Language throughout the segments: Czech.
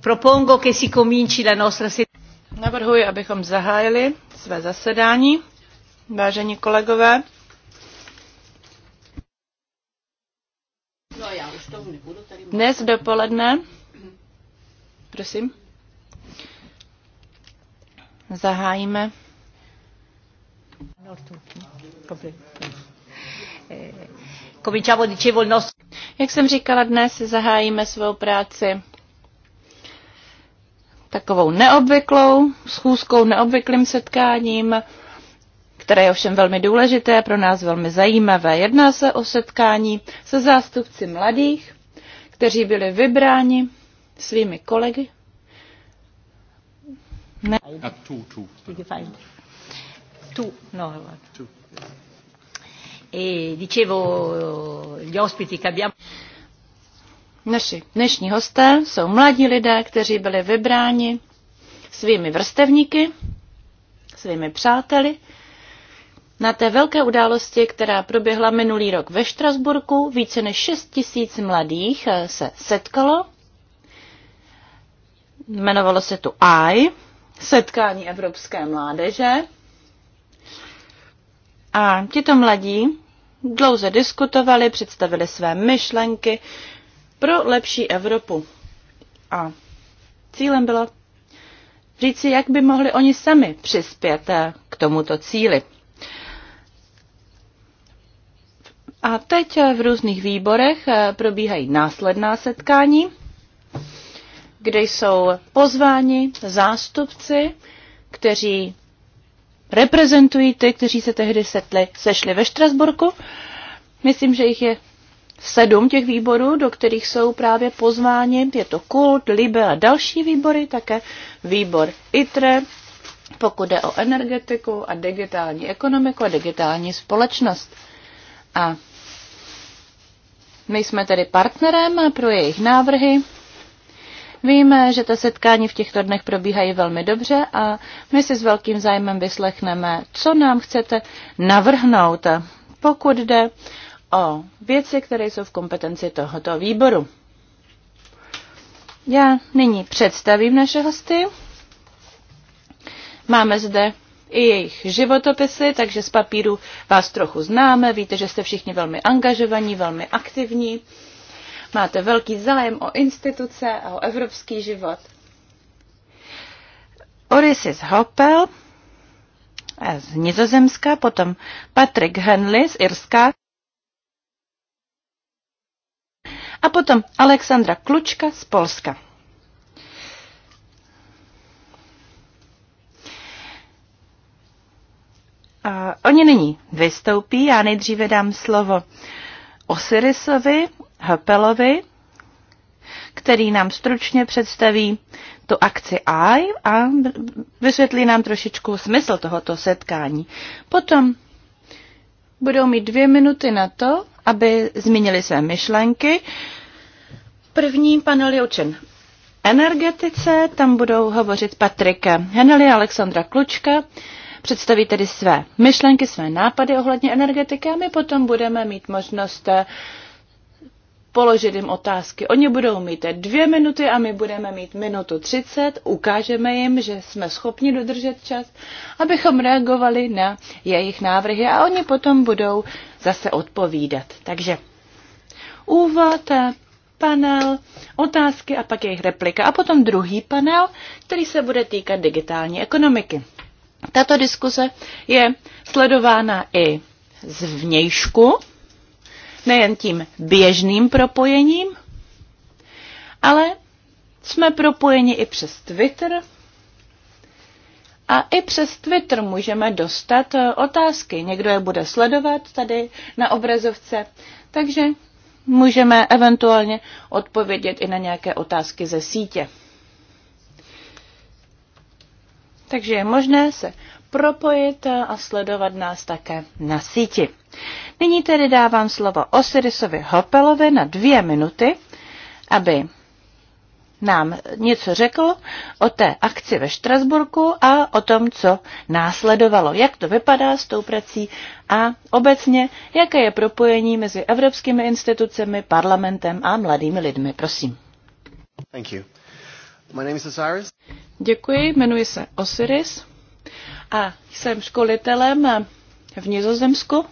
Propongo che si cominci la nostra Navrhuji, abychom zahájili své zasedání. Vážení kolegové, dnes dopoledne, prosím, zahájíme. Eh, Jak jsem říkala, dnes zahájíme svou práci takovou neobvyklou schůzkou, neobvyklým setkáním, které je ovšem velmi důležité, pro nás velmi zajímavé. Jedná se o setkání se zástupci mladých, kteří byli vybráni svými kolegy. Ne. Tu, no, no. Tu. E dicevo gli ospiti che abbiamo. Naši dnešní hosté jsou mladí lidé, kteří byli vybráni svými vrstevníky, svými přáteli na té velké události, která proběhla minulý rok ve Štrasburku. Více než 6 tisíc mladých eh, se setkalo. Jmenovalo se tu AI, Setkání evropské mládeže. A tito mladí dlouze diskutovali, představili své myšlenky, pro lepší Evropu. A cílem bylo říci, jak by mohli oni sami přispět eh, k tomuto cíli. A teď eh, v různých výborech eh, probíhají následná setkání, kde jsou pozváni zástupci, kteří reprezentují ty, kteří se tehdy setli, sešli ve Štrasburku. Myslím, že jich je sedm těch výborů, do kterých jsou právě pozváni. Je to Kult, Libe a další výbory, také výbor ITRE, pokud jde o energetiku a digitální ekonomiku a digitální společnost. A my jsme tedy partnerem pro jejich návrhy. Víme, že ta setkání v těchto dnech probíhají velmi dobře a my si s velkým zájmem vyslechneme, co nám chcete navrhnout, pokud jde o věci, které jsou v kompetenci tohoto výboru. Já nyní představím naše hosty. Máme zde i jejich životopisy, takže z papíru vás trochu známe. Víte, že jste všichni velmi angažovaní, velmi aktivní. Máte velký zájem o instituce a o evropský život. Orisis Hopel z Nizozemska, potom Patrick Henley z Irska, A potom Alexandra Klučka z Polska. A oni nyní vystoupí, já nejdříve dám slovo Osirisovi Hopelovi, který nám stručně představí tu akci AI a vysvětlí nám trošičku smysl tohoto setkání. Potom budou mít dvě minuty na to, aby zmínili své myšlenky. První panel je učen energetice, tam budou hovořit Patrik, Henely a Alexandra Klučka, představí tedy své myšlenky, své nápady ohledně energetiky a my potom budeme mít možnost položit jim otázky. Oni budou mít dvě minuty a my budeme mít minutu třicet. Ukážeme jim, že jsme schopni dodržet čas, abychom reagovali na jejich návrhy a oni potom budou zase odpovídat. Takže úvod, panel, otázky a pak jejich replika. A potom druhý panel, který se bude týkat digitální ekonomiky. Tato diskuse je sledována i zvnějšku, nejen tím běžným propojením, ale jsme propojeni i přes Twitter. A i přes Twitter můžeme dostat eh, otázky. Někdo je bude sledovat tady na obrazovce, takže můžeme eventuálně odpovědět i na nějaké otázky ze sítě. Takže je možné se propojit a sledovat nás také na síti. Nyní tedy dávám slovo Osirisovi Hopelovi na dvě minuty, aby nám něco řekl o té akci ve Štrasburku a o tom, co následovalo, jak to vypadá s tou prací a obecně, jaké je propojení mezi evropskými institucemi, parlamentem a mladými lidmi. Prosím. Thank you. My name is Osiris. Děkuji, jmenuji se Osiris a jsem školitelem v Nizozemsku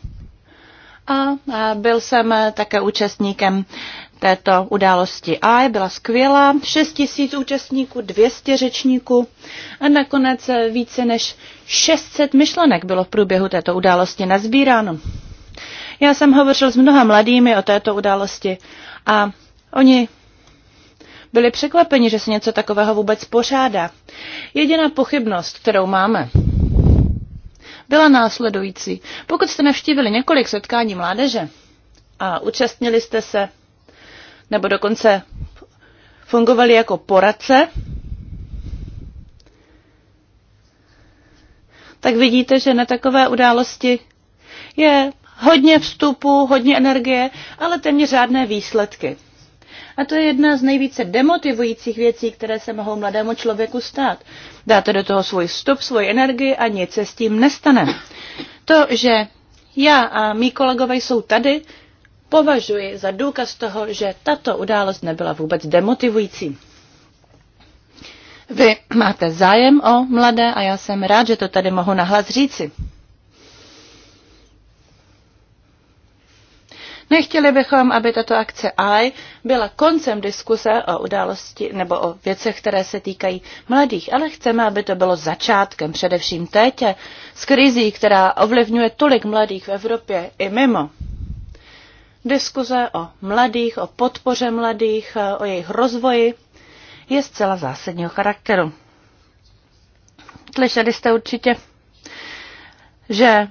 a byl jsem také účastníkem této události A byla skvělá, 6 tisíc účastníků, 200 řečníků a nakonec více než 600 myšlenek bylo v průběhu této události nazbíráno. Já jsem hovořil s mnoha mladými o této události a oni byli překvapeni, že se něco takového vůbec pořádá. Jediná pochybnost, kterou máme, byla následující. Pokud jste navštívili několik setkání mládeže a účastnili jste se, nebo dokonce fungovali jako poradce, tak vidíte, že na takové události je hodně vstupu, hodně energie, ale téměř žádné výsledky. A to je jedna z nejvíce demotivujících věcí, které se mohou mladému člověku stát. Dáte do toho svůj vstup, svoji energii a nic se s tím nestane. To, že já a mý kolegové jsou tady, považuji za důkaz toho, že tato událost nebyla vůbec demotivující. Vy máte zájem o mladé a já jsem rád, že to tady mohu nahlas říci. Nechtěli bychom, aby tato akce I byla koncem diskuse o události nebo o věcech, které se týkají mladých, ale chceme, aby to bylo začátkem, především teď, s krizí, která ovlivňuje tolik mladých v Evropě i mimo. Diskuze o mladých, o podpoře mladých, o jejich rozvoji je zcela zásadního charakteru. Slyšeli jste určitě, že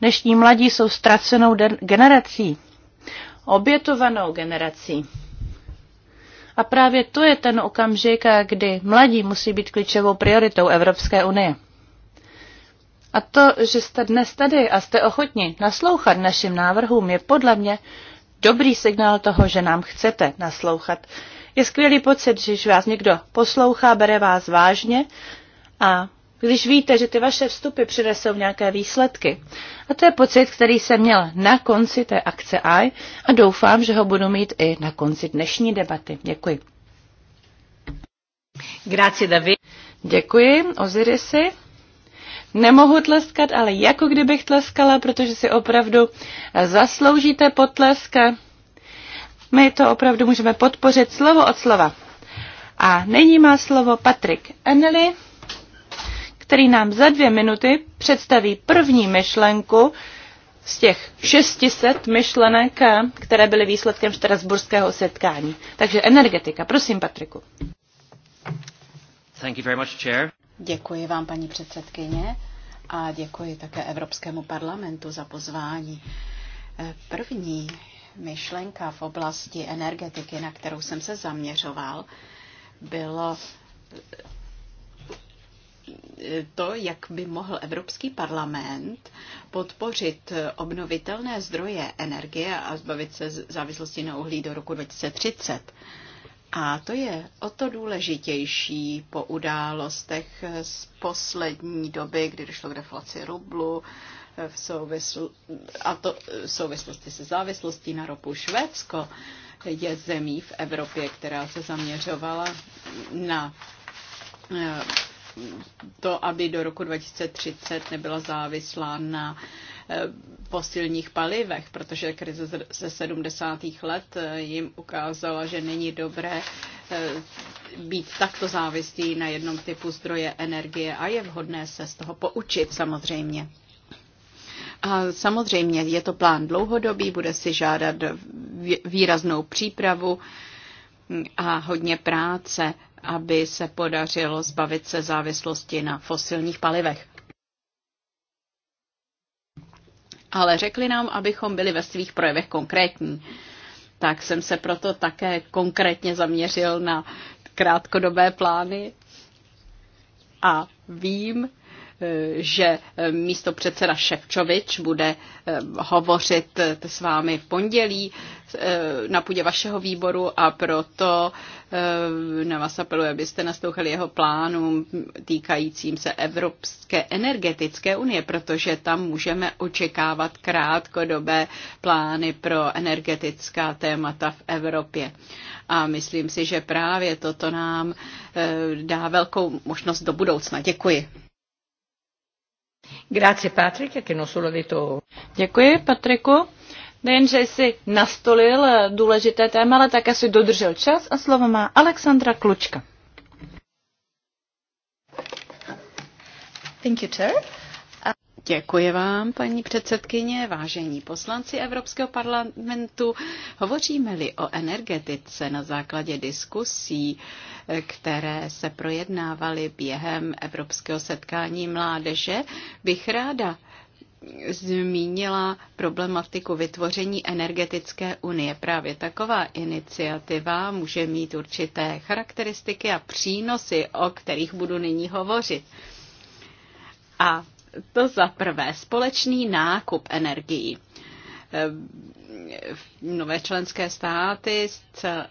dnešní mladí jsou ztracenou generací obětovanou generací. A právě to je ten okamžik, kdy mladí musí být klíčovou prioritou Evropské unie. A to, že jste dnes tady a jste ochotni naslouchat našim návrhům, je podle mě dobrý signál toho, že nám chcete naslouchat. Je skvělý pocit, že vás někdo poslouchá, bere vás vážně a když víte, že ty vaše vstupy přinesou nějaké výsledky. A to je pocit, který jsem měl na konci té akce AI a doufám, že ho budu mít i na konci dnešní debaty. Děkuji. Grazie, David. Děkuji, Ozirisi. Nemohu tleskat, ale jako kdybych tleskala, protože si opravdu zasloužíte potlesk. My to opravdu můžeme podpořit slovo od slova. A nyní má slovo Patrik Enely který nám za dvě minuty představí první myšlenku z těch 600 myšlenek, které byly výsledkem štrasburského setkání. Takže energetika. Prosím, Patriku. Thank you very much, chair. Děkuji vám, paní předsedkyně, a děkuji také Evropskému parlamentu za pozvání. První myšlenka v oblasti energetiky, na kterou jsem se zaměřoval, bylo to, jak by mohl Evropský parlament podpořit obnovitelné zdroje energie a zbavit se závislosti na uhlí do roku 2030. A to je o to důležitější po událostech z poslední doby, kdy došlo k deflaci rublu, v souvisl- a to v souvislosti se závislostí na ropu Švédsko je zemí v Evropě, která se zaměřovala na eh, to, aby do roku 2030 nebyla závislá na eh, fosilních palivech, protože krize ze 70. let eh, jim ukázala, že není dobré eh, být takto závislý na jednom typu zdroje energie a je vhodné se z toho poučit samozřejmě. A samozřejmě je to plán dlouhodobý, bude si žádat výraznou přípravu hm, a hodně práce aby se podařilo zbavit se závislosti na fosilních palivech. Ale řekli nám, abychom byli ve svých projevech konkrétní. Tak jsem se proto také konkrétně zaměřil na krátkodobé plány a vím, že místo předseda Ševčovič bude eh, hovořit eh, s vámi v pondělí eh, na půdě vašeho výboru a proto na vás apeluje, abyste nastouchali jeho plánům týkajícím se Evropské energetické unie, protože tam můžeme očekávat krátkodobé plány pro energetická témata v Evropě. A myslím si, že právě toto nám dá velkou možnost do budoucna. Děkuji. Grazie Patrick, che non solo ha detto... Děkuji Patriku. Nejenže jsi nastolil eh, důležité téma, ale také si dodržel čas a slovo má Alexandra Klučka. Thank you, Chair. Děkuji vám, paní předsedkyně, vážení poslanci Evropského parlamentu. Hovoříme-li o energetice na základě diskusí, které se projednávaly během Evropského setkání mládeže, bych ráda zmínila problematiku vytvoření energetické unie. Právě taková iniciativa může mít určité charakteristiky a přínosy, o kterých budu nyní hovořit. A to za prvé, společný nákup energií. Ehm, nové členské státy e,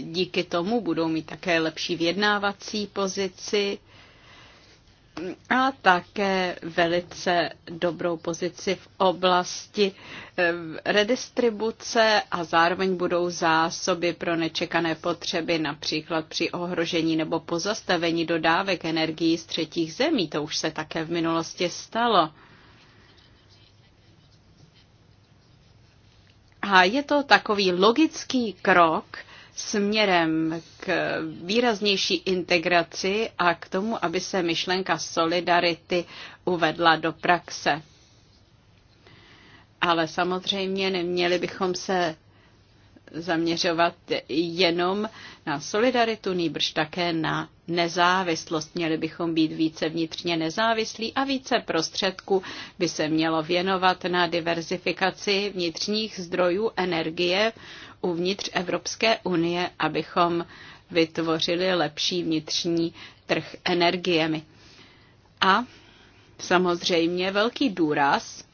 díky tomu budou mít také lepší vyjednávací pozici a také velice dobrou pozici v oblasti eh, redistribuce a zároveň budou zásoby pro nečekané potřeby, například při ohrožení nebo pozastavení dodávek energií z třetích zemí. To už se také v minulosti stalo. A je to takový logický krok, směrem k výraznější integraci a k tomu, aby se myšlenka solidarity uvedla do praxe. Ale samozřejmě neměli bychom se zaměřovat jenom na solidaritu, nýbrž také na nezávislost. Měli bychom být více vnitřně nezávislí a více prostředků by se mělo věnovat na diverzifikaci vnitřních zdrojů energie uvnitř Evropské unie, abychom vytvořili lepší vnitřní trh energiemi. A samozřejmě velký důraz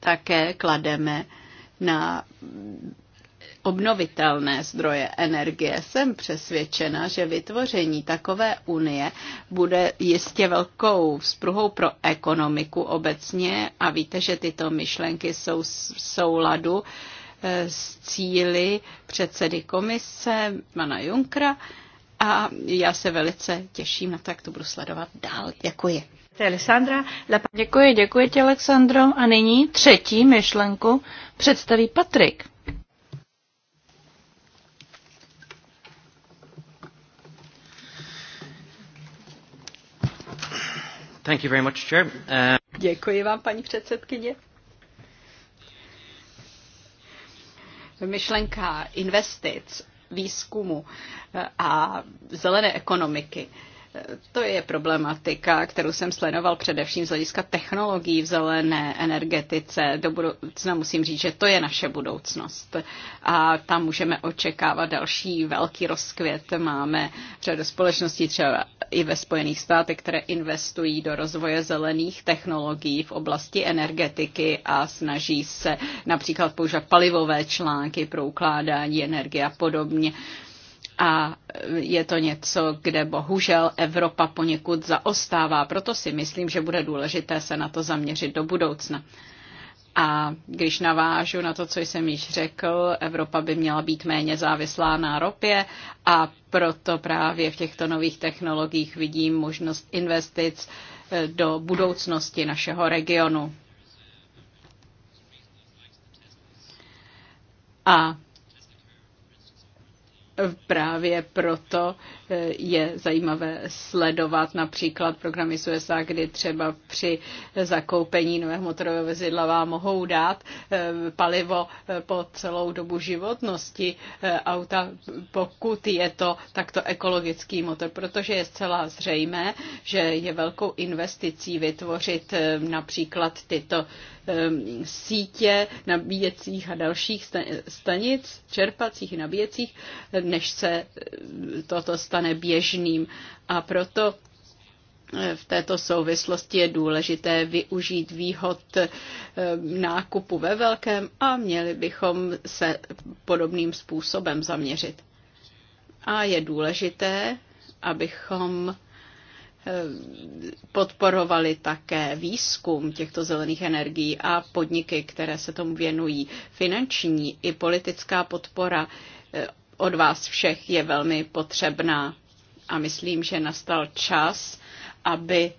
také klademe na obnovitelné zdroje energie. Jsem přesvědčena, že vytvoření takové unie bude jistě velkou vzpruhou pro ekonomiku obecně a víte, že tyto myšlenky jsou v souladu E, s cíly předsedy komise, pana Junkra. A já se velice těším na to, jak to budu sledovat dál. Děkuji. Alessandra. Děkuji, děkuji ti, Alexandro. A nyní třetí myšlenku představí Patrik. Thank you very much, Chair. Uh... Děkuji vám, paní předsedkyně. myšlenka investic, výzkumu eh, a zelené ekonomiky to je problematika, kterou jsem sledoval především z hlediska technologií v zelené energetice. Do budoucna musím říct, že to je naše budoucnost. A tam můžeme očekávat další velký rozkvět. Máme řadu společností třeba i ve Spojených státech, které investují do rozvoje zelených technologií v oblasti energetiky a snaží se například používat palivové články pro ukládání energie a podobně a je to něco, kde bohužel Evropa poněkud zaostává. Proto si myslím, že bude důležité se na to zaměřit do budoucna. A když navážu na to, co jsem již řekl, Evropa by měla být méně závislá na ropě a proto právě v těchto nových technologiích vidím možnost investic eh, do budoucnosti našeho regionu. A Právě proto eh, je zajímavé sledovat například programy z USA, kdy třeba při zakoupení nového motorového vozidla vám mohou dát eh, palivo eh, po celou dobu životnosti auta, pokud je to takto ekologický motor, protože je zcela zřejmé, že je velkou investicí vytvořit například tyto Ehm, sítě nabíjecích a dalších stanic, čerpacích i nabíjecích, než se eh, toto stane běžným. A proto eh, v této souvislosti je důležité využít výhod ehm, nákupu ve velkém a měli bychom se podobným způsobem zaměřit. A je důležité, abychom Eh, podporovali také výzkum těchto zelených energií a podniky, které se tomu věnují. Finanční i politická podpora eh, od vás všech je velmi potřebná a myslím, že nastal čas, aby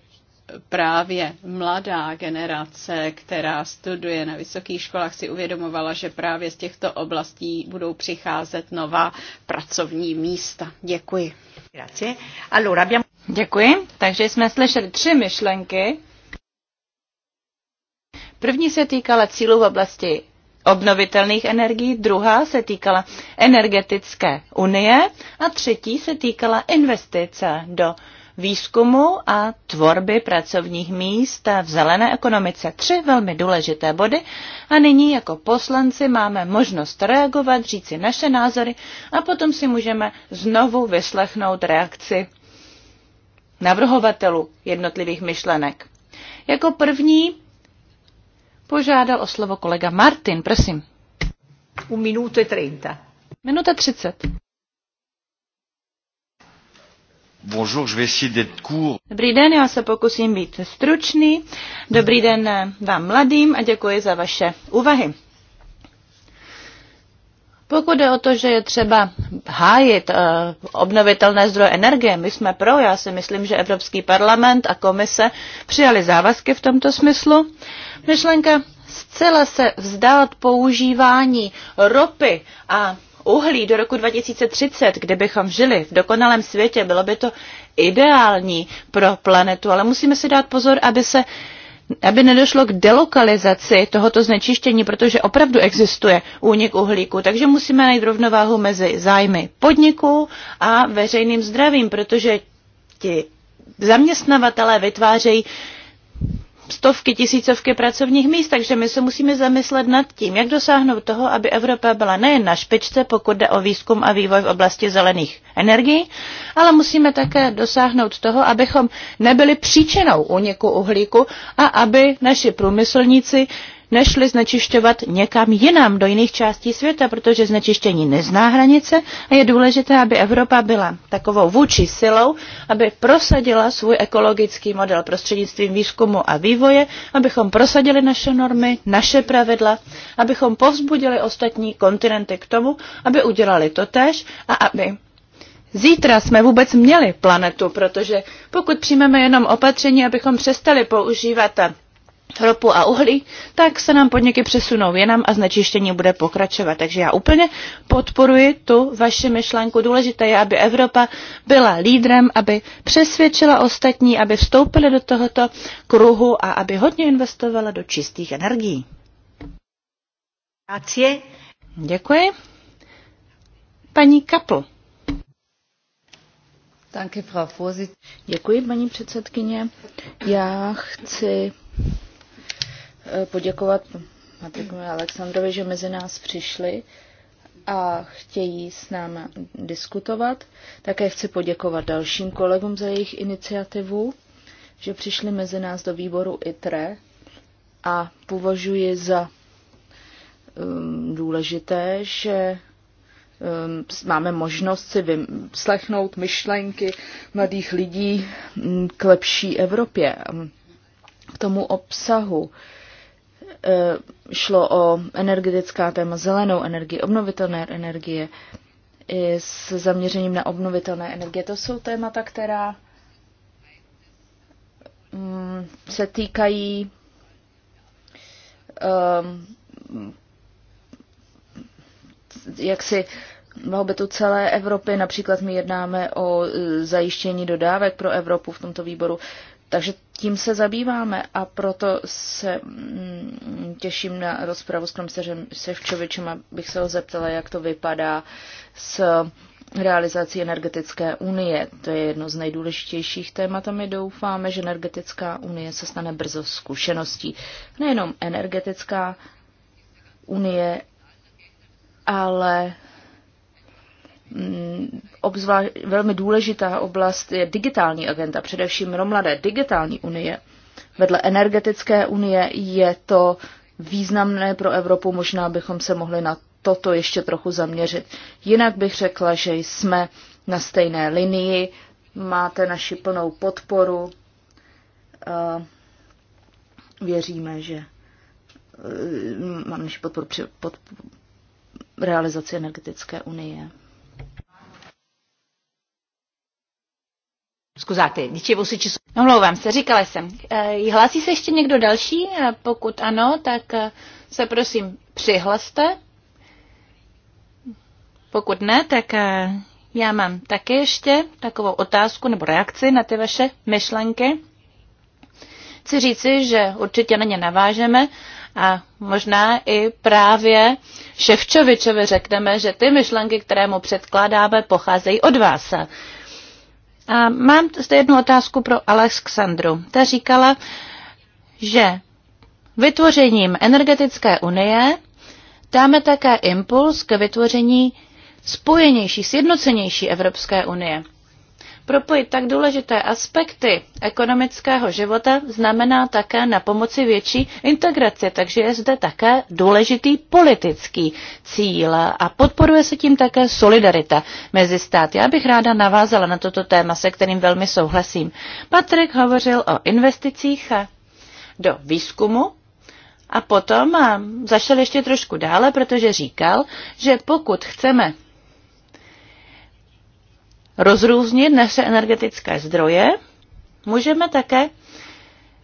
právě mladá generace, která studuje na vysokých školách, si uvědomovala, že právě z těchto oblastí budou přicházet nová pracovní místa. Děkuji. Grazie. Allora, abbiamo... Děkuji. Takže jsme slyšeli tři myšlenky. První se týkala cílů v oblasti obnovitelných energií, druhá se týkala energetické unie a třetí se týkala investice do výzkumu a tvorby pracovních míst v zelené ekonomice. Tři velmi důležité body a nyní jako poslanci máme možnost reagovat, říci naše názory a potom si můžeme znovu vyslechnout reakci navrhovatelů jednotlivých myšlenek. Jako první požádal o slovo kolega Martin, prosím. U minuty 30. Minuta 30. Bonjour, je vais essayer d'être court. Dobrý den, já se pokusím být stručný. Dobrý den vám mladým a děkuji za vaše úvahy. Pokud jde o to, že je třeba hájit eh, obnovitelné zdroje energie, my jsme pro, já si myslím, že Evropský parlament a komise přijali závazky v tomto smyslu. Myšlenka zcela se vzdát používání ropy a uhlí do roku 2030, kdybychom žili v dokonalém světě, bylo by to ideální pro planetu, ale musíme si dát pozor, aby se aby nedošlo k delokalizaci tohoto znečištění, protože opravdu existuje únik uhlíku. Takže musíme najít rovnováhu mezi zájmy podniků a veřejným zdravím, protože ti zaměstnavatelé vytvářejí stovky, tisícovky pracovních míst, takže my se musíme zamyslet nad tím, jak dosáhnout toho, aby Evropa byla nejen na špičce, pokud jde o výzkum a vývoj v oblasti zelených energií, ale musíme také dosáhnout toho, abychom nebyli příčinou úniku uhlíku a aby naši průmyslníci nešli znečišťovat někam jinam, do jiných částí světa, protože znečištění nezná hranice a je důležité, aby Evropa byla takovou vůči silou, aby prosadila svůj ekologický model prostřednictvím výzkumu a vývoje, abychom prosadili naše normy, naše pravidla, abychom povzbudili ostatní kontinenty k tomu, aby udělali to tež a aby Zítra jsme vůbec měli planetu, protože pokud přijmeme jenom opatření, abychom přestali používat ropu a uhlí, tak se nám podniky přesunou jinam a znečištění bude pokračovat. Takže já úplně podporuji tu vaši myšlenku. Důležité je, aby Evropa byla lídrem, aby přesvědčila ostatní, aby vstoupili do tohoto kruhu a aby hodně investovala do čistých energií. Děkuji. Paní Kapl. Děkuji, paní předsedkyně. Já chci poděkovat Matrikovi a Alexandrovi, že mezi nás přišli a chtějí s námi diskutovat. Také chci poděkovat dalším kolegům za jejich iniciativu, že přišli mezi nás do výboru ITRE a považuji za um, důležité, že um, máme možnost si vyslechnout myšlenky mladých lidí mm, k lepší Evropě. k tomu obsahu. Eh, šlo o energetická téma zelenou energii, obnovitelné energie i s zaměřením na obnovitelné energie. To jsou témata, která mm, se týkají um, ehm, jaksi blahobytu celé Evropy. Například my jednáme o eh, zajištění dodávek pro Evropu v tomto výboru. Takže tím se zabýváme a proto se mm, těším na rozpravu s komisařem Sevčovičem, abych se ho zeptala, jak to vypadá s realizací energetické unie. To je jedno z nejdůležitějších témat a my doufáme, že energetická unie se stane brzo zkušeností. Nejenom energetická unie, ale Mm, obzvlášť, velmi důležitá oblast je digitální agenda, především pro mladé digitální unie. Vedle energetické unie je to významné pro Evropu, možná bychom se mohli na toto ještě trochu zaměřit. Jinak bych řekla, že jsme na stejné linii, máte naši plnou podporu. Eh, věříme, že eh, máme naši podporu při pod realizaci energetické unie. Scusate, dicevo se ci sono... Omlouvám se, říkala jsem. Eh, hlásí se ještě někdo další? Eh, pokud ano, tak eh, se prosím přihlaste. Pokud ne, tak já mám také ještě takovou otázku nebo reakci na ty vaše myšlenky. Chci říci, že určitě na ně navážeme a možná i právě Ševčovičovi řekneme, že ty myšlenky, které mu předkládáme, pocházejí od vás. A mám zde jednu otázku pro Alexandru. Ta říkala, že vytvořením energetické unie dáme také impuls k vytvoření spojenější, sjednocenější Evropské unie. Propojit tak důležité aspekty ekonomického života znamená také na pomoci větší integraci, takže je zde také důležitý politický cíl a podporuje se tím také solidarita mezi státy. Já bych ráda navázala na toto téma, se kterým velmi souhlasím. Patrik hovořil o investicích do výzkumu a potom a zašel ještě trošku dále, protože říkal, že pokud chceme rozrůznit naše energetické zdroje, můžeme také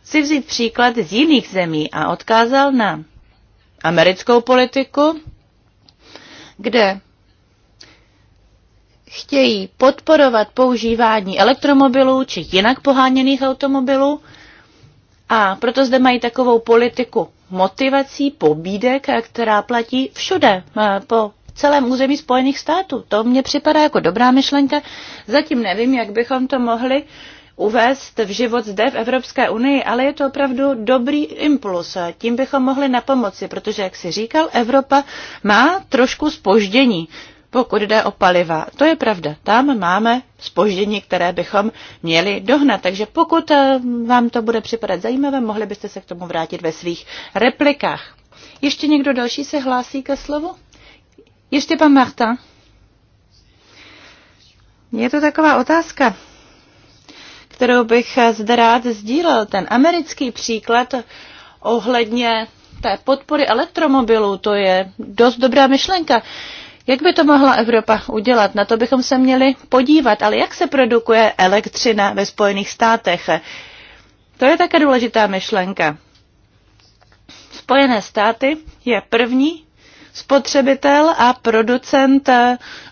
si vzít příklad z jiných zemí a odkázal na americkou politiku, kde chtějí podporovat používání elektromobilů či jinak poháněných automobilů a proto zde mají takovou politiku motivací, pobídek, která platí všude eh, po celém území Spojených států. To mně připadá jako dobrá myšlenka. Zatím nevím, jak bychom to mohli uvést v život zde v Evropské unii, ale je to opravdu dobrý impuls. Tím bychom mohli napomoci, protože, jak si říkal, Evropa má trošku spoždění, pokud jde o paliva. To je pravda. Tam máme spoždění, které bychom měli dohnat. Takže pokud eh, vám to bude připadat zajímavé, mohli byste se k tomu vrátit ve svých replikách. Ještě někdo další se hlásí ke slovu? Ještě pan Marta. Je to taková otázka, kterou bych zde rád sdílel. Ten americký příklad ohledně té podpory elektromobilů, to je dost dobrá myšlenka. Jak by to mohla Evropa udělat? Na to bychom se měli podívat, ale jak se produkuje elektřina ve Spojených státech? To je také důležitá myšlenka. Spojené státy je první spotřebitel a producent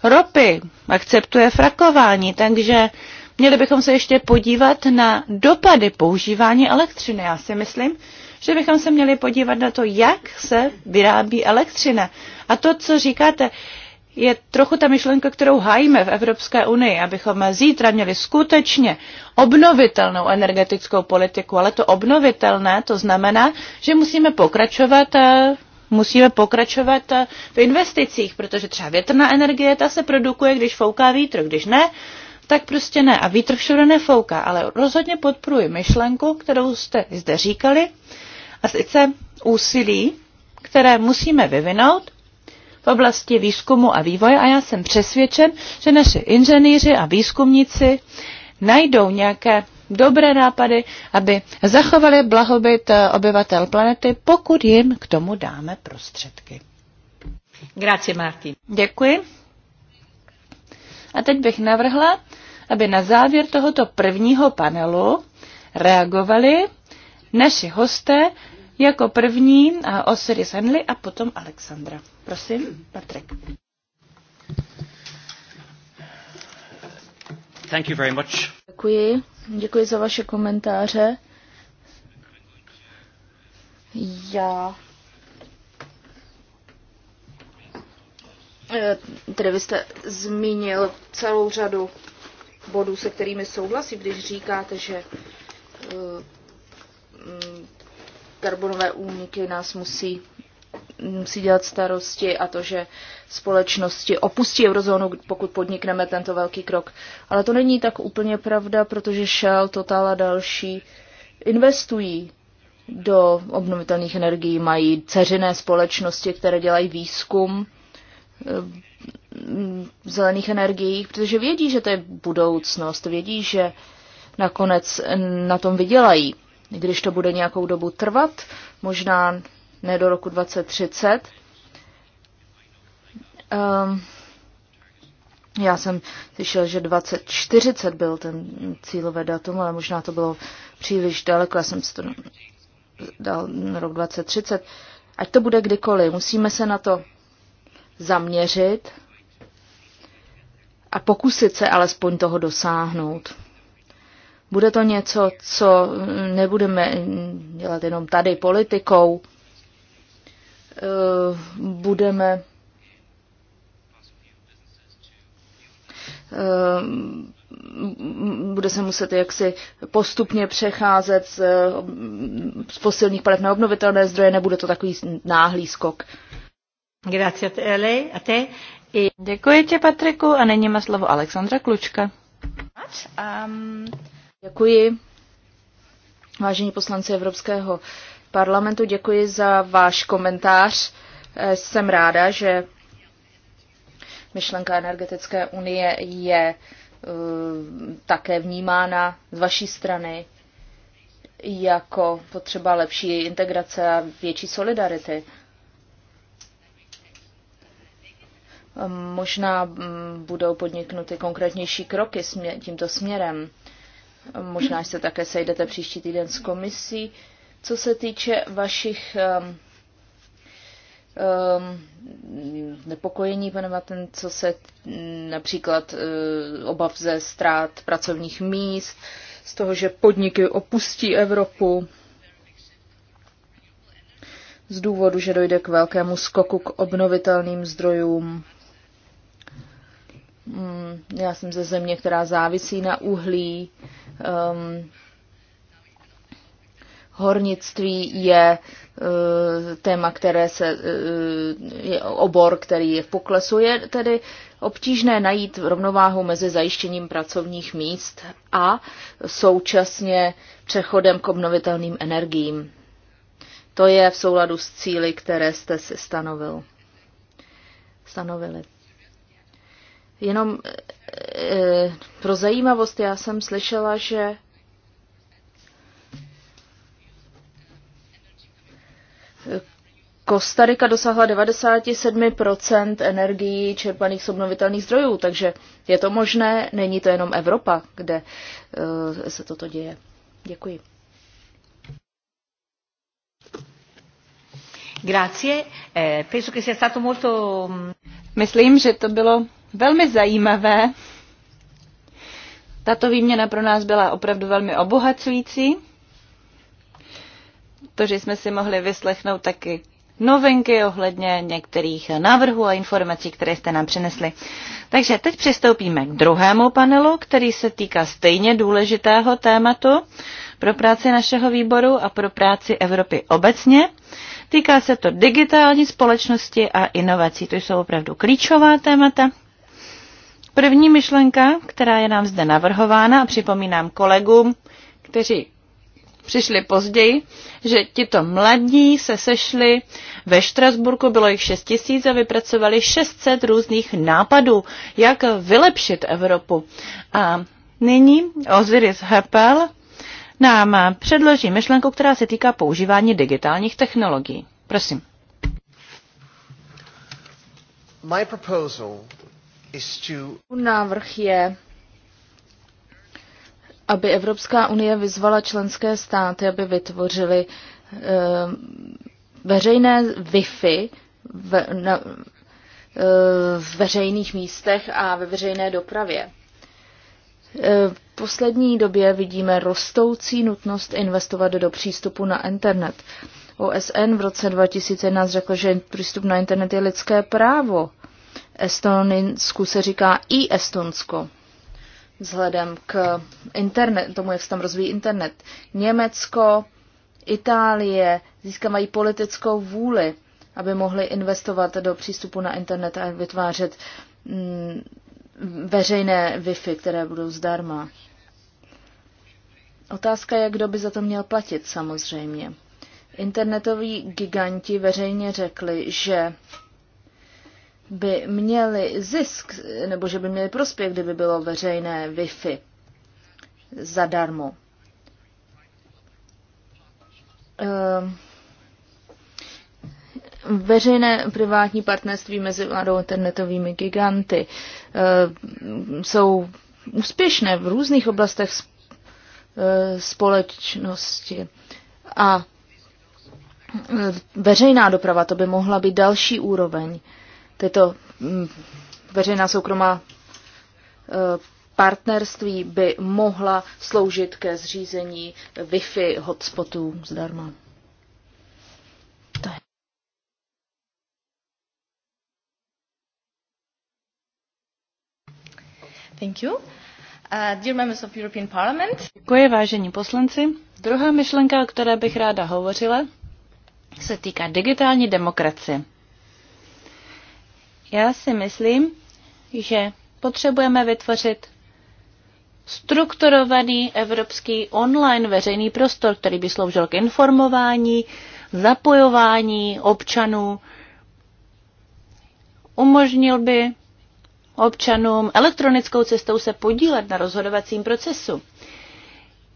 ropy akceptuje frakování, takže měli bychom se ještě podívat na dopady používání elektřiny. Já si myslím, že bychom se měli podívat na to, jak se vyrábí elektřina. A to, co říkáte, je trochu ta myšlenka, kterou hájíme v Evropské unii, abychom zítra měli skutečně obnovitelnou energetickou politiku, ale to obnovitelné, to znamená, že musíme pokračovat eh, musíme pokračovat eh, v investicích, protože třeba větrná energie, ta se produkuje, když fouká vítr, když ne, tak prostě ne. A vítr všude nefouká, ale rozhodně podporuji myšlenku, kterou jste zde říkali, a sice úsilí, které musíme vyvinout v oblasti výzkumu a vývoje a já jsem přesvědčen, že naši inženýři a výzkumníci najdou nějaké dobré nápady, aby zachovali blahobyt eh, obyvatel planety, pokud jim k tomu dáme prostředky. Grazie, Martin. Děkuji. A teď bych navrhla, aby na závěr tohoto prvního panelu reagovali naši hosté jako první eh, Osiris Henley a potom Alexandra. Prosím, Patrik. Thank you very much. Děkuji. Děkuji za vaše komentáře. Já. Eh, tedy vy jste zmínil celou řadu bodů, se kterými souhlasím, když říkáte, že eh, mm, karbonové úniky nás musí musí dělat starosti a to, že společnosti opustí eurozónu, pokud podnikneme tento velký krok. Ale to není tak úplně pravda, protože Shell, Total a další investují do obnovitelných energií, mají ceřiné společnosti, které dělají výzkum eh, zelených energií, protože vědí, že to je budoucnost, vědí, že nakonec na tom vydělají. Když to bude nějakou dobu trvat, možná ne do roku 2030. Um, ehm, já jsem slyšel, že 2040 byl ten cílové datum, ale možná to bylo příliš daleko. Já jsem si to dal na rok 2030. Ať to bude kdykoliv, musíme se na to zaměřit a pokusit se alespoň toho dosáhnout. Bude to něco, co nebudeme dělat jenom tady politikou, Eh, budeme eh, bude se muset jaksi postupně přecházet z, fosilních palet na obnovitelné zdroje, nebude to takový náhlý skok. Děkuji tě, Patriku, a nyní má slovo Alexandra Klučka. Um, Děkuji. Vážení poslanci Evropského parlamentu. Děkuji za váš komentář. Eh, Jsem ráda, že myšlenka energetické unie je eh, také vnímána z vaší strany jako potřeba lepší integrace a větší solidarity. Možná mm, budou podniknuty konkrétnější kroky tímto směrem. Možná se také sejdete příští týden s komisí co se týče vašich um, ehm, um, ehm, nepokojení, pane Maten, co se mm, například um, obav ze ztrát pracovních míst, z toho, že podniky opustí Evropu, z důvodu, že dojde k velkému skoku k obnovitelným zdrojům. Mm, já jsem ze země, která závisí na uhlí. Um, Hornictví je e, téma, které se, e, je obor, který je v poklesu, je tedy obtížné najít rovnováhu mezi zajištěním pracovních míst a současně přechodem k obnovitelným energiím. To je v souladu s cíly, které jste si stanovil. stanovili. Jenom e, e pro zajímavost, já jsem slyšela, že Kostarika dosáhla 97 energií čerpaných z obnovitelných zdrojů, takže je to možné, není to jenom Evropa, kde eh, se toto děje. Děkuji. Eh, mm, Myslím, že to bylo velmi zajímavé. Tato výměna pro nás byla opravdu velmi obohacující to, že jsme si mohli vyslechnout taky novinky ohledně některých návrhů a informací, které jste nám přinesli. Takže teď přistoupíme k druhému panelu, který se týká stejně důležitého tématu pro práci našeho výboru a pro práci Evropy obecně. Týká se to digitální společnosti a inovací. To jsou opravdu klíčová témata. První myšlenka, která je nám zde navrhována, a připomínám kolegům, kteří přišli později, že tito mladí se sešli ve Štrasburku, bylo jich 6 tisíc a vypracovali 600 různých nápadů, jak vylepšit Evropu. A nyní Osiris Heppel nám předloží myšlenku, která se týká používání digitálních technologií. Prosím. Můj návrh je aby Evropská unie vyzvala členské státy, aby vytvořili eh, veřejné Wi-Fi ve, na, eh, v veřejných místech a ve veřejné dopravě. Eh, v poslední době vidíme rostoucí nutnost investovat do přístupu na internet. OSN v roce 2011 řekl, že přístup na internet je lidské právo. Estonsku se říká i Estonsko vzhledem k internet, tomu, jak se tam rozvíjí internet. Německo, Itálie získávají politickou vůli, aby mohli investovat do přístupu na internet a vytvářet mm, veřejné Wi-Fi, které budou zdarma. Otázka je, kdo by za to měl platit samozřejmě. Internetoví giganti veřejně řekli, že by měli zisk, nebo že by měli prospěch, kdyby bylo veřejné Wi-Fi zadarmo. Ehm, veřejné privátní partnerství mezi vládou internetovými giganty ehm, jsou úspěšné v různých oblastech ehm, společnosti. A veřejná doprava, to by mohla být další úroveň tyto mm, veřejná soukromá e, partnerství by mohla sloužit ke zřízení Wi-Fi hotspotů zdarma. Thank you. Uh, dear members of European Parliament. Děkuji, vážení poslanci. Druhá myšlenka, o které bych ráda hovořila, se týká digitální demokracie. Já si myslím, že potřebujeme vytvořit strukturovaný evropský online veřejný prostor, který by sloužil k informování, zapojování občanů, umožnil by občanům elektronickou cestou se podílet na rozhodovacím procesu.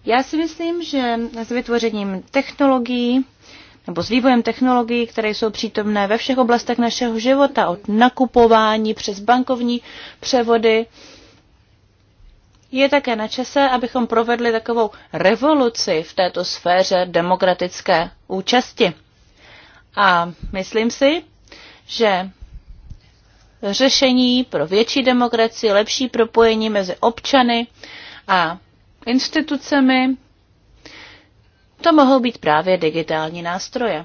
Já si myslím, že s vytvořením technologií nebo s vývojem technologií, které jsou přítomné ve všech oblastech našeho života, od nakupování přes bankovní převody. Je také na čase, abychom provedli takovou revoluci v této sféře demokratické účasti. A myslím si, že řešení pro větší demokracii, lepší propojení mezi občany a institucemi to mohou být právě digitální nástroje.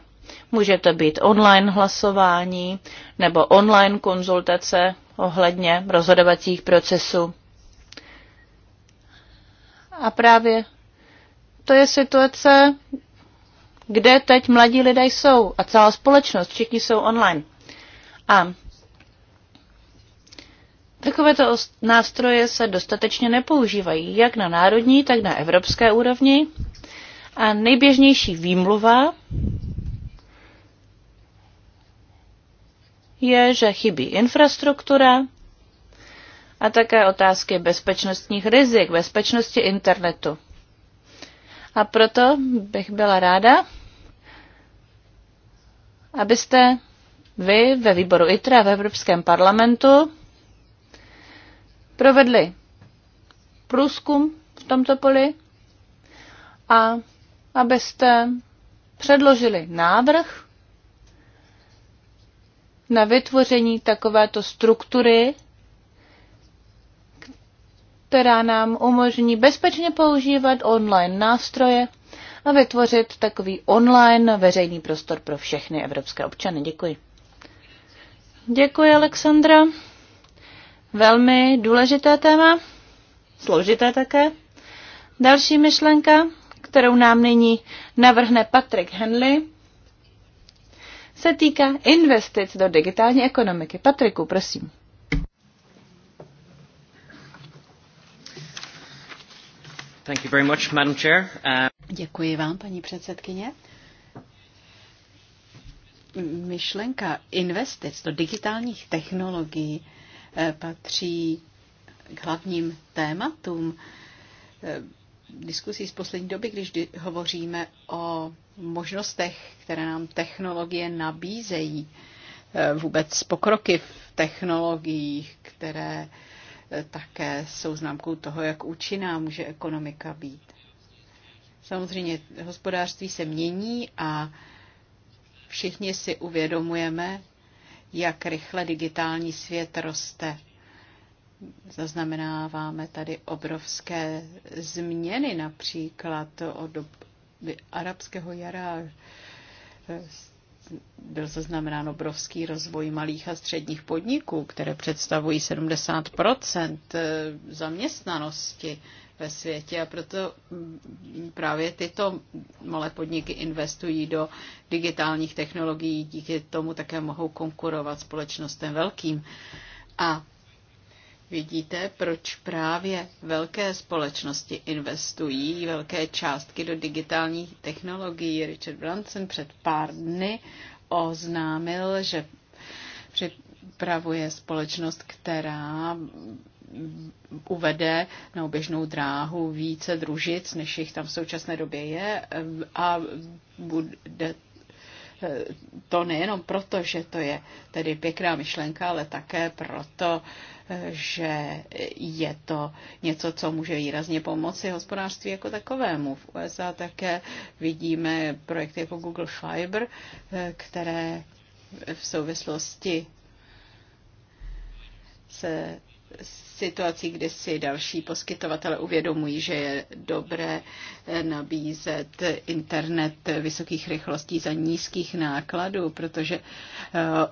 Může to být online hlasování nebo online konzultace ohledně rozhodovacích procesů. A právě to je situace, kde teď mladí lidé jsou a celá společnost, všichni jsou online. A takovéto nástroje se dostatečně nepoužívají, jak na národní, tak na evropské úrovni. A nejběžnější výmluva je, že chybí infrastruktura a také otázky bezpečnostních rizik, bezpečnosti internetu. A proto bych byla ráda, abyste vy ve výboru ITRA v Evropském parlamentu provedli průzkum v tomto poli a abyste předložili návrh na vytvoření takovéto struktury, která nám umožní bezpečně používat online nástroje a vytvořit takový online veřejný prostor pro všechny evropské občany. Děkuji. Děkuji, Alexandra. Velmi důležité téma, složité také. Další myšlenka kterou nám nyní navrhne Patrick Henley, se týká investic do digitální ekonomiky. Patriku, prosím. Thank you very much, Madam Chair. Uh... Děkuji vám, paní předsedkyně. Myšlenka investic do digitálních technologií eh, patří k hlavním tématům eh, diskusí z poslední doby, když hovoříme o možnostech, které nám technologie nabízejí, eh, vůbec pokroky v technologiích, které eh, také jsou známkou toho, jak účinná může ekonomika být. Samozřejmě hospodářství se mění a všichni si uvědomujeme, jak rychle digitální svět roste. Zaznamenáváme tady obrovské změny, například od doby arabského jara byl zaznamenán obrovský rozvoj malých a středních podniků, které představují 70 zaměstnanosti ve světě a proto právě tyto malé podniky investují do digitálních technologií, díky tomu také mohou konkurovat společnostem velkým. A Vidíte, proč právě velké společnosti investují velké částky do digitálních technologií. Richard Branson před pár dny oznámil, že připravuje společnost, která uvede na oběžnou dráhu více družic, než jich tam v současné době je a bude to nejenom proto, že to je tedy pěkná myšlenka, ale také proto, že je to něco, co může výrazně pomoci hospodářství jako takovému. V USA také vidíme projekty jako Google Fiber, které v souvislosti se situací, kdy si další poskytovatele uvědomují, že je dobré eh, nabízet internet vysokých rychlostí za nízkých nákladů, protože eh,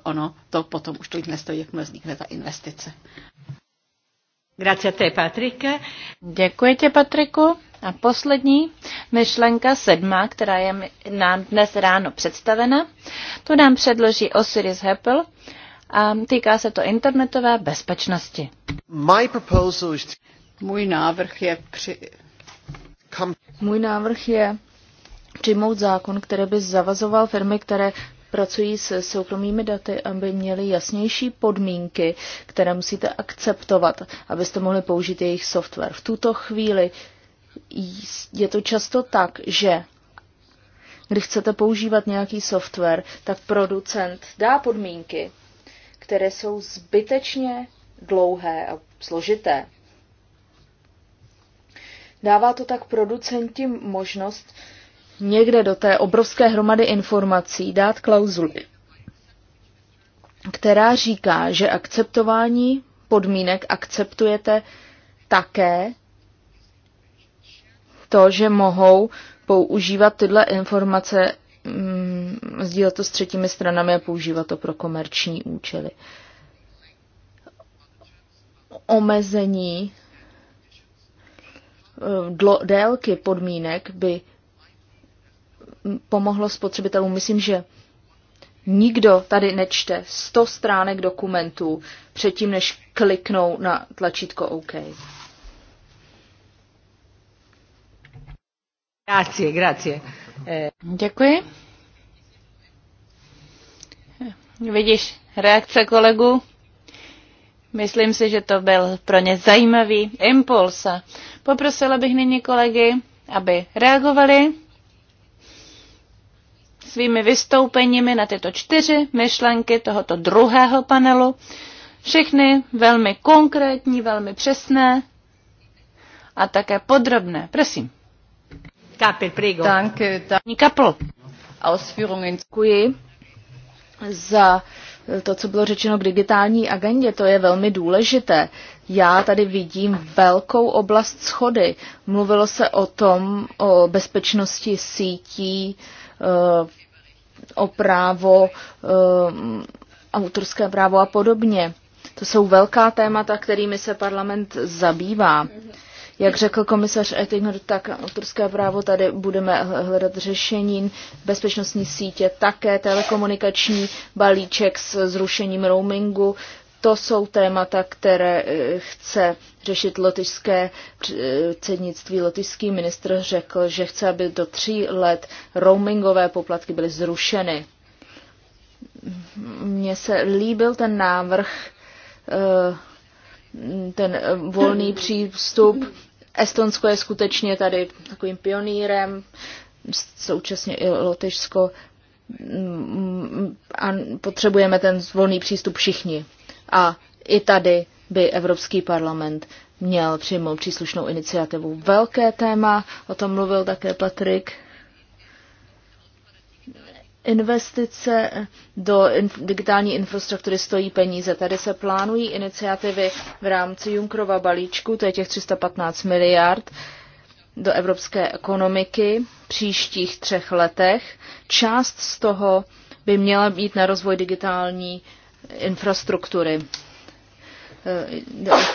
ono to potom už tolik nestojí, jakmile vznikne ta investice. Grazie te, Patrike. Děkuji tě, Patriku. A poslední myšlenka sedma, která je nám dnes ráno představena, To nám předloží Osiris Heppel a týká se to internetové bezpečnosti. Můj návrh je při... Můj návrh je přijmout zákon, který by zavazoval firmy, které pracují se soukromými daty, aby měli jasnější podmínky, které musíte akceptovat, abyste mohli použít jejich software. V tuto chvíli je to často tak, že když chcete používat nějaký software, tak producent dá podmínky, které jsou zbytečně dlouhé a složité. Dává to tak producenti možnost někde do té obrovské hromady informací dát klauzuli, která říká, že akceptování podmínek akceptujete také to, že mohou používat tyhle informace, mm, sdílet to s třetími stranami a používat to pro komerční účely omezení eh, délky podmínek by pomohlo spotřebitelům. Myslím, že nikdo tady nečte 100 stránek dokumentů předtím, než kliknou na tlačítko OK. Grazie, grazie. Eh. Děkuji. Vidíš reakce kolegu? Myslím si, že to byl pro ně zajímavý impuls. Poprosila bych nyní kolegy, aby reagovali svými vystoupeními na tyto čtyři myšlenky tohoto druhého panelu. Všechny velmi konkrétní, velmi přesné a také podrobné. Prosím. Kapil, prego. Danke, danke. Kapl. Ausführungen. Děkuji za uh, to, co bylo řečeno k digitální agendě, to je velmi důležité. Já tady vidím velkou oblast schody. Mluvilo se o tom, o bezpečnosti sítí, eh, o právo, eh, autorské právo a podobně. To jsou velká témata, kterými se parlament zabývá. Mm-hmm jak řekl komisař Ettinger, tak autorské právo tady budeme hledat řešení, bezpečnostní sítě také, telekomunikační balíček s zrušením roamingu, to jsou témata, které eh, chce řešit lotyšské cednictví. Eh, Lotyšský ministr řekl, že chce, aby do tří let roamingové poplatky byly zrušeny. Mně se líbil ten návrh, eh, ten volný přístup Estonsko je skutečně tady takovým pionýrem, současně i Lotyšsko. A potřebujeme ten volný přístup všichni. A i tady by Evropský parlament měl přijmout příslušnou iniciativu. Velké téma, o tom mluvil také Patrik. Investice do inf- digitální infrastruktury stojí peníze. Tady se plánují iniciativy v rámci Junkrova balíčku, to je těch 315 miliard do evropské ekonomiky v příštích třech letech. Část z toho by měla být na rozvoj digitální infrastruktury. Eh,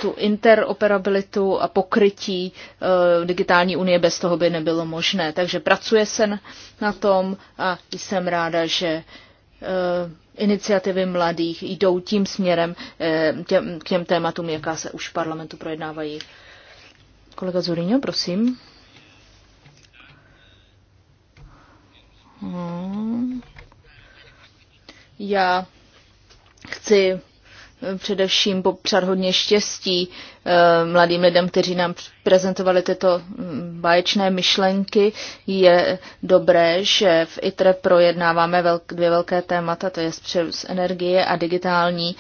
tu interoperabilitu a pokrytí eh, digitální unie bez toho by nebylo možné. Takže pracuje se na tom a jsem ráda, že eh, iniciativy mladých jdou tím směrem těm, k těm tématům, jaká se už v parlamentu projednávají. Kolega Zorino, prosím. Hmm. Já chci především popřát hodně štěstí eh, mladým lidem, kteří nám prezentovali tyto mm, báječné myšlenky. Je dobré, že v ITRE projednáváme dvě velké témata, to je z energie a digitální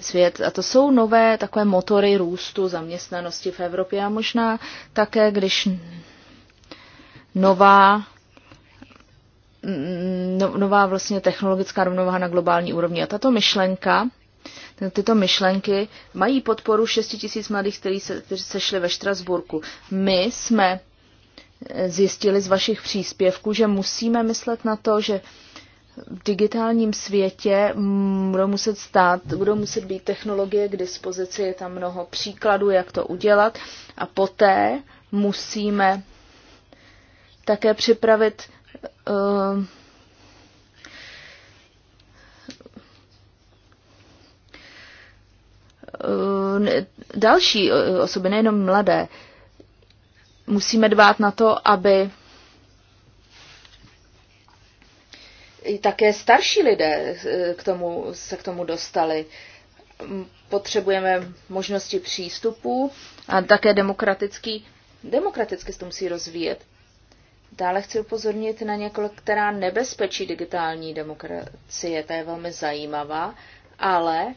svět. A to jsou nové takové motory růstu zaměstnanosti v Evropě a možná také, když nová mm, no, nová vlastně technologická rovnováha na globální úrovni. A tato myšlenka tyto myšlenky mají podporu 6 tisíc mladých, kteří se, kteří se šli ve Štrasburku. My jsme eh, zjistili z vašich příspěvků, že musíme myslet na to, že v digitálním světě budou muset stát, budou muset být technologie k dispozici, je tam mnoho příkladů, jak to udělat a poté musíme také připravit uh, Eh, další eh, osoby, nejenom mladé. Musíme dbát na to, aby i také starší lidé eh, k tomu, se k tomu dostali. Potřebujeme možnosti přístupu a také demokratický, demokraticky se to musí rozvíjet. Dále chci upozornit na některá nebezpečí digitální demokracie. Ta je velmi zajímavá, ale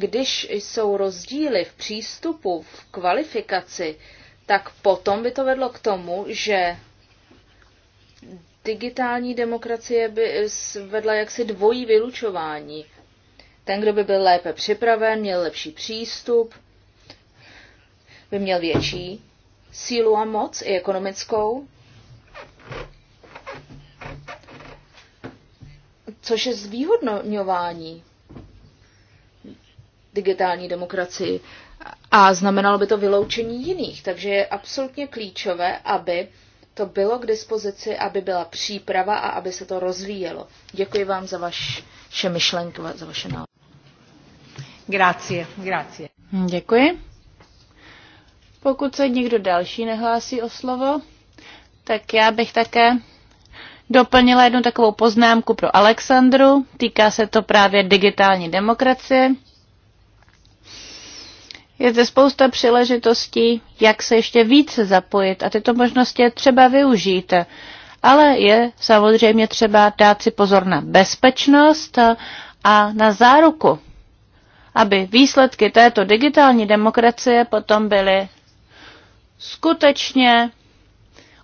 když jsou rozdíly v přístupu, v kvalifikaci, tak potom by to vedlo k tomu, že digitální demokracie by vedla jaksi dvojí vylučování. Ten, kdo by byl lépe připraven, měl lepší přístup, by měl větší sílu a moc, i ekonomickou, což je zvýhodňování digitální demokracii a znamenalo by to vyloučení jiných. Takže je absolutně klíčové, aby to bylo k dispozici, aby byla příprava a aby se to rozvíjelo. Děkuji vám za vaše myšlenky, za vaše návrhy. Grazie, grazie. Děkuji. Pokud se někdo další nehlásí o slovo, tak já bych také doplnila jednu takovou poznámku pro Alexandru. Týká se to právě digitální demokracie. Je zde spousta příležitostí, jak se ještě více zapojit a tyto možnosti je třeba využít. Ale je samozřejmě třeba dát si pozor na bezpečnost a na záruku, aby výsledky této digitální demokracie potom byly skutečně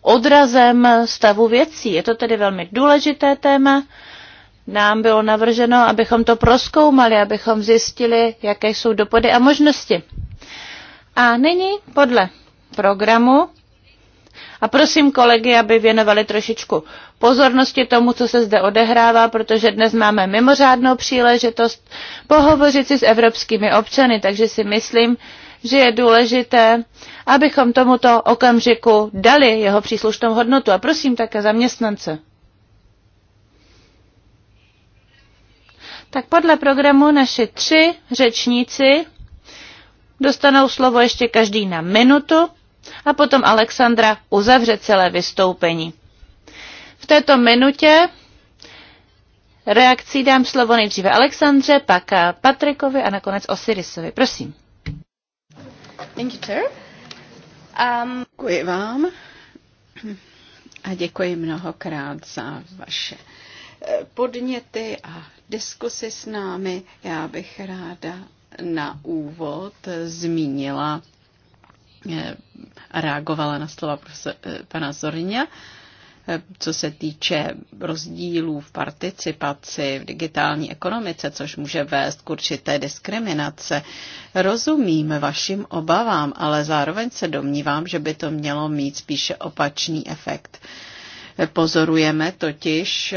odrazem stavu věcí. Je to tedy velmi důležité téma. Nám bylo navrženo, abychom to proskoumali, abychom zjistili, jaké jsou dopady a možnosti. A nyní podle programu a prosím kolegy, aby věnovali trošičku pozornosti tomu, co se zde odehrává, protože dnes máme mimořádnou příležitost pohovořit si s evropskými občany, takže si myslím, že je důležité, abychom tomuto okamžiku dali jeho příslušnou hodnotu. A prosím také zaměstnance. Tak podle programu naši tři řečníci Dostanou slovo ještě každý na minutu a potom Alexandra uzavře celé vystoupení. V této minutě reakcí dám slovo nejdříve Alexandře, pak Patrikovi a nakonec Osirisovi. Prosím. Thank you, sir. Um... Děkuji vám a děkuji mnohokrát za vaše eh, podněty a diskusy s námi. Já bych ráda na úvod zmínila a eh, reagovala na slova eh, pana Zorňa, eh, co se týče rozdílů v participaci v digitální ekonomice, což může vést k určité diskriminace. Rozumím vašim obavám, ale zároveň se domnívám, že by to mělo mít spíše opačný efekt. Pozorujeme totiž,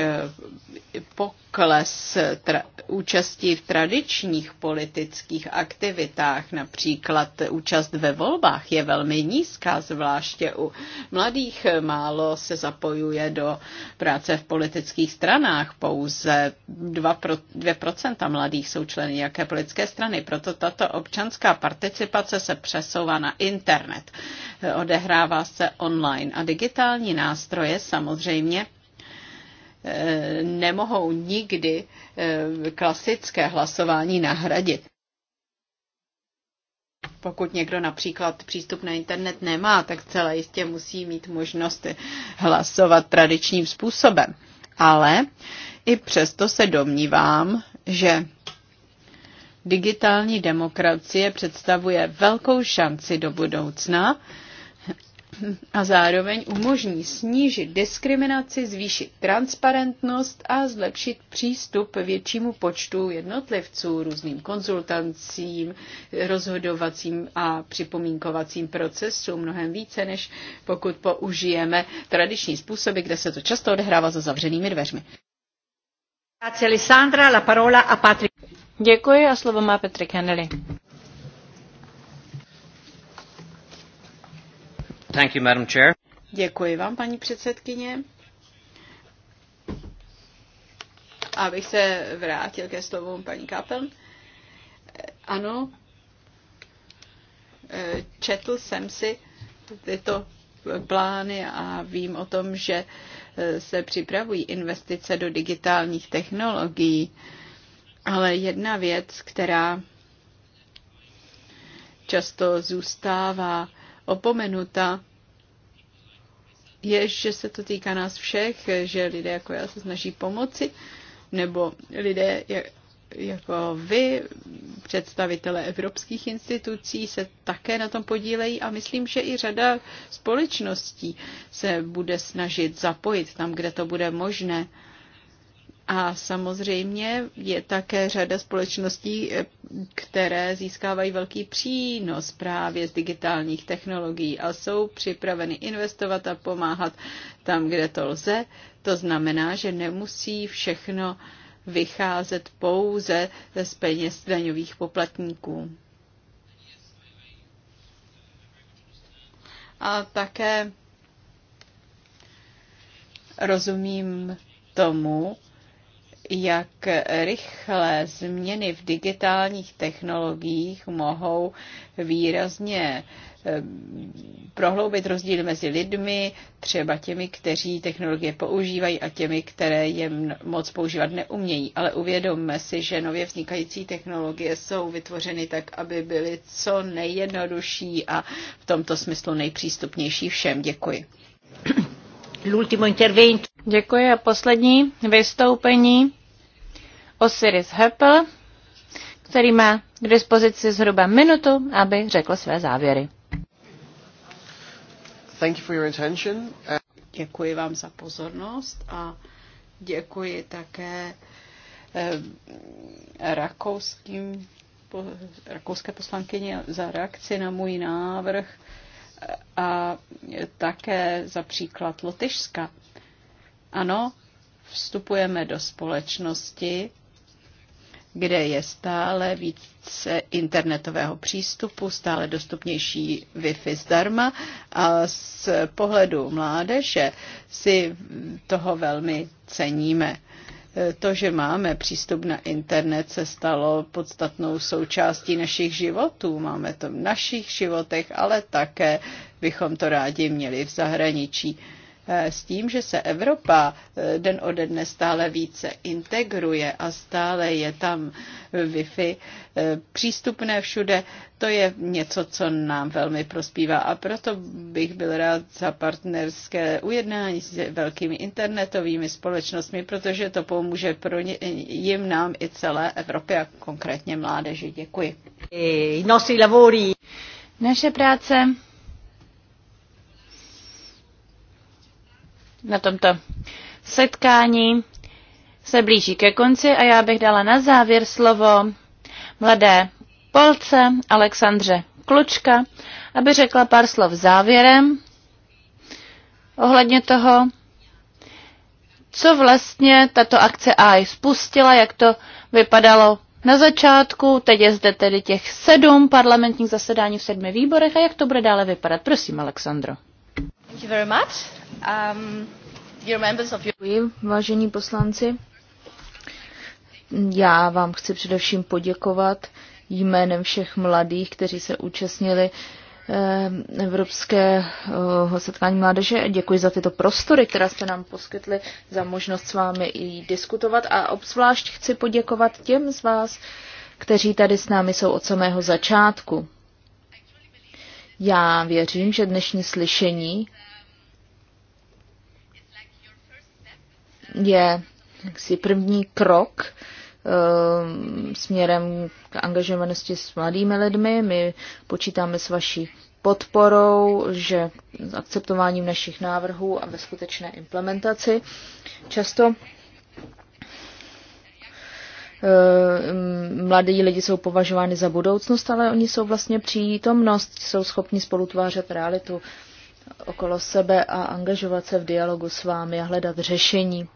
pokud pokles tra- účastí v tradičních politických aktivitách, například účast ve volbách, je velmi nízká, zvláště u mladých. Málo se zapojuje do práce v politických stranách, pouze 2%, 2% mladých jsou členy jaké politické strany, proto tato občanská participace se přesouvá na internet. Odehrává se online a digitální nástroje samozřejmě Eh, nemohou nikdy eh, klasické hlasování nahradit. Pokud někdo například přístup na internet nemá, tak celé jistě musí mít možnost hlasovat tradičním způsobem. Ale i přesto se domnívám, že digitální demokracie představuje velkou šanci do budoucna, a zároveň umožní snížit diskriminaci, zvýšit transparentnost a zlepšit přístup většímu počtu jednotlivců, různým konzultancím, rozhodovacím a připomínkovacím procesům mnohem více, než pokud použijeme tradiční způsoby, kde se to často odehrává za zavřenými dveřmi. Děkuji a slovo má Petr Kennedy. Thank you, Madam Chair. Děkuji vám, paní předsedkyně. Abych se vrátil ke slovům paní Kapel. Ano, eh, četl jsem si tyto plány a vím o tom, že eh, se připravují investice do digitálních technologií. Ale jedna věc, která často zůstává opomenuta, je, že se to týká nás všech, že lidé jako já se snaží pomoci, nebo lidé jako vy, představitelé evropských institucí, se také na tom podílejí a myslím, že i řada společností se bude snažit zapojit tam, kde to bude možné. A samozřejmě je také řada společností, eh, které získávají velký přínos právě z digitálních technologií a jsou připraveny investovat a pomáhat tam, kde to lze. To znamená, že nemusí všechno vycházet pouze z peněz daňových poplatníků. A také rozumím tomu, jak rychle změny v digitálních technologiích mohou výrazně eh, prohloubit rozdíl mezi lidmi, třeba těmi, kteří technologie používají a těmi, které je moc používat neumějí. Ale uvědomme si, že nově vznikající technologie jsou vytvořeny tak, aby byly co nejjednodušší a v tomto smyslu nejpřístupnější všem. Děkuji. Děkuji a poslední vystoupení Osiris Heppel, který má k dispozici zhruba minutu, aby řekl své závěry. Thank you for your Děkuji vám za pozornost a děkuji také eh, rakouským, rakouské poslankyně za reakci na můj návrh a také za příklad Lotyšska. Ano, vstupujeme do společnosti, kde je stále více internetového přístupu, stále dostupnější Wi-Fi zdarma a z pohledu mládeže si toho velmi ceníme. E, to, že máme přístup na internet, se stalo podstatnou součástí našich životů. Máme to v našich životech, ale také bychom to rádi měli v zahraničí. Eh, s tím, že se Evropa eh, den ode dne stále více integruje a stále je tam Wi-Fi eh, přístupné všude, to je něco, co nám velmi prospívá a proto bych byl rád za partnerské ujednání s velkými internetovými společnostmi, protože to pomůže pro ně, jim, nám i celé Evropě a konkrétně mládeži. Děkuji. Naše práce na tomto setkání se blíží ke konci a já bych dala na závěr slovo mladé Polce Alexandře Klučka, aby řekla pár slov závěrem ohledně toho, co vlastně tato akce AI spustila, jak to vypadalo na začátku, teď je zde tedy těch sedm parlamentních zasedání v sedmi výborech a jak to bude dále vypadat. Prosím, Alexandro. Thank you very much. Um, dear members of your... vážení poslanci. Já vám chci především poděkovat jménem všech mladých, kteří se účastnili eh, Evropského setkání mládeže. Děkuji za tyto prostory, které jste nám poskytli, za možnost s vámi i diskutovat a obzvlášť chci poděkovat těm z vás, kteří tady s námi jsou od samého začátku. Já věřím, že dnešní slyšení je jaksi první krok ehm, směrem k angažovanosti s mladými lidmi. My počítáme s vaší podporou, že s akceptováním našich návrhů a ve skutečné implementaci. Často ehm, mladí lidi jsou považováni za budoucnost, ale oni jsou vlastně přítomnost, jsou schopni spolutvářet realitu okolo sebe a angažovat se v dialogu s vámi a hledat řešení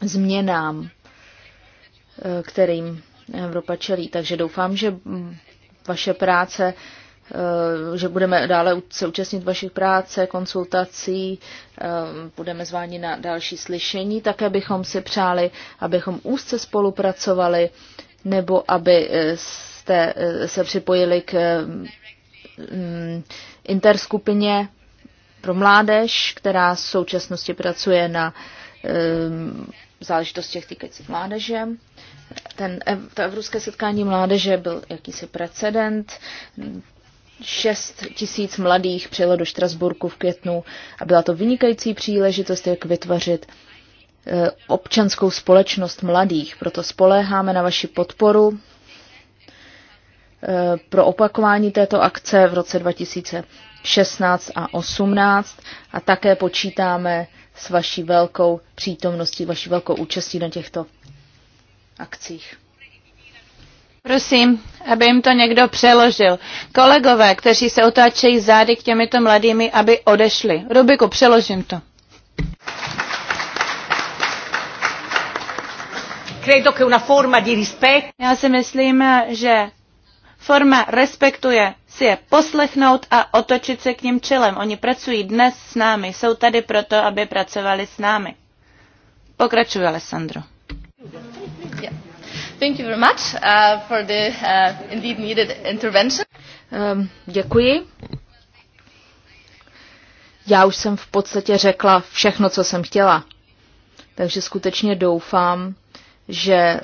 změnám, eh, kterým Evropa čelí. Takže doufám, že vaše práce, eh, že budeme dále se účastnit vašich práce, konsultací, eh, budeme zváni na další slyšení. Také bychom si přáli, abychom úzce spolupracovali nebo aby jste se připojili k mm, interskupině pro mládež, která v současnosti pracuje na záležitostech týkajících mládeže. Ten, to evropské setkání mládeže byl jakýsi precedent. Šest tisíc mladých přijelo do Štrasburku v květnu a byla to vynikající příležitost, jak vytvořit eh, občanskou společnost mladých. Proto spoléháme na vaši podporu eh, pro opakování této akce v roce 2016 a 18 a také počítáme s vaší velkou přítomností, vaší velkou účastí na těchto akcích. Prosím, aby jim to někdo přeložil. Kolegové, kteří se otáčejí zády k těmito mladými, aby odešli. Rubiku, přeložím to. Credo una forma Já si myslím, že forma respektuje chci je poslechnout a otočit se k ním čelem. Oni pracují dnes s námi, jsou tady proto, aby pracovali s námi. Pokračuje Alessandro. Thank you very much uh, for the uh, indeed needed intervention. Um, děkuji. Já už jsem v podstatě řekla všechno, co jsem chtěla. Takže skutečně doufám, že eh,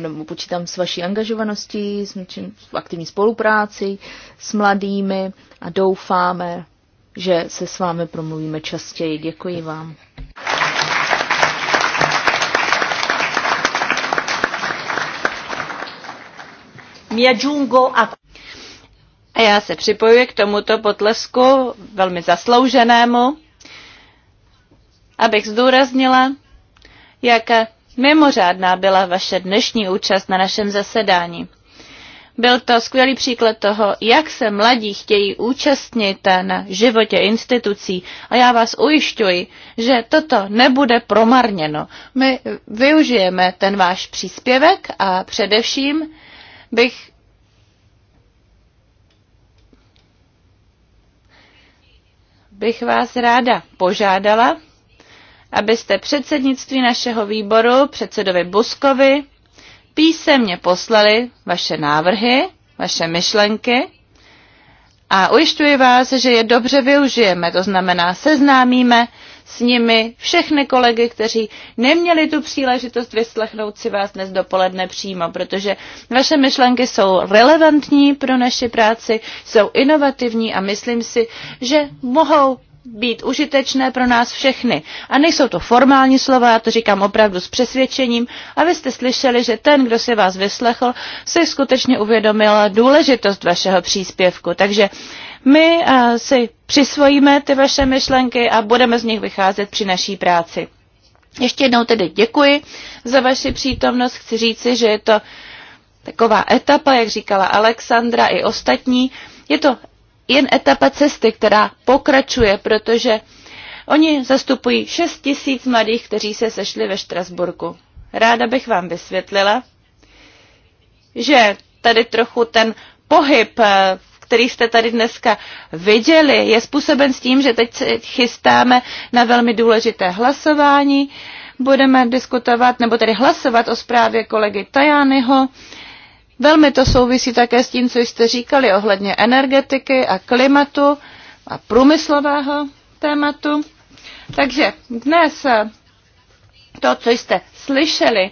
nebo počítám s vaší angažovaností, s aktivní spolupráci s mladými a doufáme, že se s vámi promluvíme častěji. Děkuji vám. A já se připojuji k tomuto potlesku velmi zaslouženému, abych zdůraznila, jak Mimořádná byla vaše dnešní účast na našem zasedání. Byl to skvělý příklad toho, jak se mladí chtějí účastnit na životě institucí a já vás ujišťuji, že toto nebude promarněno. My využijeme ten váš příspěvek a především bych bych vás ráda požádala, abyste předsednictví našeho výboru, předsedovi Buskovi, písemně poslali vaše návrhy, vaše myšlenky a ujišťuji vás, že je dobře využijeme, to znamená seznámíme s nimi všechny kolegy, kteří neměli tu příležitost vyslechnout si vás dnes dopoledne přímo, protože vaše myšlenky jsou relevantní pro naši práci, jsou inovativní a myslím si, že mohou být užitečné pro nás všechny. A nejsou to formální slova, já to říkám opravdu s přesvědčením. A vy jste slyšeli, že ten, kdo si vás vyslechl, si skutečně uvědomil důležitost vašeho příspěvku. Takže my eh, si přisvojíme ty vaše myšlenky a budeme z nich vycházet při naší práci. Ještě jednou tedy děkuji za vaši přítomnost. Chci říci, že je to taková etapa, jak říkala Alexandra i ostatní. Je to jen etapa cesty, která pokračuje, protože oni zastupují 6 tisíc mladých, kteří se sešli ve Štrasburku. Ráda bych vám vysvětlila, že tady trochu ten pohyb, eh, který jste tady dneska viděli, je způsoben s tím, že teď se chystáme na velmi důležité hlasování. Budeme diskutovat, nebo tedy hlasovat o zprávě kolegy Tajányho Velmi to souvisí také s tím, co jste říkali ohledně energetiky a klimatu a průmyslového tématu. Takže dnes to, co jste slyšeli,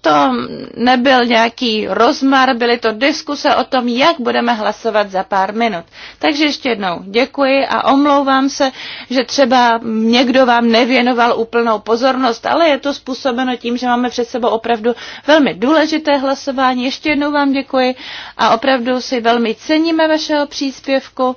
to nebyl nějaký rozmar, byly to diskuse o tom, jak budeme hlasovat za pár minut. Takže ještě jednou děkuji a omlouvám se, že třeba někdo vám nevěnoval úplnou pozornost, ale je to způsobeno tím, že máme před sebou opravdu velmi důležité hlasování. Ještě jednou vám děkuji a opravdu si velmi ceníme vašeho příspěvku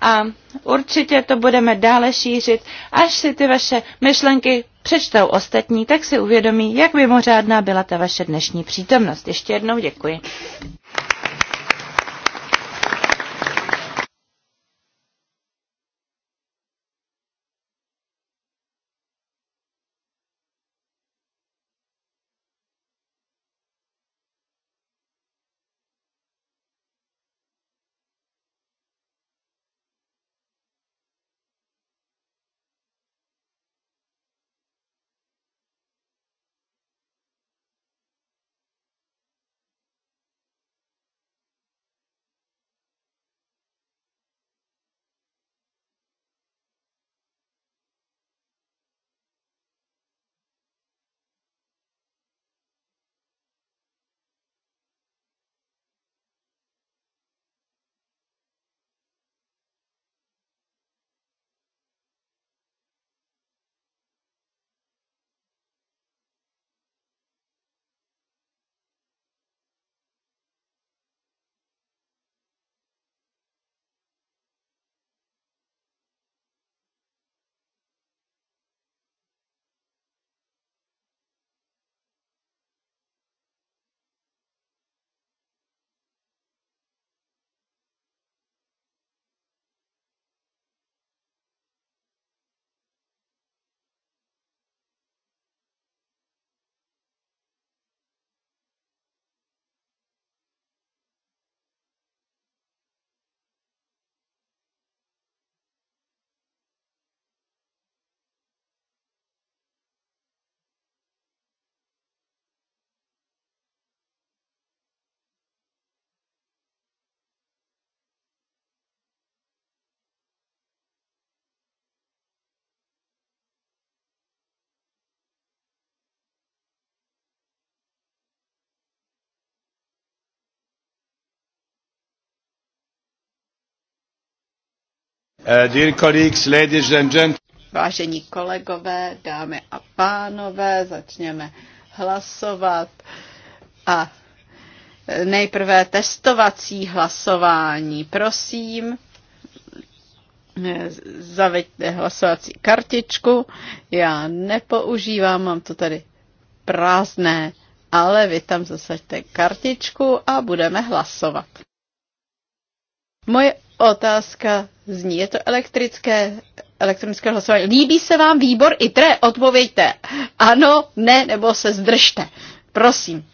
a určitě to budeme dále šířit, až si ty vaše myšlenky přečtou ostatní, tak si uvědomí, jak mimořádná byla ta vaše dnešní přítomnost. Ještě jednou děkuji. Eh, Vážení kolegové, dámy a pánové, začněme hlasovat. A nejprve testovací hlasování. Prosím, zaveďte hlasovací kartičku. Já nepoužívám, mám to tady prázdné, ale vy tam zasaďte kartičku a budeme hlasovat. Moje Otázka zní, je to elektrické, elektronické hlasování. Líbí se vám výbor I tre? Odpověďte ano, ne, nebo se zdržte. Prosím.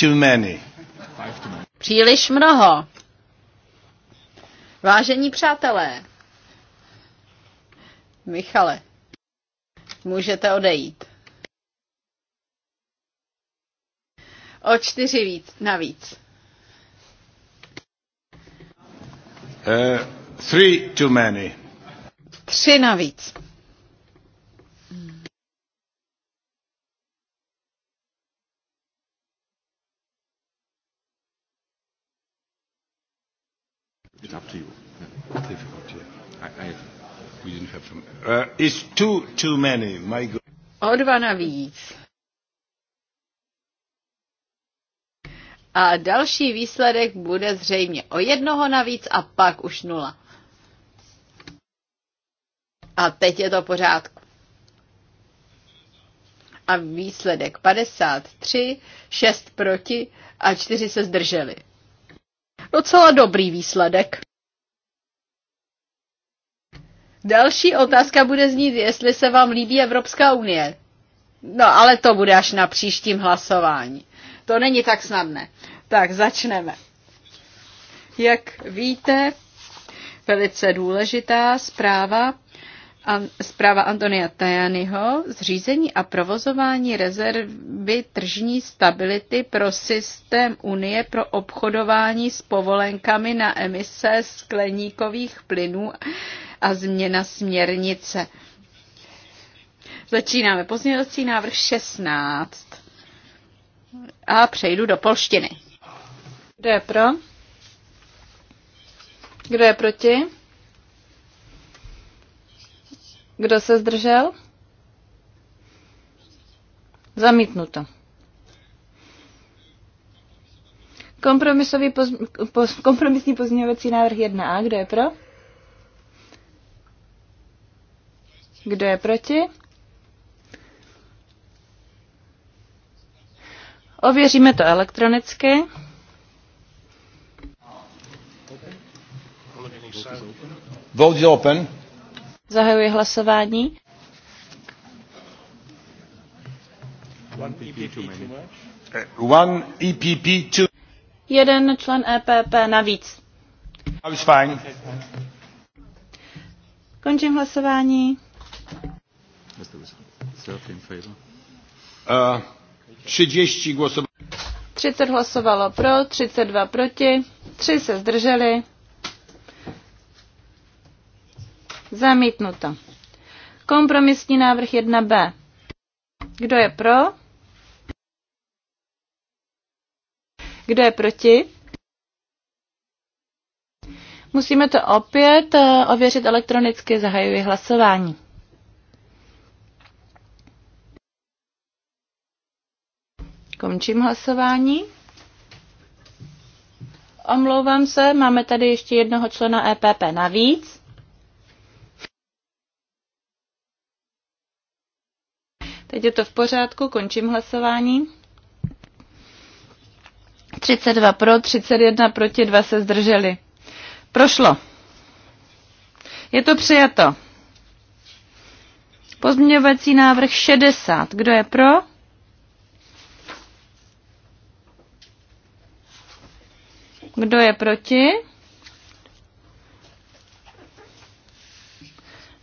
Too many. Příliš mnoho. Vážení přátelé, Michale, můžete odejít. O čtyři víc, navíc. Uh, three too many. Tři navíc. It's up to you. Yeah. Difficult, yeah. I, I, we didn't have some, uh, uh it's too, too many. My God. O dva navíc. A další výsledek bude zřejmě o jednoho navíc a pak už nula. A teď je to pořádku. A výsledek 53, 6 proti a 4 se zdrželi docela dobrý výsledek. Další otázka bude znít, jestli se vám líbí Evropská unie. No, ale to bude až na příštím hlasování. To není tak snadné. Tak, začneme. Jak víte, velice důležitá zpráva zpráva Antonia Tajanyho, zřízení a provozování rezervy tržní stability pro systém Unie pro obchodování s povolenkami na emise skleníkových plynů a změna směrnice. Začínáme pozměňovací návrh 16. A přejdu do polštiny. Kdo je pro? Kdo je proti? Kdo se zdržel? Zamítnuto. Kompromisový poz, poz, kompromisní pozměňovací návrh 1a. Kdo je pro? Kdo je proti? Ověříme to elektronicky. Vote is open. Zahajuji hlasování. One EPP too many. One EPP too. Jeden člen EPP navíc. Fine. Končím hlasování. Uh, 30 hlasovalo pro, 32 proti, 3 se zdrželi. Zamítnuto. Kompromisní návrh 1b. Kdo je pro? Kdo je proti? Musíme to opět eh, ověřit elektronicky. Zahajuji hlasování. Končím hlasování. Omlouvám se, máme tady ještě jednoho člena EPP navíc. Teď je to v pořádku, končím hlasování. 32 pro, 31 proti, 2 se zdrželi. Prošlo. Je to přijato. Pozměňovací návrh 60. Kdo je pro? Kdo je proti?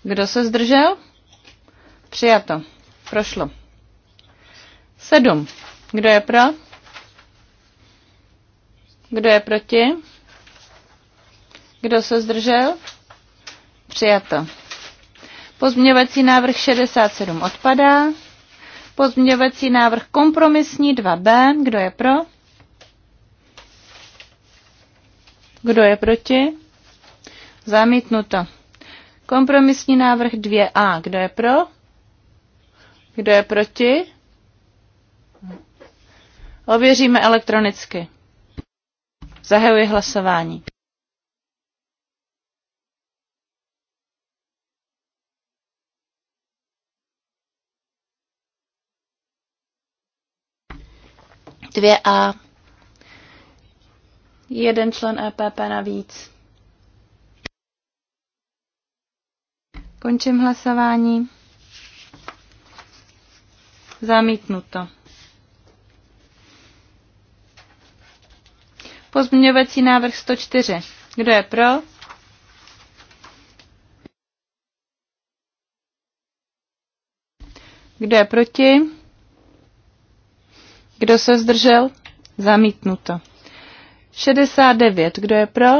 Kdo se zdržel? Přijato. Prošlo. Sedm. Kdo je pro? Kdo je proti? Kdo se zdržel? Přijato. Pozměňovací návrh 67 odpadá. Pozměňovací návrh kompromisní 2b. Kdo je pro? Kdo je proti? Zamítnuto. Kompromisní návrh 2a. Kdo je pro? Kdo je proti? Ověříme elektronicky. Zahajuji hlasování. Dvě A. Jeden člen EPP navíc. Končím hlasování. Zamítnuto. Pozměňovací návrh 104. Kdo je pro? Kdo je proti? Kdo se zdržel? Zamítnuto. 69. Kdo je pro?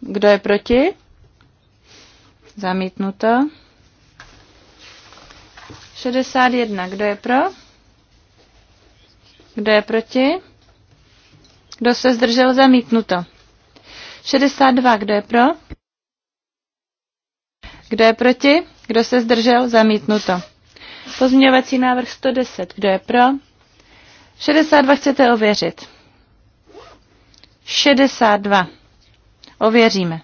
Kdo je proti? Zamítnuto. 61. Kdo je pro? Kdo je proti? Kdo se zdržel? Zamítnuto. 62. Kdo je pro? Kdo je proti? Kdo se zdržel? Zamítnuto. Pozměňovací návrh 110. Kdo je pro? 62 chcete ověřit. 62. Ověříme.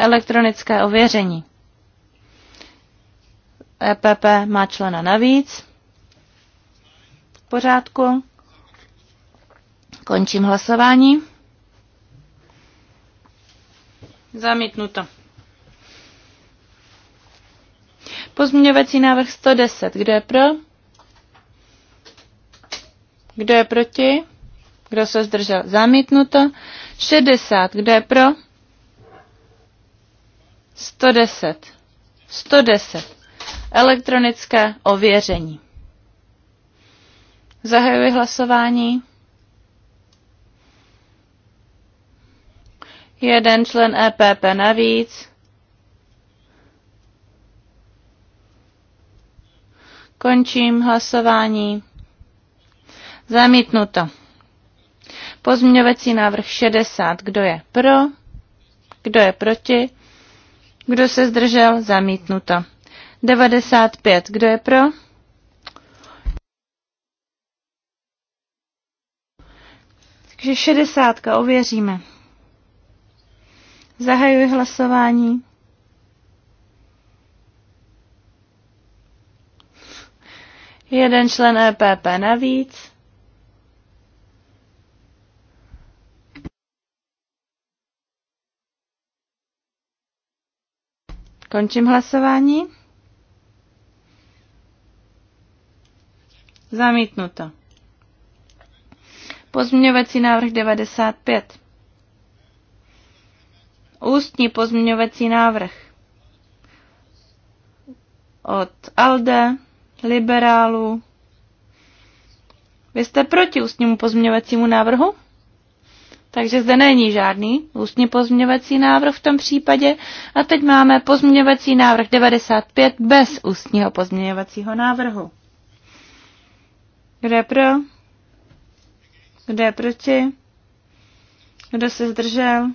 elektronické ověření. EPP má člena navíc. V pořádku. Končím hlasování. Zamítnuto. Pozměňovací návrh 110. Kdo je pro? Kdo je proti? Kdo se zdržel? Zamítnuto. 60. Kdo je pro? 110. 110. Elektronické ověření. Zahajuji hlasování. Jeden člen EPP navíc. Končím hlasování. Zamítnuto. Pozměňovací návrh 60. Kdo je pro? Kdo je proti? Kdo se zdržel? Zamítnuto. 95. Kdo je pro? Takže 60. Ověříme. Zahajuji hlasování. Jeden člen EPP navíc. Končím hlasování. Zamítnuto. Pozměňovací návrh 95. Ústní pozměňovací návrh od ALDE, liberálů. Vy jste proti ústnímu pozměňovacímu návrhu? Takže zde není žádný ústní pozměňovací návrh v tom případě. A teď máme pozměňovací návrh 95 bez ústního pozměňovacího návrhu. Kdo je pro? Kdo je proti? Kdo se zdržel?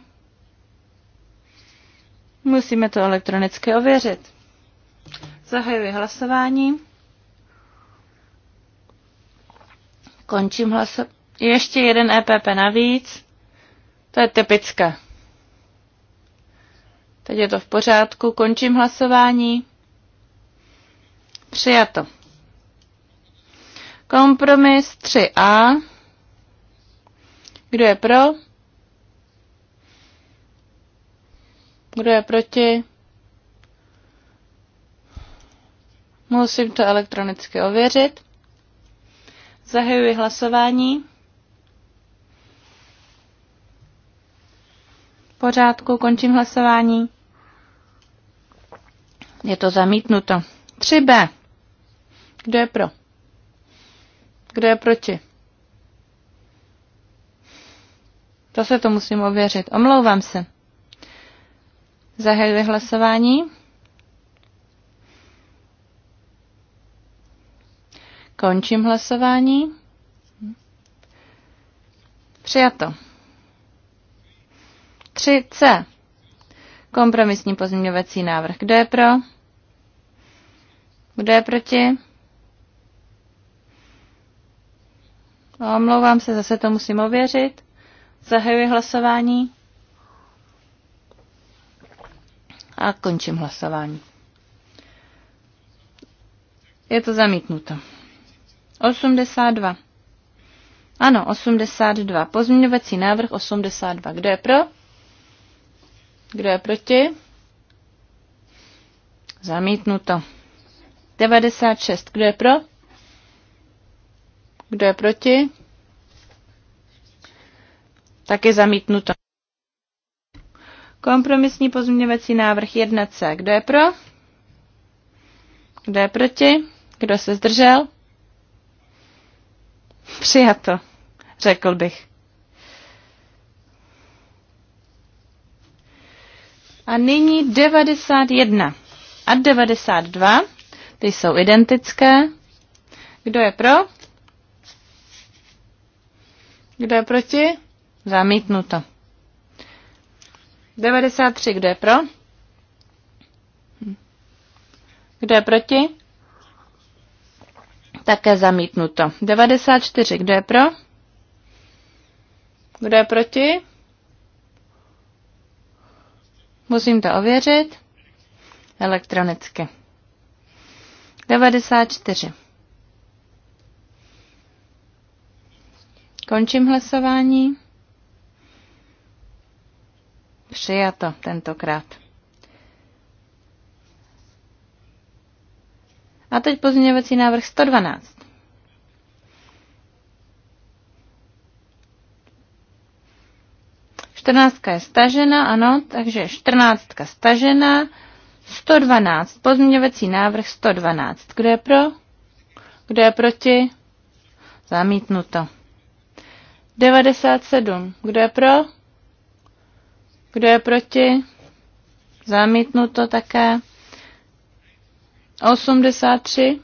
Musíme to elektronicky ověřit. Zahajuji hlasování. Končím hlasování. Ještě jeden EPP navíc. To je typické. Teď je to v pořádku, končím hlasování. Přijato. Kompromis 3a. Kdo je pro? Kdo je proti? Musím to elektronicky ověřit. Zahajuji hlasování. pořádku, končím hlasování. Je to zamítnuto. 3B. Kdo je pro? Kdo je proti? To se to musím ověřit. Omlouvám se. Zahajuji hlasování. Končím hlasování. Přijato. 3C. Kompromisní pozměňovací návrh. Kdo je pro? Kdo je proti? Omlouvám se, zase to musím ověřit. Zahajuji hlasování. A končím hlasování. Je to zamítnuto. 82. Ano, 82. Pozměňovací návrh 82. Kdo je pro? Kdo je proti? Zamítnuto. 96. Kdo je pro? Kdo je proti? Také zamítnuto. Kompromisní pozměňovací návrh 1C. Kdo je pro? Kdo je proti? Kdo se zdržel? Přijato, řekl bych. A nyní 91 a 92, ty jsou identické. Kdo je pro? Kdo je proti? Zamítnuto. 93, kdo je pro? Kdo je proti? Také zamítnuto. 94, kdo je pro? Kdo je proti? Musím to ověřit elektronicky. 94. Končím hlasování. Přijato tentokrát. A teď pozměňovací návrh 112. 14 je stažena, ano, takže 14 stažena. 112, pozměňovací návrh 112. Kdo je pro? Kdo je proti? Zamítnuto. 97. Kdo je pro? Kdo je proti? Zamítnuto také. 83.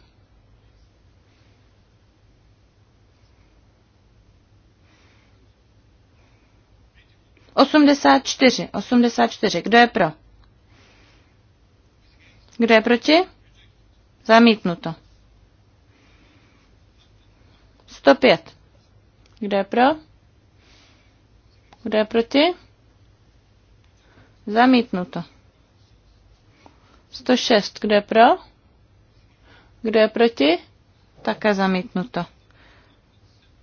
84. 84. Kdo je pro? Kdo je proti? Zamítnuto. 105. Kdo je pro? Kdo je proti? Zamítnuto. 106. Kdo je pro? Kdo je proti? Také zamítnuto.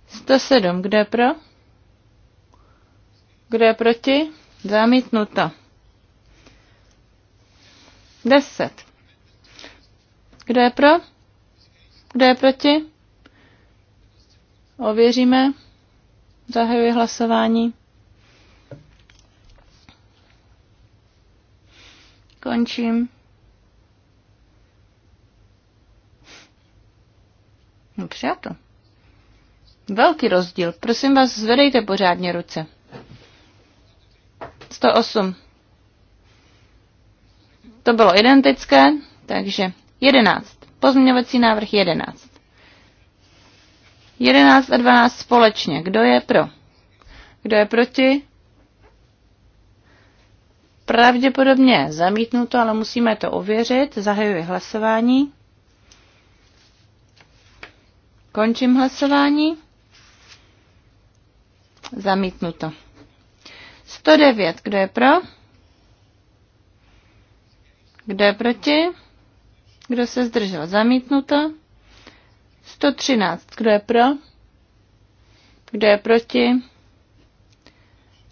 107. Kdo je pro? Kdo je proti? Zamítnuto. 10. Kdo je pro? Kdo je proti? Ověříme. Zahajuji hlasování. Končím. No přijato. Velký rozdíl. Prosím vás, zvedejte pořádně ruce. 108. To bylo identické, takže 11. Pozměňovací návrh 11. 11 a 12 společně. Kdo je pro? Kdo je proti? Pravděpodobně zamítnuto, ale musíme to ověřit. Zahajuji hlasování. Končím hlasování. Zamítnuto. 109. Kdo je pro? Kdo je proti? Kdo se zdržel? Zamítnuto. 113. Kdo je pro? Kdo je proti?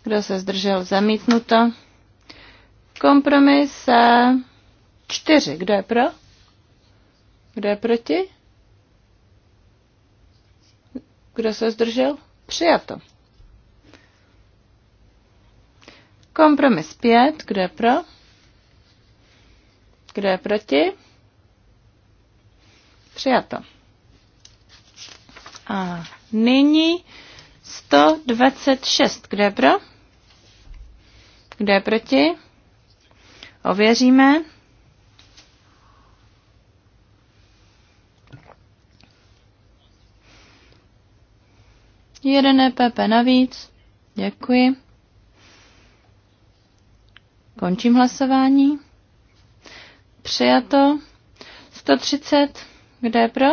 Kdo se zdržel? Zamítnuto. Kompromis 4. Eh, Kdo je pro? Kdo je proti? Kdo se zdržel? Přijato. Kompromis 5, kdo je pro? Kdo je proti? Přijato. A nyní 126. Kdo je pro? Kdo je proti? Ověříme. Jeden EPP navíc. Děkuji. Končím hlasování. Přijato. 130. Kdo je pro?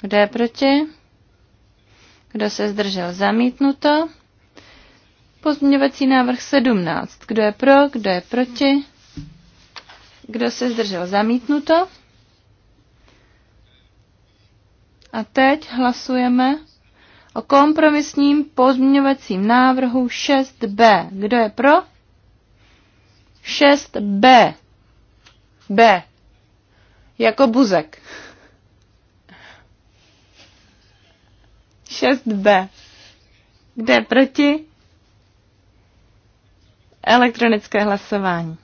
Kdo je proti? Kdo se zdržel? Zamítnuto. Pozměňovací návrh 17. Kdo je pro? Kdo je proti? Kdo se zdržel? Zamítnuto. A teď hlasujeme o kompromisním pozměňovacím návrhu 6b. Kdo je pro? 6b. B. Jako buzek. 6b. Kde proti? Elektronické hlasování.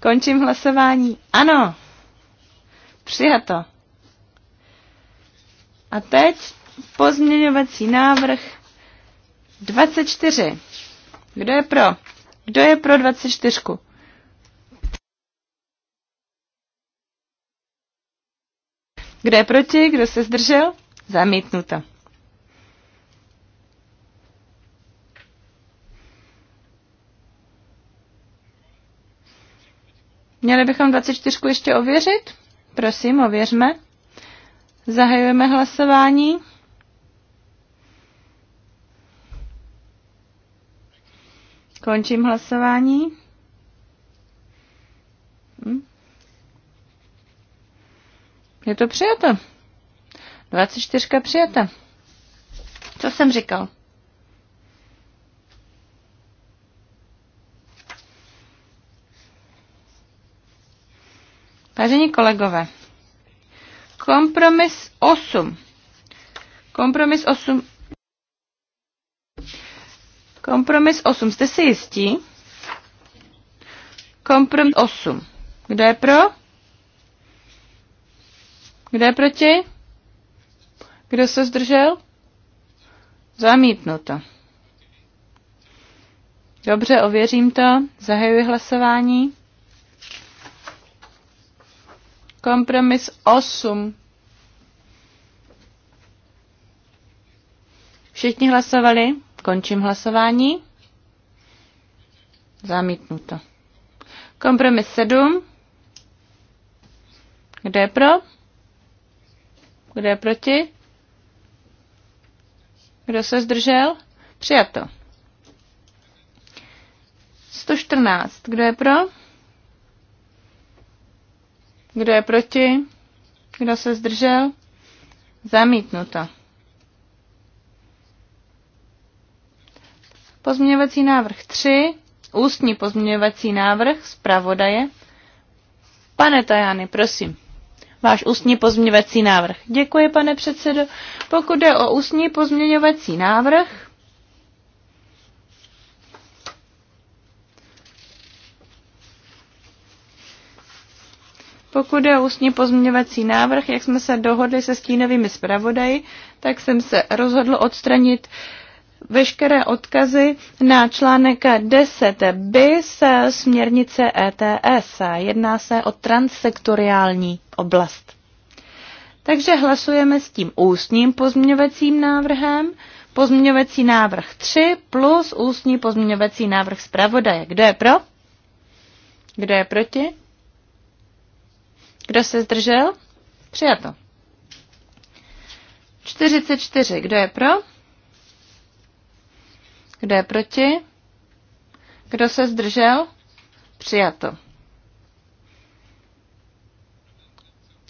Končím hlasování. Ano. Přijato. A teď pozměňovací návrh 24. Kdo je pro? Kdo je pro 24? Kdo je proti? Kdo se zdržel? Zamítnuto. Měli bychom 24 ještě ověřit? Prosím, ověřme. Zahajujeme hlasování. Končím hlasování. Hm? Je to přijato. 24 přijata. Co jsem říkal? Vážení kolegové, Kompromis 8. Kompromis 8. Kompromis 8. Jste si jistí? Kompromis 8. Kdo je pro? Kdo je proti? Kdo se zdržel? Zamítnuto. Dobře, ověřím to. Zahajuji hlasování. Kompromis 8. Všichni hlasovali? Končím hlasování. Zamítnuto. Kompromis 7. Kdo je pro? Kdo je proti? Kdo se zdržel? Přijato. 114. Kdo je pro? Kdo je proti? Kdo se zdržel? Zamítnuto. Pozměňovací návrh 3, ústní pozměňovací návrh zpravodaje. Pane Tajany, prosím. Váš ústní pozměňovací návrh. Děkuji, pane předsedo. Pokud jde o ústní pozměňovací návrh, Pokud je ústní pozměňovací návrh, jak jsme se dohodli se stínovými zpravodaji, tak jsem se rozhodl odstranit veškeré odkazy na článek 10 bis směrnice ETS. Jedná se o transsektoriální oblast. Takže hlasujeme s tím ústním pozměňovacím návrhem. Pozměňovací návrh 3 plus ústní pozměňovací návrh zpravodaje. Kdo je pro? Kdo je proti? Kdo se zdržel? Přijato. 44. Kdo je pro? Kdo je proti? Kdo se zdržel? Přijato.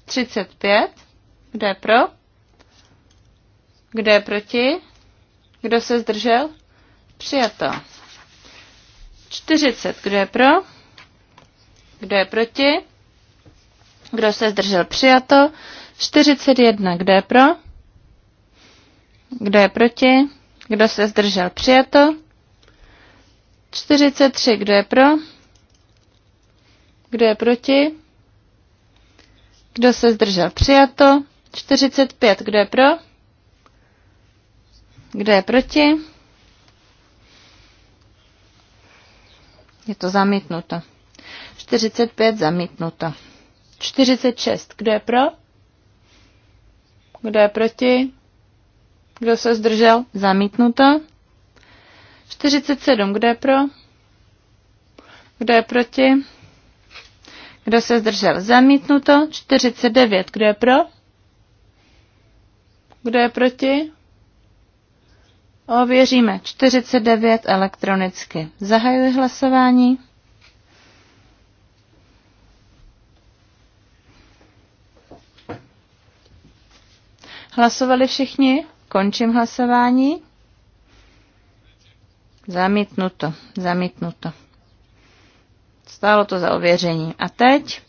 35. Kdo je pro? Kdo je proti? Kdo se zdržel? Přijato. 40. Kdo je pro? Kdo je proti? Kdo se zdržel? Přijato. 41. Kdo je pro? Kdo je proti? Kdo se zdržel? Přijato. 43. Kdo je pro? Kdo je proti? Kdo se zdržel? Přijato. 45. Kdo je pro? Kdo je proti? Je to zamítnuto. 45 zamítnuto. 46. Kdo je pro? Kdo je proti? Kdo se zdržel? Zamítnuto. 47. Kdo je pro? Kdo je proti? Kdo se zdržel? Zamítnuto. 49. Kdo je pro? Kdo je proti? Ověříme 49 elektronicky. Zahajuji hlasování. Hlasovali všichni? Končím hlasování. Zamítnuto, zamítnuto. Stálo to za ověření. A teď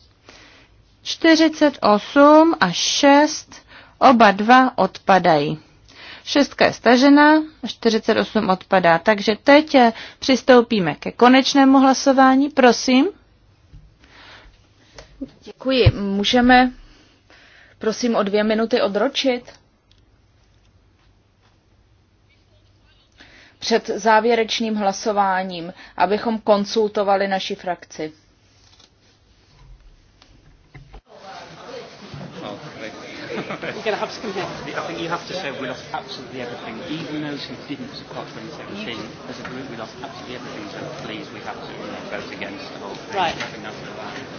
48 a 6, oba dva odpadají. Šestka je stažena, 48 odpadá. Takže teď přistoupíme ke konečnému hlasování. Prosím. Děkuji. Můžeme prosím o dvě minuty odročit? Před závěrečným hlasováním, abychom konsultovali naši frakci. Right.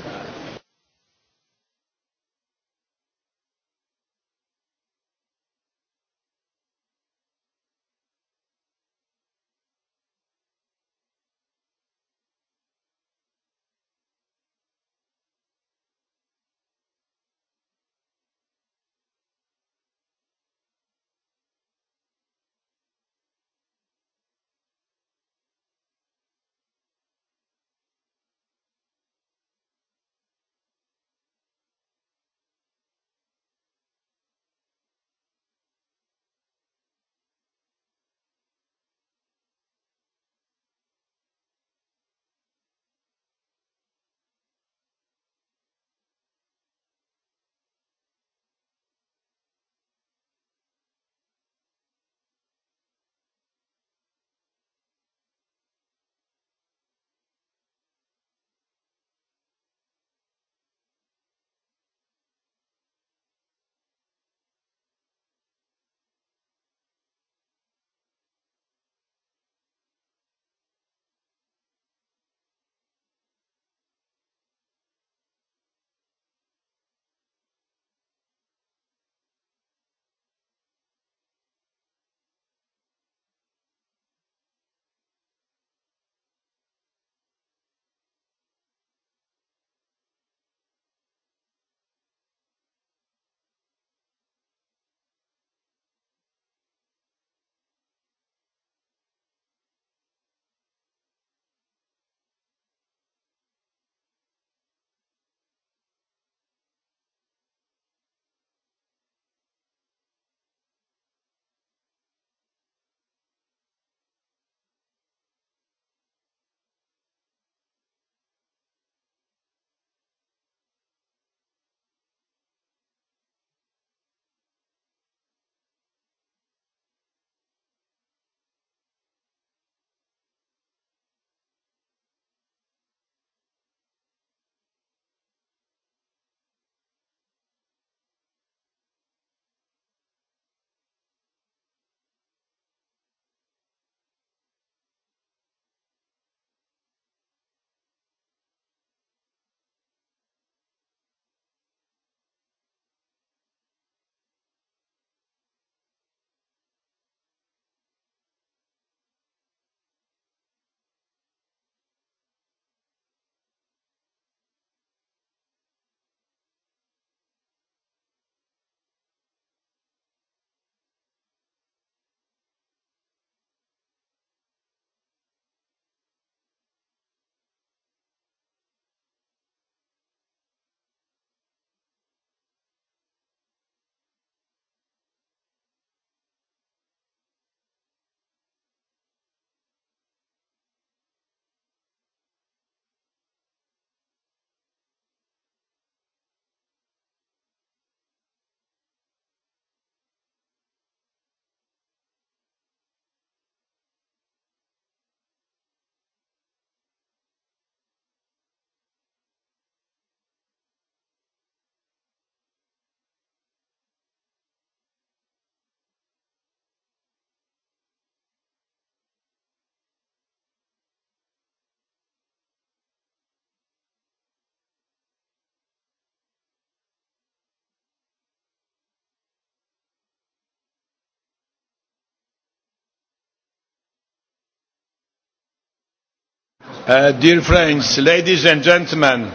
Uh, dear friends, ladies and gentlemen.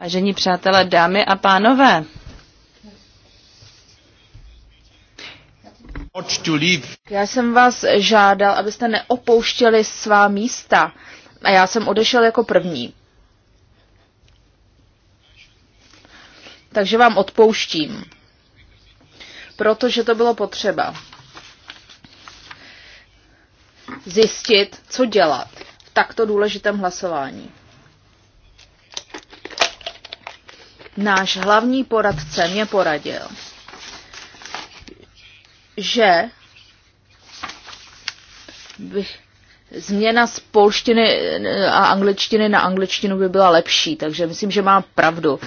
Vážení přátelé, dámy a pánové. Já jsem vás žádal, abyste neopouštěli svá místa a já jsem odešel jako první. Takže vám odpouštím, protože to bylo potřeba zjistit, co dělat takto důležitém hlasování. Náš hlavní poradce mě poradil, že bych změna z polštiny eh, a angličtiny na angličtinu by byla lepší, takže myslím, že má pravdu.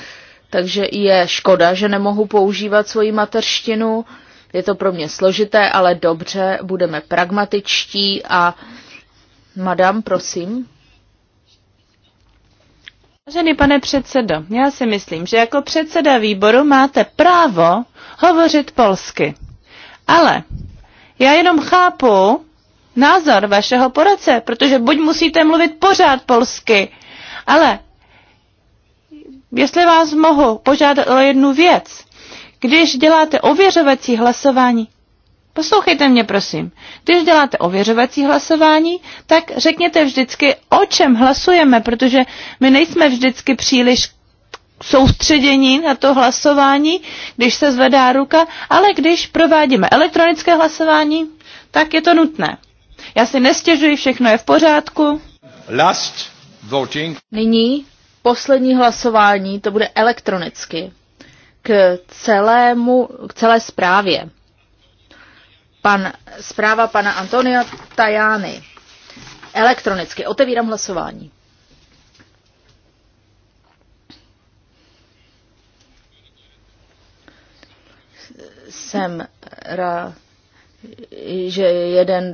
Takže je škoda, že nemohu používat svoji mateřštinu. Je to pro mě složité, ale dobře, budeme pragmatičtí a uh, Madam, prosím. Vážený pane předsedo, já si myslím, že jako předseda výboru máte právo hovořit polsky. Ale já jenom chápu názor vašeho poradce, protože buď musíte mluvit pořád polsky, ale jestli vás mohu požádat o jednu věc. Když děláte ověřovací hlasování, Poslouchejte mě, prosím. Když děláte ověřovací hlasování, tak řekněte vždycky, o čem hlasujeme, protože my nejsme vždycky příliš soustředění na to hlasování, když se zvedá ruka, ale když provádíme elektronické hlasování, tak je to nutné. Já si nestěžuji, všechno je v pořádku. Last voting. Nyní poslední hlasování, to bude elektronicky k celému, k celé zprávě. Pan, zpráva pana Antonia Tajány. Elektronicky. Otevírám hlasování. Jsem rád, že jeden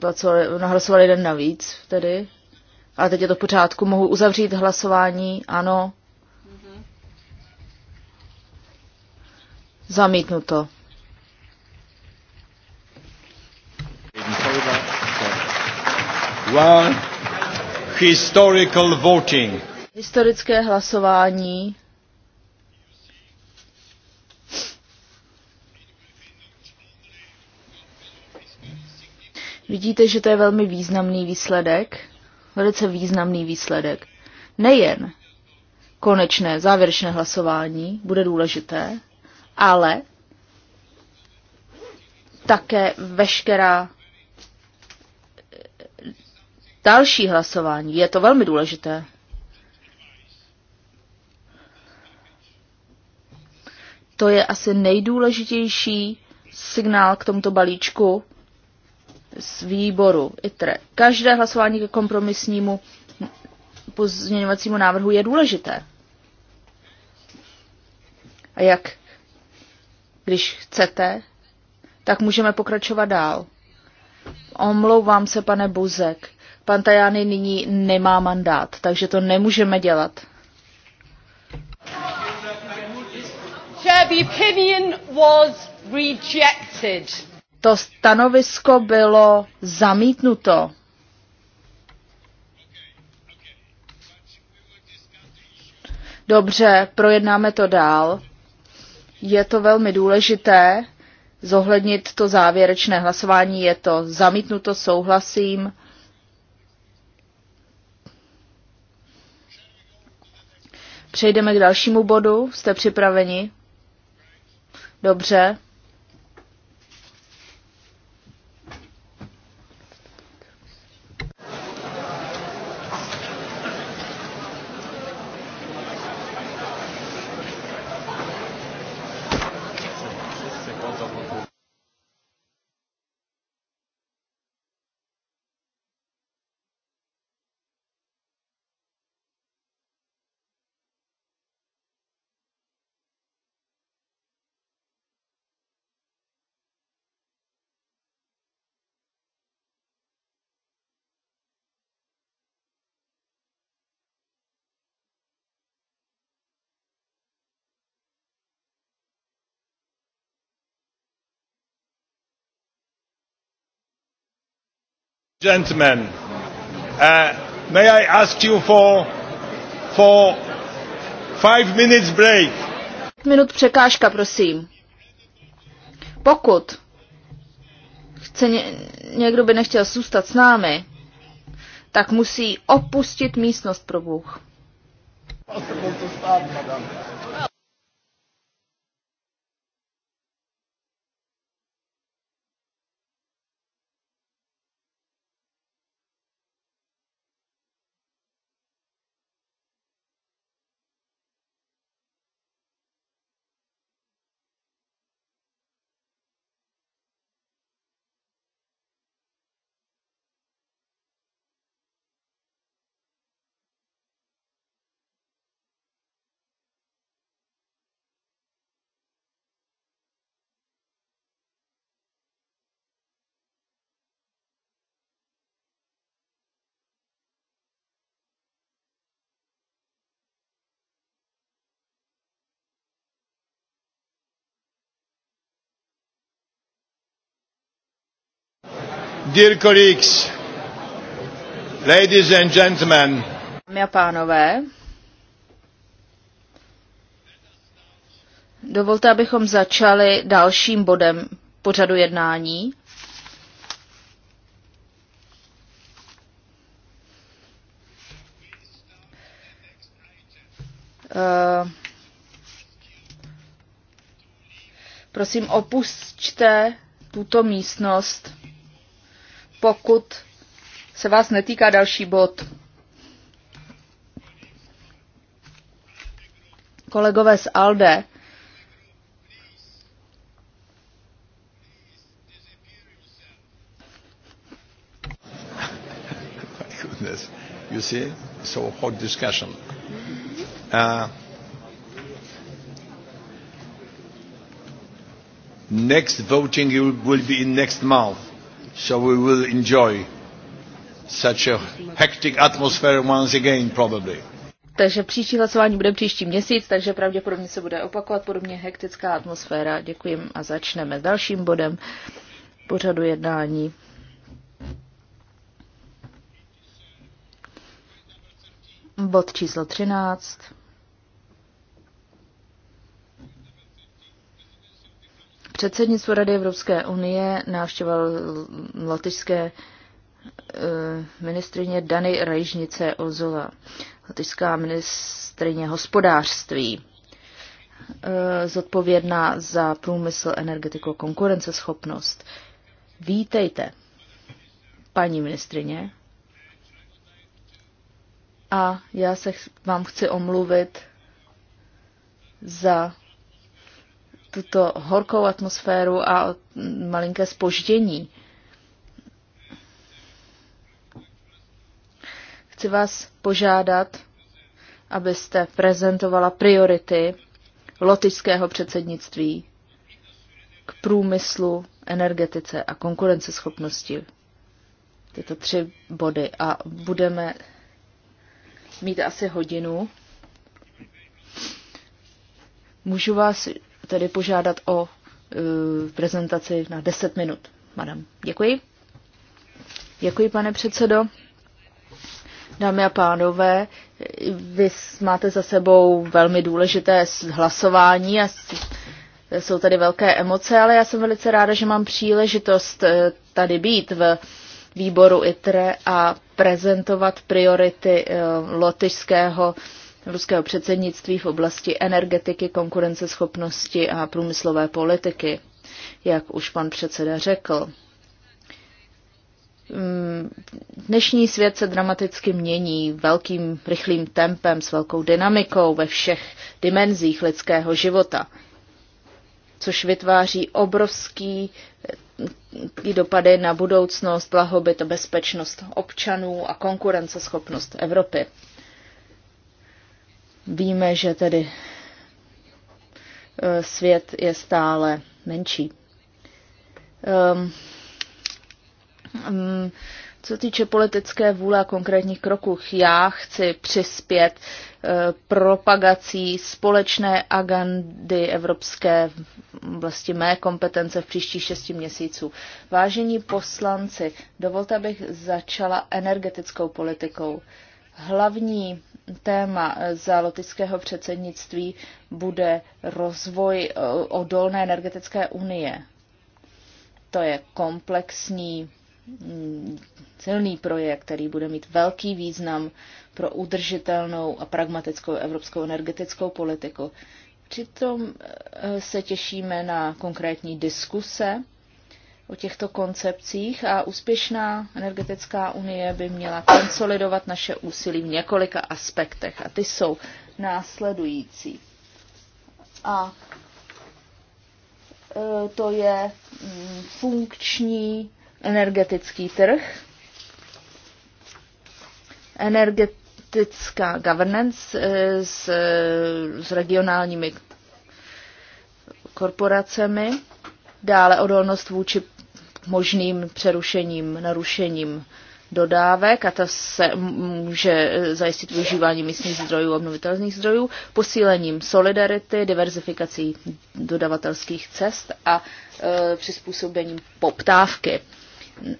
pracoval, hlasoval jeden navíc tedy. A teď je to v pořádku. Mohu uzavřít hlasování? Ano. Mhm. Zamítnuto. historical voting. Historické hlasování. Vidíte, že to je velmi významný výsledek. Velice významný výsledek. Nejen konečné, závěrečné hlasování bude důležité, ale také veškerá další hlasování. Je to velmi důležité. To je asi nejdůležitější signál k tomuto balíčku z výboru ITRE. Každé hlasování ke kompromisnímu pozměňovacímu návrhu je důležité. A jak, když chcete, tak můžeme pokračovat dál. Omlouvám se, pane Buzek. Pan Tajány nyní nemá mandát, takže to nemůžeme dělat. To stanovisko bylo zamítnuto. Dobře, projednáme to dál. Je to velmi důležité zohlednit to závěrečné hlasování. Je to zamítnuto, souhlasím. Přejdeme k dalšímu bodu. Jste připraveni? Dobře. gentlemen, uh, may I ask you for, for five minutes break? Minut překážka, prosím. Pokud chce ně, někdo by nechtěl zůstat s námi, tak musí opustit místnost pro Bůh. Dear colleagues, ladies and gentlemen. Dámy a pánové, dovolte, abychom začali dalším bodem pořadu jednání. Uh, prosím, opusťte tuto místnost pokud se vás netýká další bod. Kolegové z ALDE, goodness. You see, so hot discussion. Uh, next voting will be in next month so we will enjoy such a hectic atmosphere once again probably. Takže příští hlasování bude příští měsíc, takže pravděpodobně se bude opakovat podobně hektická atmosféra. Děkuji a začneme s dalším bodem pořadu jednání. Bod číslo 13. Předsednictvo Rady Evropské unie návštěval lotyšské eh, ministrině Dany Rajžnice Ozola, lotyšská ministrině hospodářství, eh, zodpovědná za průmysl, energetiku a konkurenceschopnost. Vítejte, paní ministrině. A já se vám chci omluvit za tuto horkou atmosféru a malinké spoždění. Chci vás požádat, abyste prezentovala priority lotyšského předsednictví k průmyslu, energetice a konkurenceschopnosti. Tyto tři body. A budeme mít asi hodinu. Můžu vás tedy požádat o e, prezentaci na 10 minut. Madam, děkuji. Děkuji, pane předsedo. Dámy a pánové, vy máte za sebou velmi důležité hlasování a jsou tady velké emoce, ale já jsem velice ráda, že mám příležitost e, tady být v výboru ITRE a prezentovat priority e, lotyšského ruského předsednictví v oblasti energetiky, konkurenceschopnosti a průmyslové politiky, jak už pan předseda řekl. Mm, dnešní svět se dramaticky mění velkým rychlým tempem s velkou dynamikou ve všech dimenzích lidského života, což vytváří obrovský mm, dopady na budoucnost, blahobyt, bezpečnost občanů a konkurenceschopnost Evropy. Víme, že tedy e, svět je stále menší. Um, co týče politické vůle a konkrétních kroků, já chci přispět e, propagací společné agendy evropské vlastně mé kompetence v příštích šesti měsíců. Vážení poslanci, dovolte, abych začala energetickou politikou. Hlavní téma eh, za lotického předsednictví bude rozvoj eh, odolné energetické unie. To je komplexní, mm, silný projekt, který bude mít velký význam pro udržitelnou a pragmatickou evropskou energetickou politiku. Přitom eh, se těšíme na konkrétní diskuse o těchto koncepcích a úspěšná energetická unie by měla konsolidovat naše úsilí v několika aspektech a ty jsou následující. A e, to je mm, funkční energetický trh, energetická governance e, s, s regionálními korporacemi, dále odolnost vůči možným přerušením, narušením dodávek a to se může zajistit využívání místních zdrojů obnovitelných zdrojů, posílením solidarity, diverzifikací dodavatelských cest a e, přizpůsobením poptávky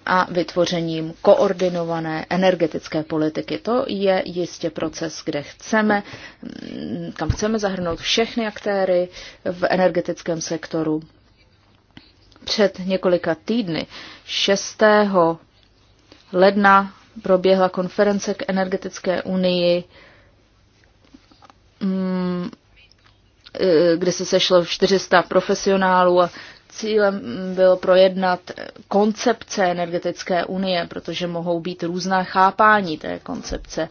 a vytvořením koordinované energetické politiky. To je jistě proces, kde chceme, kam chceme zahrnout všechny aktéry v energetickém sektoru, před několika týdny, 6. ledna, proběhla konference k energetické unii, mm, eh, kde se sešlo 400 profesionálů a cílem bylo projednat koncepce energetické unie, protože mohou být různá chápání té koncepce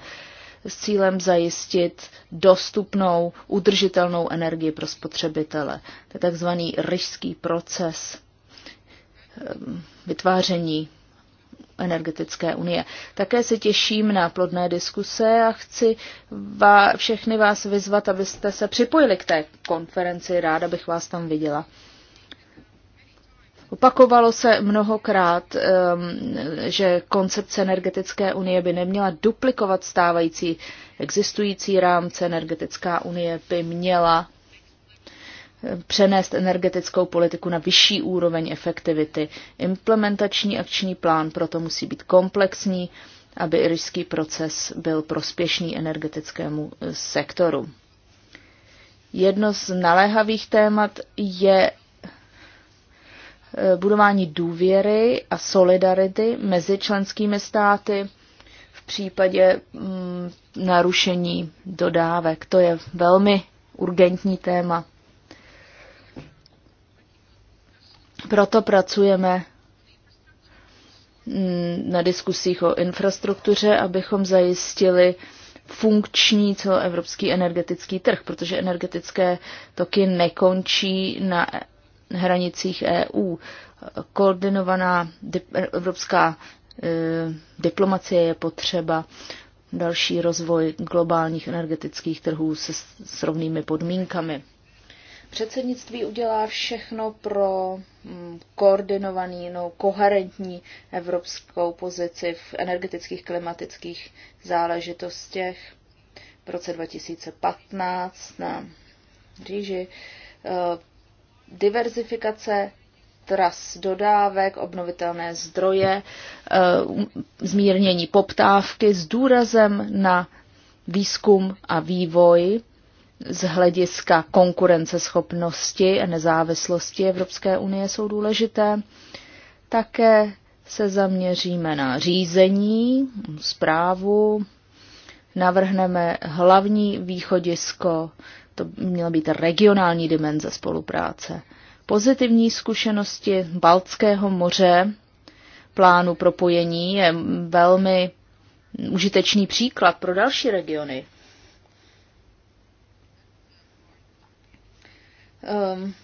s cílem zajistit dostupnou, udržitelnou energii pro spotřebitele. To je takzvaný ryšský proces Eh, vytváření energetické unie. Také se těším na plodné diskuse a chci vá, všechny vás vyzvat, abyste se připojili k té konferenci. Ráda bych vás tam viděla. Opakovalo se mnohokrát, ehm, že koncepce energetické unie by neměla duplikovat stávající existující rámce. Energetická unie by měla přenést energetickou politiku na vyšší úroveň efektivity. Implementační akční plán proto musí být komplexní, aby irský proces byl prospěšný energetickému eh, sektoru. Jedno z naléhavých témat je eh, budování důvěry a solidarity mezi členskými státy v případě mm, narušení dodávek. To je velmi urgentní téma Proto pracujeme mm, na diskusích o infrastruktuře, abychom zajistili funkční celoevropský energetický trh, protože energetické toky nekončí na hranicích EU. Koordinovaná evropská e, diplomacie je potřeba, další rozvoj globálních energetických trhů se rovnými podmínkami. Předsednictví udělá všechno pro mm, koordinovaný, no, koherentní evropskou pozici v energetických klimatických záležitostech v roce 2015 na říži. Eh, diverzifikace tras dodávek, obnovitelné zdroje, eh, zmírnění poptávky s důrazem na výzkum a vývoj z hlediska konkurenceschopnosti a nezávislosti Evropské unie jsou důležité. Také se zaměříme na řízení, zprávu, navrhneme hlavní východisko, to měla být regionální dimenze spolupráce. Pozitivní zkušenosti Baltského moře, plánu propojení je velmi užitečný příklad pro další regiony Um,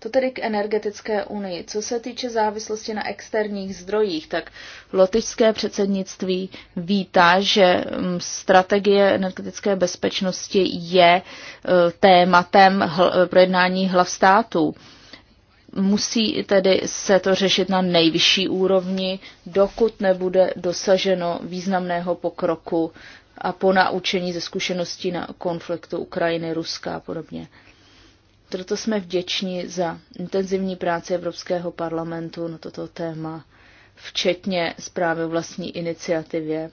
to tedy k energetické unii. Co se týče závislosti na externích zdrojích, tak lotyšské předsednictví vítá, že ehm, strategie energetické bezpečnosti je e, tématem e, projednání hlav států. Musí tedy se to řešit na nejvyšší úrovni, dokud nebude dosaženo významného pokroku a po naučení ze zkušeností na konfliktu Ukrajiny, Ruska a podobně. Proto jsme vděční za intenzivní práci Evropského parlamentu na toto téma, včetně zprávy o vlastní iniciativě. E,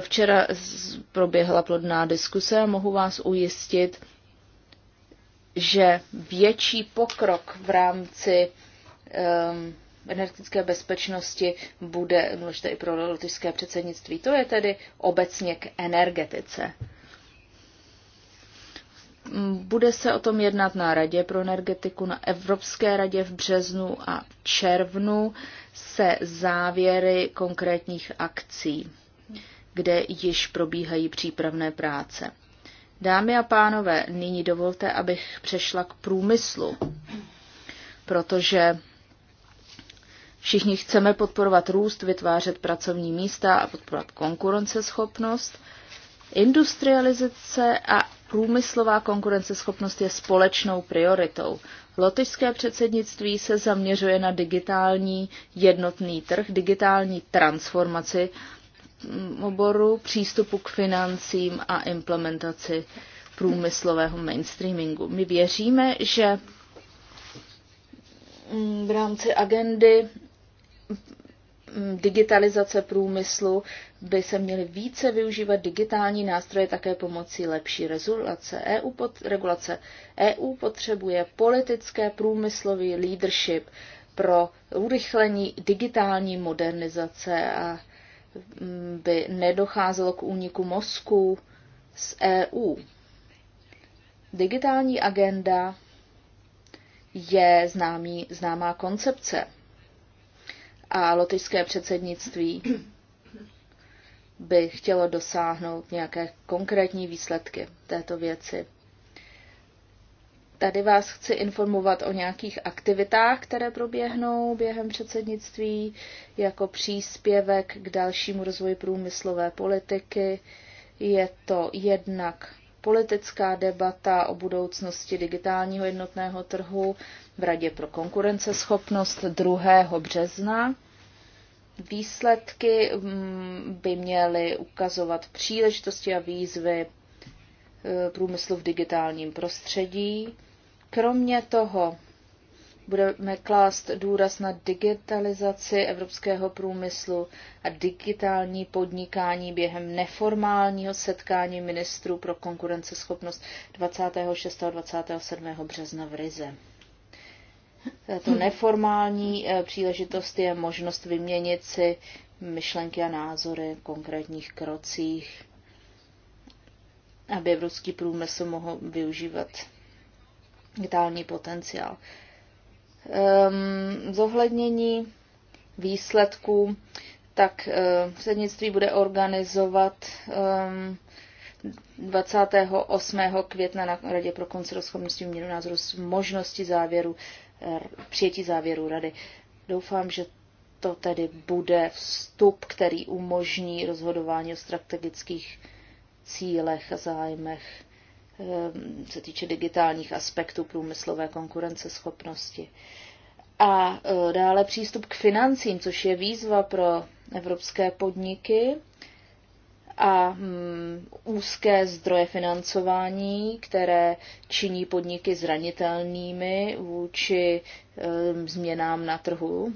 včera proběhla plodná diskuse a mohu vás ujistit, že větší pokrok v rámci um, energetické bezpečnosti bude důležité i pro lotyšské předsednictví. To je tedy obecně k energetice. Bude se o tom jednat na Radě pro energetiku, na Evropské radě v březnu a červnu se závěry konkrétních akcí, kde již probíhají přípravné práce. Dámy a pánové, nyní dovolte, abych přešla k průmyslu, protože všichni chceme podporovat růst, vytvářet pracovní místa a podporovat konkurenceschopnost. Industrializace a Průmyslová konkurenceschopnost je společnou prioritou. Lotyšské předsednictví se zaměřuje na digitální jednotný trh, digitální transformaci oboru, přístupu k financím a implementaci průmyslového mainstreamingu. My věříme, že v rámci agendy Mm, digitalizace průmyslu by se měly více využívat digitální nástroje také pomocí lepší e regulace. EU, pod, regulace. EU potřebuje politické průmyslový leadership pro urychlení digitální modernizace a mm, by nedocházelo k úniku mozku z EU. Digitální agenda je známý, známá koncepce a lotyšské předsednictví by chtělo dosáhnout nějaké konkrétní výsledky této věci. Tady vás chci informovat o nějakých aktivitách, které proběhnou během předsednictví, jako příspěvek k dalšímu rozvoji průmyslové politiky. Je to jednak politická debata o budoucnosti digitálního jednotného trhu v Radě pro konkurenceschopnost 2. března. Výsledky mm, by měly ukazovat příležitosti a výzvy e, průmyslu v digitálním prostředí. Kromě toho Budeme klást důraz na digitalizaci evropského průmyslu a digitální podnikání během neformálního setkání ministrů pro konkurenceschopnost 26. a 27. března v Rize. To hmm. neformální eh, příležitost je možnost vyměnit si myšlenky a názory v konkrétních krocích, aby evropský průmysl mohl využívat digitální potenciál um, zohlednění výsledků, tak uh, eh, přednictví bude organizovat um, ehm, 28. května na Radě pro koncil rozchodnosti měnu názoru s možností závěru, eh, přijetí závěru Rady. Doufám, že to tedy bude vstup, který umožní rozhodování o strategických cílech a zájmech Eh, se týče digitálních aspektů průmyslové konkurenceschopnosti. A eh, dále přístup k financím, což je výzva pro evropské podniky a hm, úzké zdroje financování, které činí podniky zranitelnými vůči eh, změnám na trhu.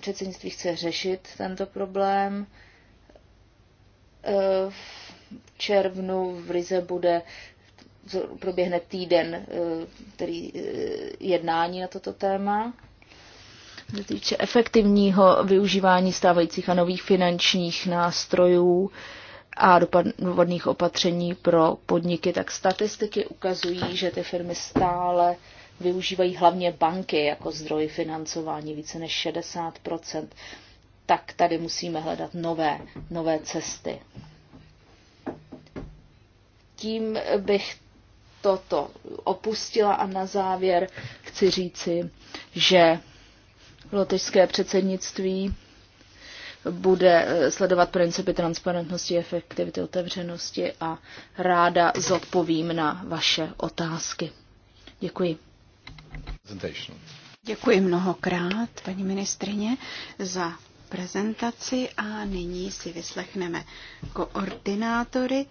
Předsednictví chce řešit tento problém. V červnu v Rize bude proběhne týden eh, který eh, jednání na toto téma. Se týče efektivního využívání stávajících a nových finančních nástrojů a dopadných opatření pro podniky, tak statistiky ukazují, že ty firmy stále využívají hlavně banky jako zdroj financování více než 60 tak tady musíme hledat nové, nové cesty tím bych toto opustila a na závěr chci říci, že lotyšské předsednictví bude eh, sledovat principy transparentnosti, efektivity, otevřenosti a ráda zodpovím na vaše otázky. Děkuji. Děkuji mnohokrát, paní ministrině, za prezentaci a nyní si vyslechneme koordinátory.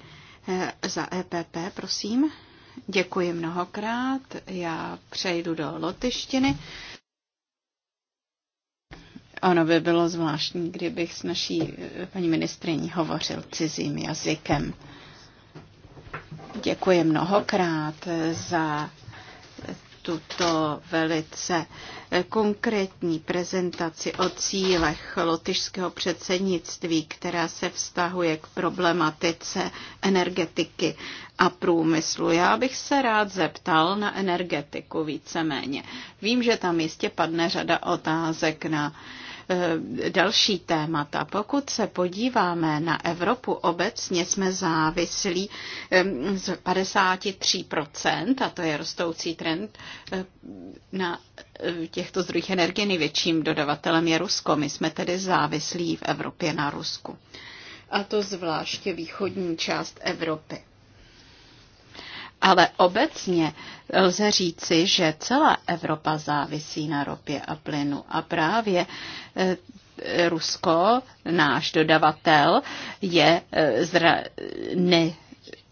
Eh, za EPP, prosím. Děkuji mnohokrát. Já přejdu do lotyštiny. Ono by bylo zvláštní, kdybych s naší eh, paní ministriní hovořil cizím jazykem. Děkuji mnohokrát eh, za tuto velice konkrétní prezentaci o cílech lotyšského předsednictví, která se vztahuje k problematice energetiky a průmyslu. Já bych se rád zeptal na energetiku víceméně. Vím, že tam jistě padne řada otázek na uh, Eh, další témata. Pokud se podíváme na Evropu obecně, jsme závislí eh, z 53%, a to je rostoucí trend, eh, na těchto zdrojích energie největším dodavatelem je Rusko. My jsme tedy závislí v Evropě na Rusku. A to zvláště východní část Evropy. Ale obecně lze říci, že celá Evropa závisí na ropě a plynu a právě eh, Rusko, náš dodavatel, je eh, zra- ne,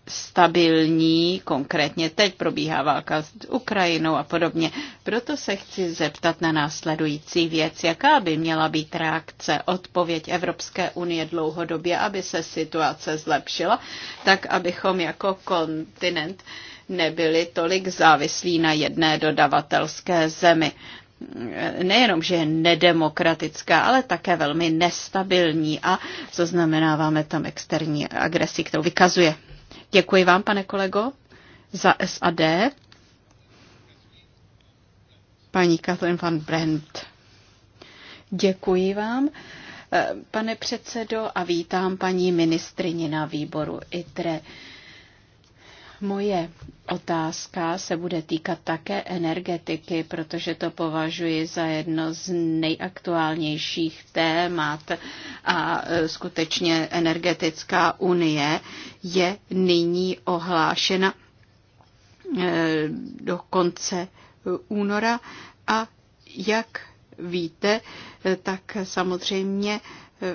stabilní, konkrétně teď probíhá válka s Ukrajinou a podobně. Proto se chci zeptat na následující věc, jaká by měla být reakce, odpověď Evropské unie dlouhodobě, aby se situace zlepšila, tak abychom jako kontinent nebyli tolik závislí na jedné dodavatelské zemi nejenom, že je nedemokratická, ale také velmi nestabilní a zaznamenáváme tam externí agresi, kterou vykazuje. Děkuji vám, pane kolego, za SAD. Paní Kathleen van Brent. Děkuji vám. Eh, pane předsedo, a vítám paní ministrině na výboru ITRE. Moje otázka se bude týkat také energetiky, protože to považuji za jedno z nejaktuálnějších témat a e, skutečně energetická unie je nyní ohlášena e, do konce února a jak víte, e, tak samozřejmě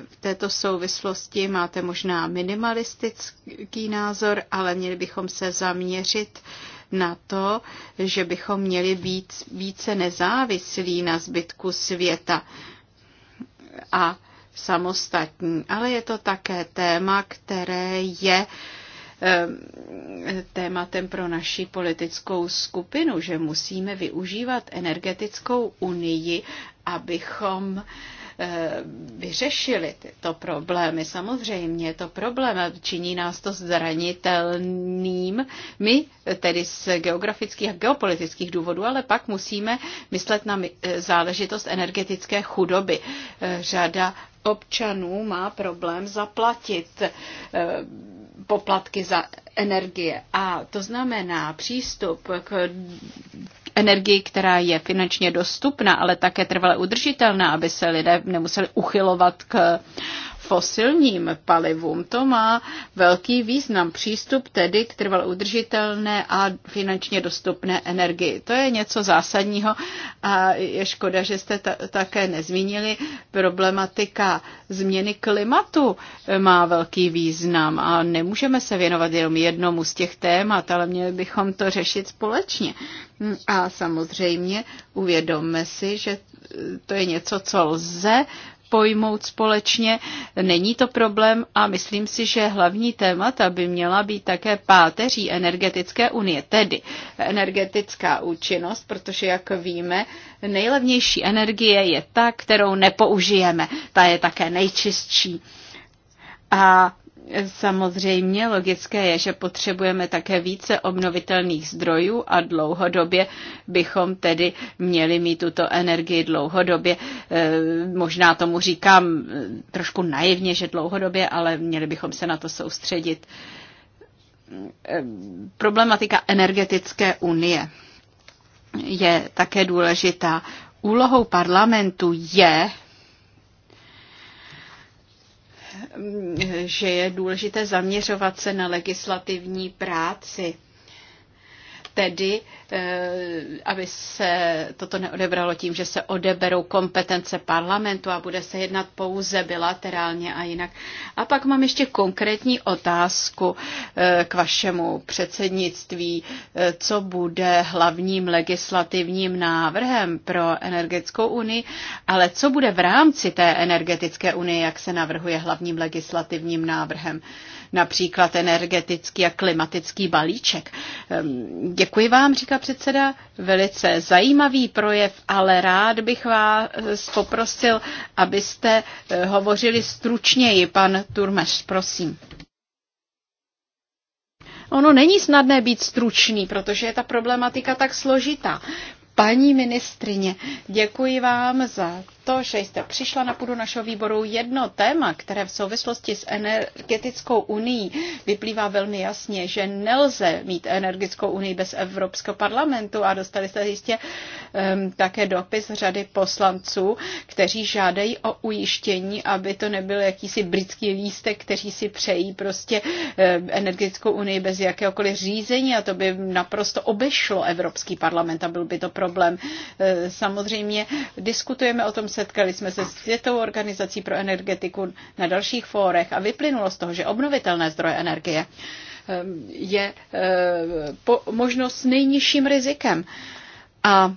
v této souvislosti máte možná minimalistický názor, ale měli bychom se zaměřit na to, že bychom měli být více nezávislí na zbytku světa a samostatní. Ale je to také téma, které je Eh, tématem pro naši politickou skupinu, že musíme využívat energetickou unii, abychom eh, vyřešili tyto problémy. Samozřejmě je to problém, a činí nás to zranitelným, my tedy z geografických a geopolitických důvodů, ale pak musíme myslet na eh, záležitost energetické chudoby. Řada občanů má problém zaplatit poplatky za energie. A to znamená přístup k energii, která je finančně dostupná, ale také trvale udržitelná, aby se lidé nemuseli uchylovat k fosilním palivům. To má velký význam. Přístup tedy k trval udržitelné a finančně dostupné energii. To je něco zásadního a je škoda, že jste také nezmínili. Problematika změny klimatu má velký význam a nemůžeme se věnovat jenom jednomu z těch témat, ale měli bychom to řešit společně. A samozřejmě uvědomme si, že to je něco, co lze pojmout společně. Není to problém a myslím si, že hlavní témata by měla být také páteří energetické unie, tedy energetická účinnost, protože jak víme, nejlevnější energie je ta, kterou nepoužijeme. Ta je také nejčistší. A Samozřejmě logické je, že potřebujeme také více obnovitelných zdrojů a dlouhodobě bychom tedy měli mít tuto energii dlouhodobě. E, možná tomu říkám e, trošku naivně, že dlouhodobě, ale měli bychom se na to soustředit. E, problematika energetické unie je také důležitá. Úlohou parlamentu je že je důležité zaměřovat se na legislativní práci, tedy Eh, aby se toto neodebralo tím, že se odeberou kompetence parlamentu a bude se jednat pouze bilaterálně a jinak. A pak mám ještě konkrétní otázku eh, k vašemu předsednictví. Eh, co bude hlavním legislativním návrhem pro energetickou unii, ale co bude v rámci té energetické unie, jak se navrhuje hlavním legislativním návrhem? Například energetický a klimatický balíček. Ehm, děkuji vám, říká říká předseda. Velice zajímavý projev, ale rád bych vás poprosil, abyste eh, hovořili stručněji. Pan Turmeš, prosím. Ono není snadné být stručný, protože je ta problematika tak složitá. Paní ministrině, děkuji vám za to, že jste přišla na půdu našeho výboru. Jedno téma, které v souvislosti s energetickou unii vyplývá velmi jasně, že nelze mít energetickou unii bez Evropského parlamentu a dostali jste jistě um, také dopis řady poslanců, kteří žádají o ujištění, aby to nebyl jakýsi britský lístek, kteří si přejí prostě um, energetickou unii bez jakéhokoliv řízení a to by naprosto obešlo Evropský parlament a byl by to pro problém. E, samozřejmě diskutujeme o tom, setkali jsme se s Světovou organizací pro energetiku na dalších fórech a vyplynulo z toho, že obnovitelné zdroje energie e, je e, možnost s nejnižším rizikem. A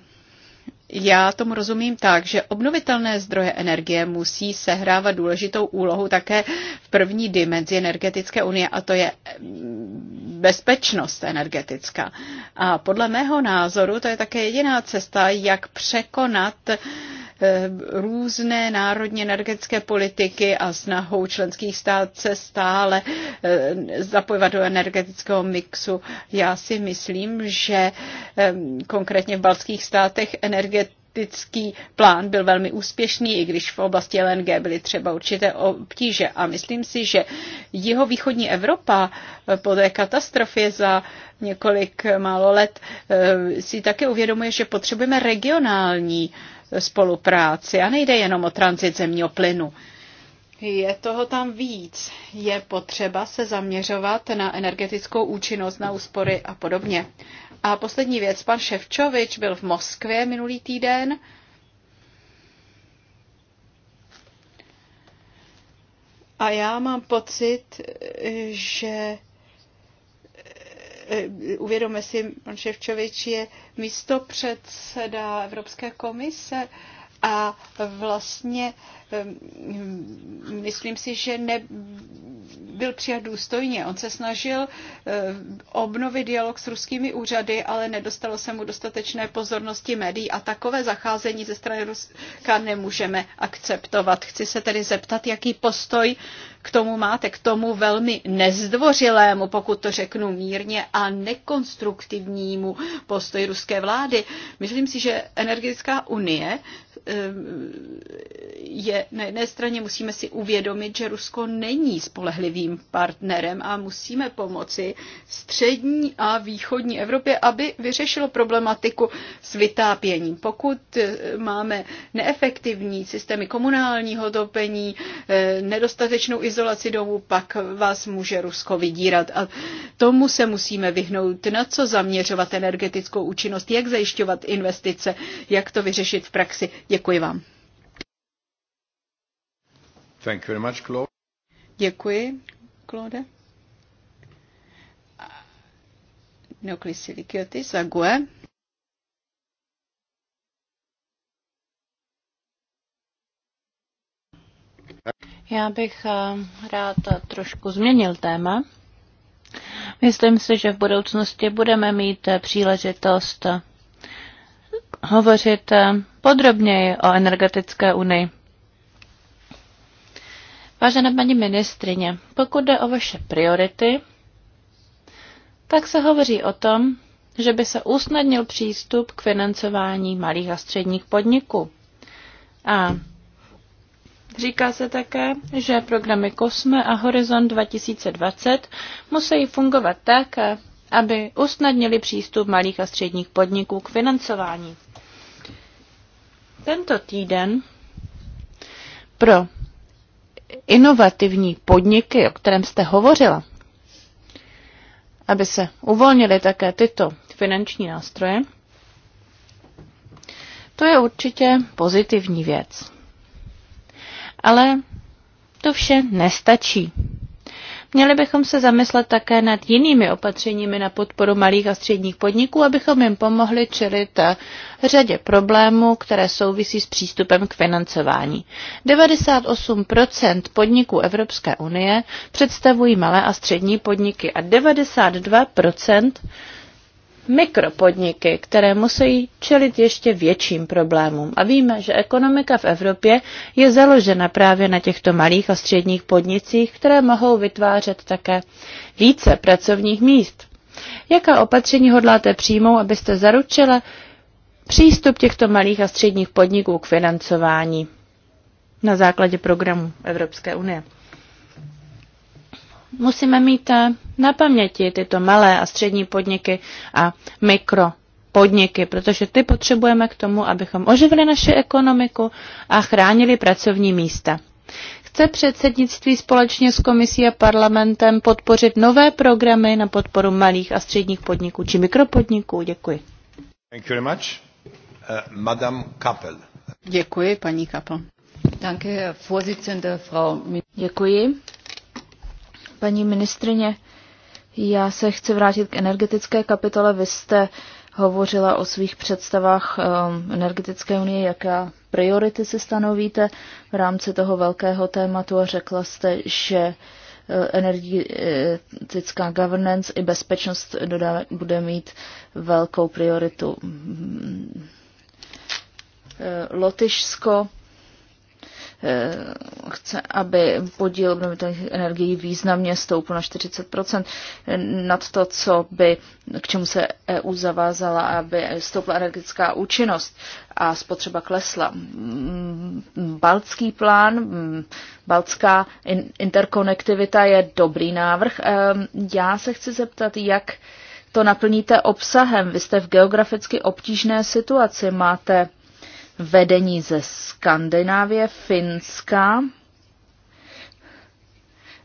já tomu rozumím tak, že obnovitelné zdroje energie musí sehrávat důležitou úlohu také v první dimenzi energetické unie, a to je mm, bezpečnost energetická. A podle mého názoru to je také jediná cesta, jak překonat uh, Eh, různé národní energetické politiky a snahou členských stát se stále eh, zapojovat do energetického mixu. Já si myslím, že eh, konkrétně v baltských státech energetické energetický plán byl velmi úspěšný, i když v oblasti LNG byly třeba určité obtíže. A myslím si, že jeho východní Evropa po té katastrofě za několik málo let si také uvědomuje, že potřebujeme regionální spolupráci. A nejde jenom o tranzit zemního plynu. Je toho tam víc. Je potřeba se zaměřovat na energetickou účinnost, na úspory a podobně. A poslední věc, pan Ševčovič byl v Moskvě minulý týden. A já mám pocit, že Eh, uvědomme si, pan Ševčovič je místo předseda Evropské komise a vlastně Ehm, myslím si, že ne, byl přijat důstojně. On se snažil eh, obnovit dialog s ruskými úřady, ale nedostalo se mu dostatečné pozornosti médií a takové zacházení ze strany Ruska nemůžeme akceptovat. Chci se tedy zeptat, jaký postoj k tomu máte, k tomu velmi nezdvořilému, pokud to řeknu mírně, a nekonstruktivnímu postoji ruské vlády. Myslím si, že energetická unie ehm, je na jedné straně musíme si uvědomit, že Rusko není spolehlivým partnerem a musíme pomoci střední a východní Evropě, aby vyřešilo problematiku s vytápěním. Pokud eh, máme neefektivní systémy komunálního topení, eh, nedostatečnou izolaci domů, pak vás může Rusko vydírat. A tomu se musíme vyhnout. Na co zaměřovat energetickou účinnost, jak zajišťovat investice, jak to vyřešit v praxi. Děkuji vám. Thank you very much, Claude. Děkuji, Claude. Neoklis Silikiotis, Já bych eh, rád trošku změnil téma. Myslím si, že v budoucnosti budeme mít příležitost hovořit eh, podrobněji o energetické unii. Vážená paní ministrině, pokud jde o vaše priority, tak se hovoří o tom, že by se usnadnil přístup k financování malých a středních podniků. A říká se také, že programy COSME a Horizon 2020 musí fungovat tak, aby usnadnili přístup malých a středních podniků k financování. Tento týden pro inovativní podniky, o kterém jste hovořila, aby se uvolnily také tyto finanční nástroje, to je určitě pozitivní věc. Ale to vše nestačí. Měli bychom se zamyslet také nad jinými opatřeními na podporu malých a středních podniků, abychom jim pomohli čelit eh, řadě problémů, které souvisí s přístupem k financování. 98% podniků Evropské unie představují malé a střední podniky a 92% mikropodniky, které musí čelit ještě větším problémům. A víme, že ekonomika v Evropě je založena právě na těchto malých a středních podnicích, které mohou vytvářet také více pracovních míst. Jaká opatření hodláte přijmout, abyste zaručila přístup těchto malých a středních podniků k financování na základě programu Evropské unie? musíme mít eh, na paměti tyto malé a střední podniky a mikro podniky, protože ty potřebujeme k tomu, abychom oživili naši ekonomiku a chránili pracovní místa. Chce předsednictví společně s komisí a parlamentem podpořit nové programy na podporu malých a středních podniků či mikropodniků? Děkuji. Thank you very much. Uh, Madame Kappel. Děkuji, paní Kapel. Danke, Frau Děkuji, Paní ministrině, já se chci vrátit k energetické kapitole. Vy jste hovořila o svých představách um, energetické unie, jaká priority si stanovíte v rámci toho velkého tématu a řekla jste, že uh, energetická governance i bezpečnost dodávek bude mít velkou prioritu. Mm, mm, mm. Lotyšsko Eh, chce, aby podíl obnovitelných energií významně stoupl na 40 eh, nad to, co by, k čemu se EU zavázala, aby stoupla energetická účinnost a spotřeba klesla. Mm, Baltský plán, mm, baltská interkonektivita je dobrý návrh. Eh, já se chci zeptat, jak to naplníte obsahem. Vy jste v geograficky obtížné situaci, máte vedení ze Skandinávie, Finska,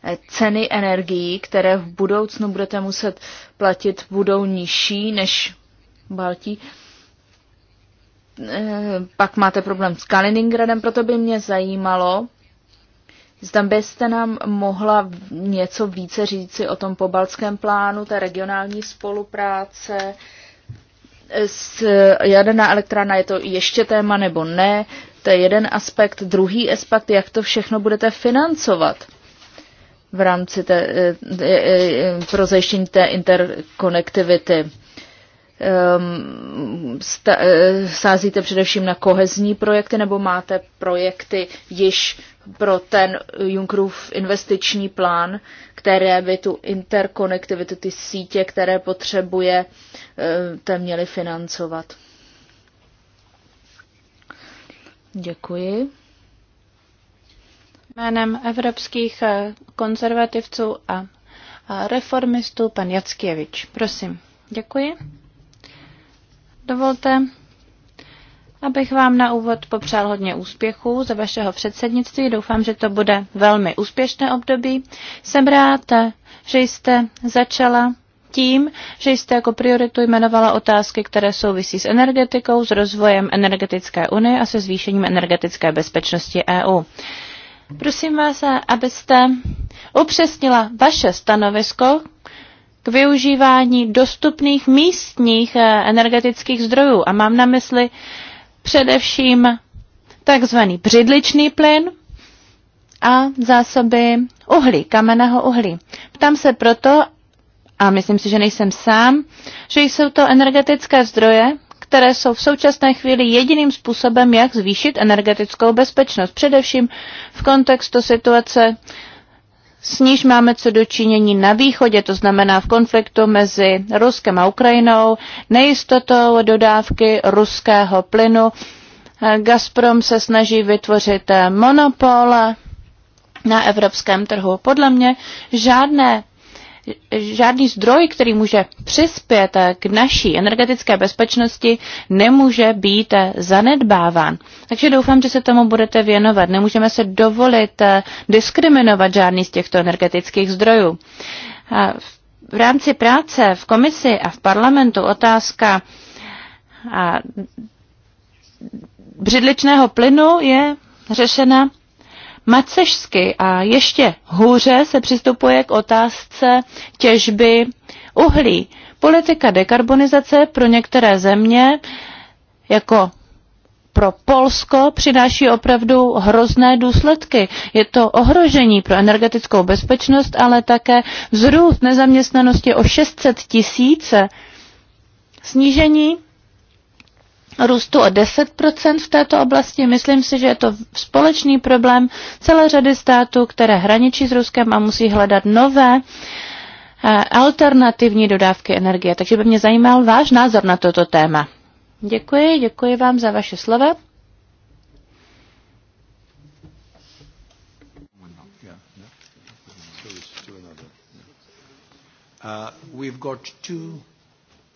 eh, ceny energií, které v budoucnu budete muset platit, budou nižší než Baltí. Eh, pak máte problém s Kaliningradem, proto by mě zajímalo, zda byste nám mohla něco více říci o tom pobaltském plánu, té regionální spolupráce, s jaderná elektrárna je to ještě téma nebo ne, to je jeden aspekt. Druhý aspekt, jak to všechno budete financovat v rámci té, eh, eh, eh, pro zajištění té interkonektivity. Ehm, sázíte především na kohezní projekty nebo máte projekty již pro ten Junckerův investiční plán, které by tu interkonektivitu, ty sítě, které potřebuje, eh, te měly financovat. Děkuji. Jménem evropských eh, konzervativců a reformistů pan Jackiewicz. Prosím. Děkuji. Dovolte, abych vám na úvod popřál hodně úspěchů za vašeho předsednictví. Doufám, že to bude velmi úspěšné období. Jsem rád, že jste začala tím, že jste jako prioritu jmenovala otázky, které souvisí s energetikou, s rozvojem energetické unie a se zvýšením energetické bezpečnosti EU. Prosím vás, abyste upřesnila vaše stanovisko k využívání dostupných místních eh, energetických zdrojů. A mám na mysli především takzvaný břidličný plyn a zásoby uhlí, kamenného uhlí. Ptám se proto, a myslím si, že nejsem sám, že jsou to energetické zdroje, které jsou v současné chvíli jediným způsobem, jak zvýšit energetickou bezpečnost, především v kontextu situace s níž máme co dočinění na východě, to znamená v konfliktu mezi Ruskem a Ukrajinou, nejistotou dodávky ruského plynu. Gazprom se snaží vytvořit monopol na evropském trhu. Podle mě žádné žádný zdroj, který může přispět k naší energetické bezpečnosti, nemůže být zanedbáván. Takže doufám, že se tomu budete věnovat. Nemůžeme se dovolit diskriminovat žádný z těchto energetických zdrojů. V rámci práce v komisi a v parlamentu otázka břidličného plynu je řešena macežsky a ještě hůře se přistupuje k otázce těžby uhlí. Politika dekarbonizace pro některé země, jako pro Polsko, přináší opravdu hrozné důsledky. Je to ohrožení pro energetickou bezpečnost, ale také vzrůst nezaměstnanosti o 600 tisíce, snížení růstu o 10% v této oblasti. Myslím si, že je to společný problém celé řady států, které hraničí s Ruskem a musí hledat nové eh, alternativní dodávky energie. Takže by mě zajímal váš názor na toto téma. Děkuji, děkuji vám za vaše slova. Uh, we've got two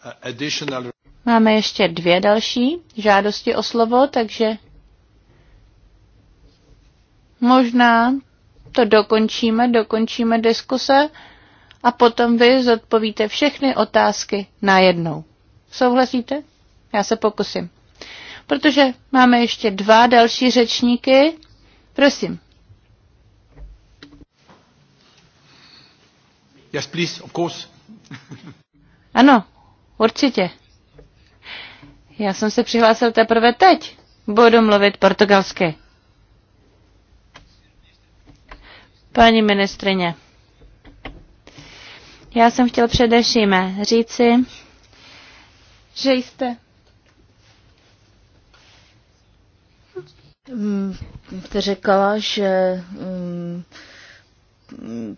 uh, additional Máme ještě dvě další žádosti o slovo, takže možná to dokončíme, dokončíme diskuse a potom vy zodpovíte všechny otázky najednou. Souhlasíte? Já se pokusím. Protože máme ještě dva další řečníky. Prosím. Yes, please, of course. ano, určitě. Já jsem se přihlásil teprve teď. Budu mluvit portugalsky. Paní ministrině, já jsem chtěl především říci, že jste Jste řekla, že mm,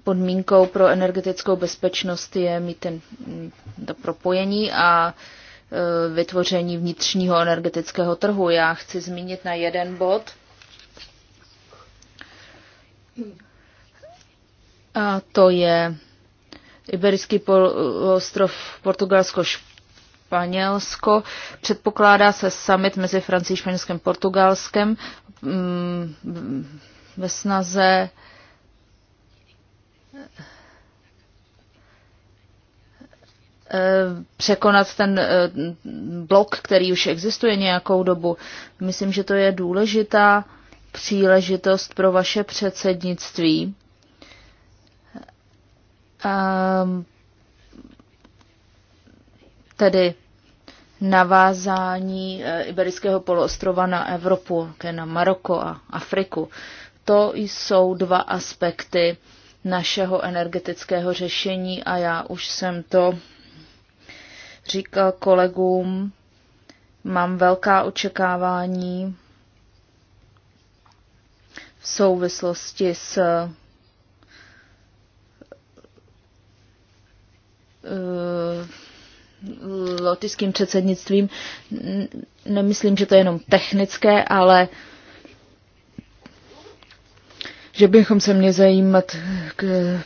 podmínkou pro energetickou bezpečnost je mít ten, mm, to propojení a Eh, vytvoření vnitřního energetického trhu. Já chci zmínit na jeden bod. A to je Iberický ostrov Portugalsko, Španělsko. Předpokládá se summit mezi Francií, Španělskem a Portugalskem mm, ve snaze Eh, překonat ten eh, blok, který už existuje nějakou dobu. Myslím, že to je důležitá příležitost pro vaše předsednictví. Ehm, tedy navázání eh, Iberického poloostrova na Evropu, na Maroko a Afriku. To jsou dva aspekty našeho energetického řešení a já už jsem to říkal kolegům, mám velká očekávání v souvislosti s eh, lotyským předsednictvím. Nemyslím, že to je jenom technické, ale že bychom se měli zajímat k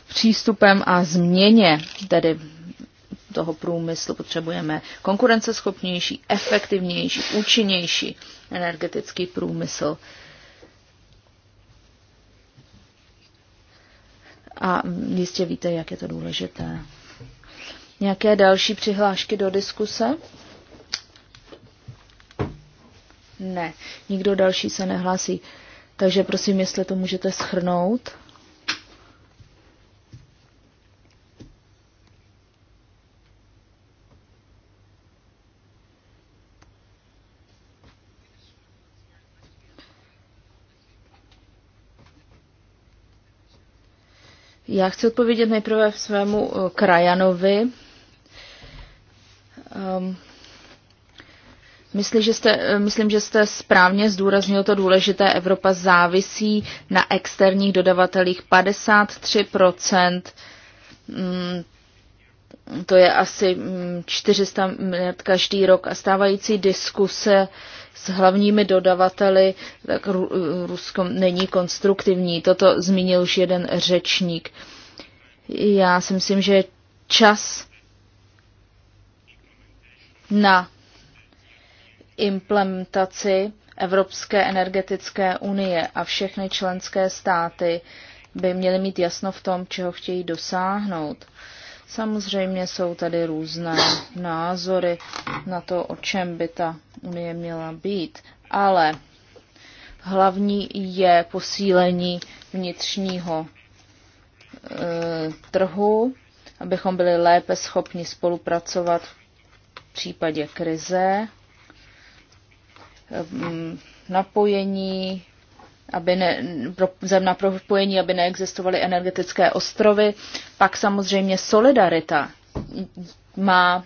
přístupem a změně, tedy toho průmyslu. Potřebujeme konkurenceschopnější, efektivnější, účinnější energetický průmysl. A jistě víte, jak je to důležité. Nějaké další přihlášky do diskuse? Ne, nikdo další se nehlásí. Takže prosím, jestli to můžete schrnout. Já chci odpovědět nejprve svému eh, krajanovi. Um, ehm, myslím, že jste, eh, myslím, že jste správně zdůraznil to důležité. Evropa závisí na externích dodavatelích 53 to je asi 400 mm, miliard každý rok a stávající diskuse s hlavními dodavateli, tak Rusko není konstruktivní. Toto zmínil už jeden řečník. Já si myslím, že je čas na implementaci Evropské energetické unie a všechny členské státy by měly mít jasno v tom, čeho chtějí dosáhnout Samozřejmě jsou tady různé názory na to, o čem by ta unie měla být, ale hlavní je posílení vnitřního e, trhu, abychom byli lépe schopni spolupracovat v případě krize, eh, napojení aby ne, pro, zem na propojení, aby neexistovaly energetické ostrovy. Pak samozřejmě solidarita má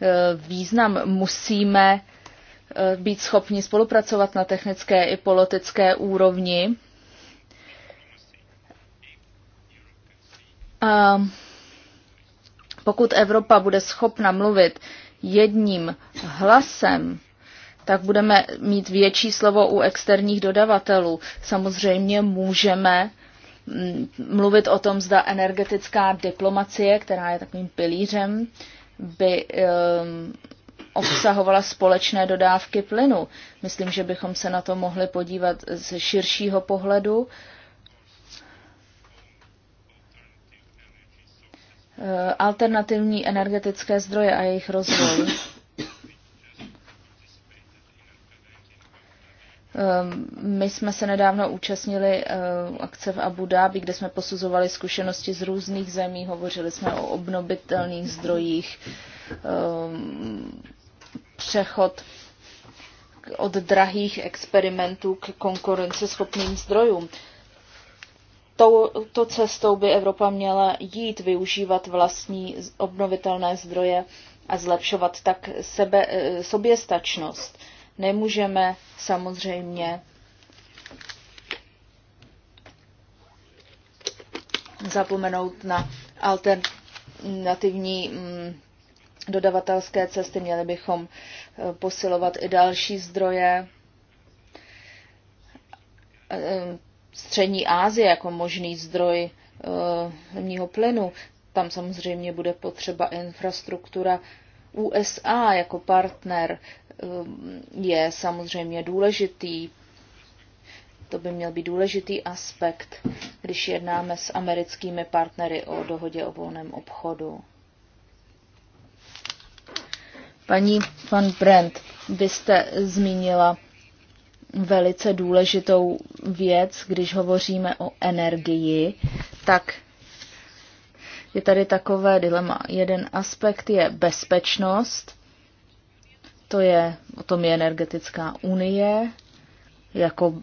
e, význam. Musíme e, být schopni spolupracovat na technické i politické úrovni. A pokud Evropa bude schopna mluvit jedním hlasem, tak budeme mít větší slovo u externích dodavatelů. Samozřejmě můžeme mm, mluvit o tom, zda energetická diplomacie, která je takovým pilířem, by um, obsahovala společné dodávky plynu. Myslím, že bychom se na to mohli podívat z širšího pohledu. Eh, alternativní energetické zdroje a jejich rozvoj. Ehm, my jsme se nedávno účastnili eh, akce v Abu Dhabi, kde jsme posuzovali zkušenosti z různých zemí, hovořili jsme o obnovitelných zdrojích, ehm, přechod od drahých experimentů k konkurenceschopným zdrojům. Touto cestou by Evropa měla jít využívat vlastní obnovitelné zdroje a zlepšovat tak sebe, eh, soběstačnost Nemůžeme samozřejmě zapomenout na alternativní mm, dodavatelské cesty. Měli bychom e, posilovat i další zdroje. E, Střední Asie jako možný zdroj e, zemního plynu. Tam samozřejmě bude potřeba infrastruktura USA jako partner Um, je samozřejmě důležitý. To by měl být důležitý aspekt, když jednáme s americkými partnery o dohodě o volném obchodu. Paní van Brent, vy jste zmínila velice důležitou věc, když hovoříme o energii, tak je tady takové dilema. Jeden aspekt je bezpečnost, to je, o tom je energetická unie, jako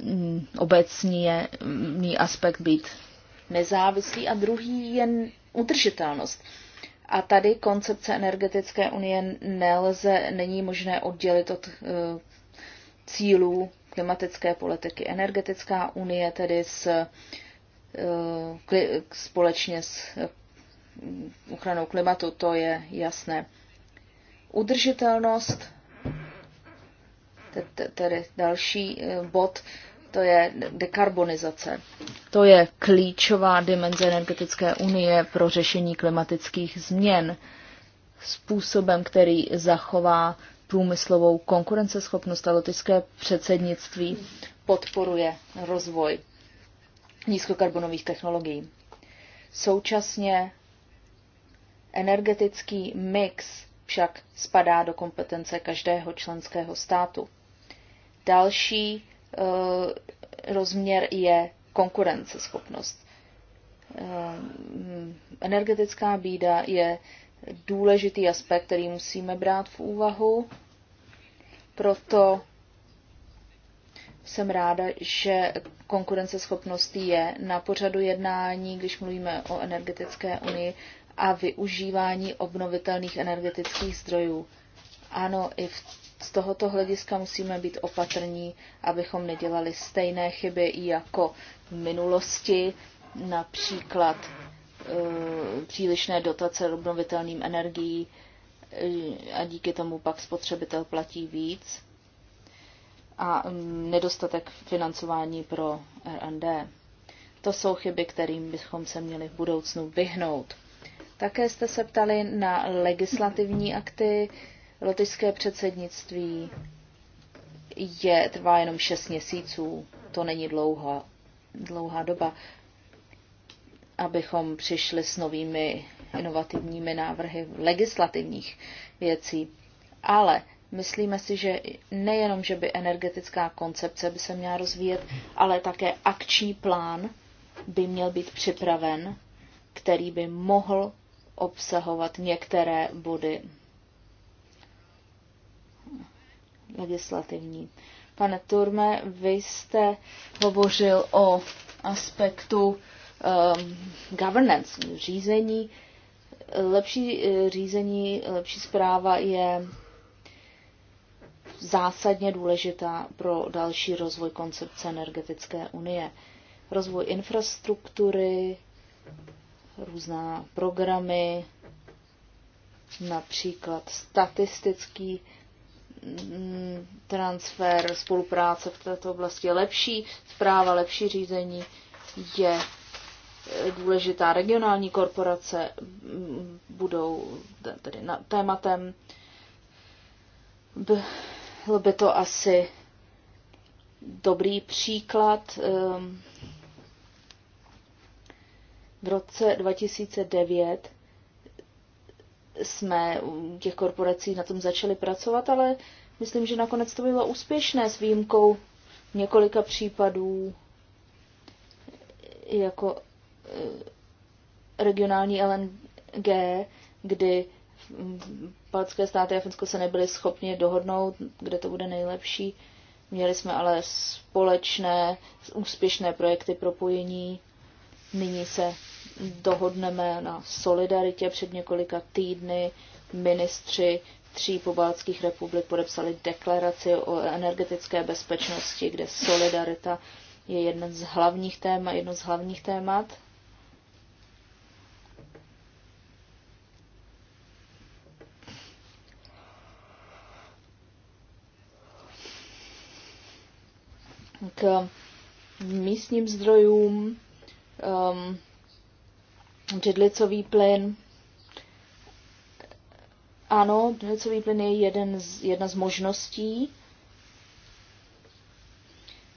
mý mm, mm, aspekt být nezávislý a druhý je udržitelnost. A tady koncepce energetické unie nelze, není možné oddělit od e, cílů klimatické politiky. Energetická unie tedy s, e, společně s e, ochranou klimatu, to je jasné. Udržitelnost, tedy další eh, bod, to je dekarbonizace. To je klíčová dimenze energetické unie pro řešení klimatických změn způsobem, který zachová průmyslovou konkurenceschopnost a lotické předsednictví podporuje rozvoj nízkokarbonových technologií. Současně energetický mix však spadá do kompetence každého členského státu. Další e, rozměr je konkurenceschopnost. E, energetická bída je důležitý aspekt, který musíme brát v úvahu, proto jsem ráda, že konkurenceschopnost je na pořadu jednání, když mluvíme o energetické unii, a využívání obnovitelných energetických zdrojů. Ano, i v, z tohoto hlediska musíme být opatrní, abychom nedělali stejné chyby i jako v minulosti, například e, přílišné dotace obnovitelným energií e, a díky tomu pak spotřebitel platí víc a mm, nedostatek financování pro R&D. To jsou chyby, kterým bychom se měli v budoucnu vyhnout. Také jste se ptali na legislativní akty. Lotyšské předsednictví je, trvá jenom 6 měsíců. To není dlouhá, dlouhá doba, abychom přišli s novými inovativními návrhy legislativních věcí. Ale myslíme si, že nejenom, že by energetická koncepce by se měla rozvíjet, ale také akční plán by měl být připraven, který by mohl obsahovat některé body legislativní. Pane Turme, vy jste hovořil o aspektu um, governance, řízení. Lepší eh, řízení, lepší zpráva je zásadně důležitá pro další rozvoj koncepce energetické unie. Rozvoj infrastruktury, různá programy, například statistický mm, transfer, spolupráce v této oblasti, lepší zpráva, lepší řízení je eh, důležitá. Regionální korporace mm, budou tedy na, tématem. Bylo by to asi dobrý příklad ehm, v roce 2009 jsme u těch korporací na tom začali pracovat, ale myslím, že nakonec to bylo úspěšné s výjimkou několika případů jako eh, regionální LNG, kdy Palcké státy a Finsko se nebyly schopni dohodnout, kde to bude nejlepší. Měli jsme ale společné úspěšné projekty propojení. Nyní se dohodneme na solidaritě. Před několika týdny ministři tří pobaltských republik podepsali deklaraci o energetické bezpečnosti, kde solidarita je jedno z hlavních témat, jedno z hlavních témat. K místním zdrojům um, Židlicový plyn. Ano, židlicový plyn je jeden z, jedna z možností.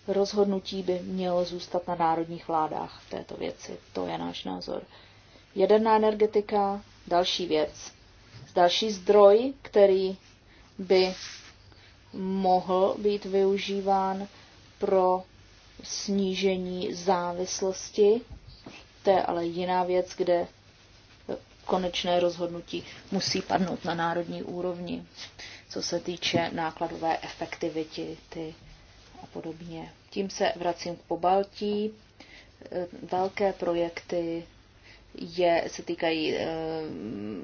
Rozhodnutí by mělo zůstat na národních vládách v této věci. To je náš názor. Jaderná energetika, další věc. Další zdroj, který by mohl být využíván pro snížení závislosti to je ale jiná věc, kde konečné rozhodnutí musí padnout na národní úrovni, co se týče nákladové efektivity ty a podobně. Tím se vracím k pobaltí. Velké projekty je, se týkají e,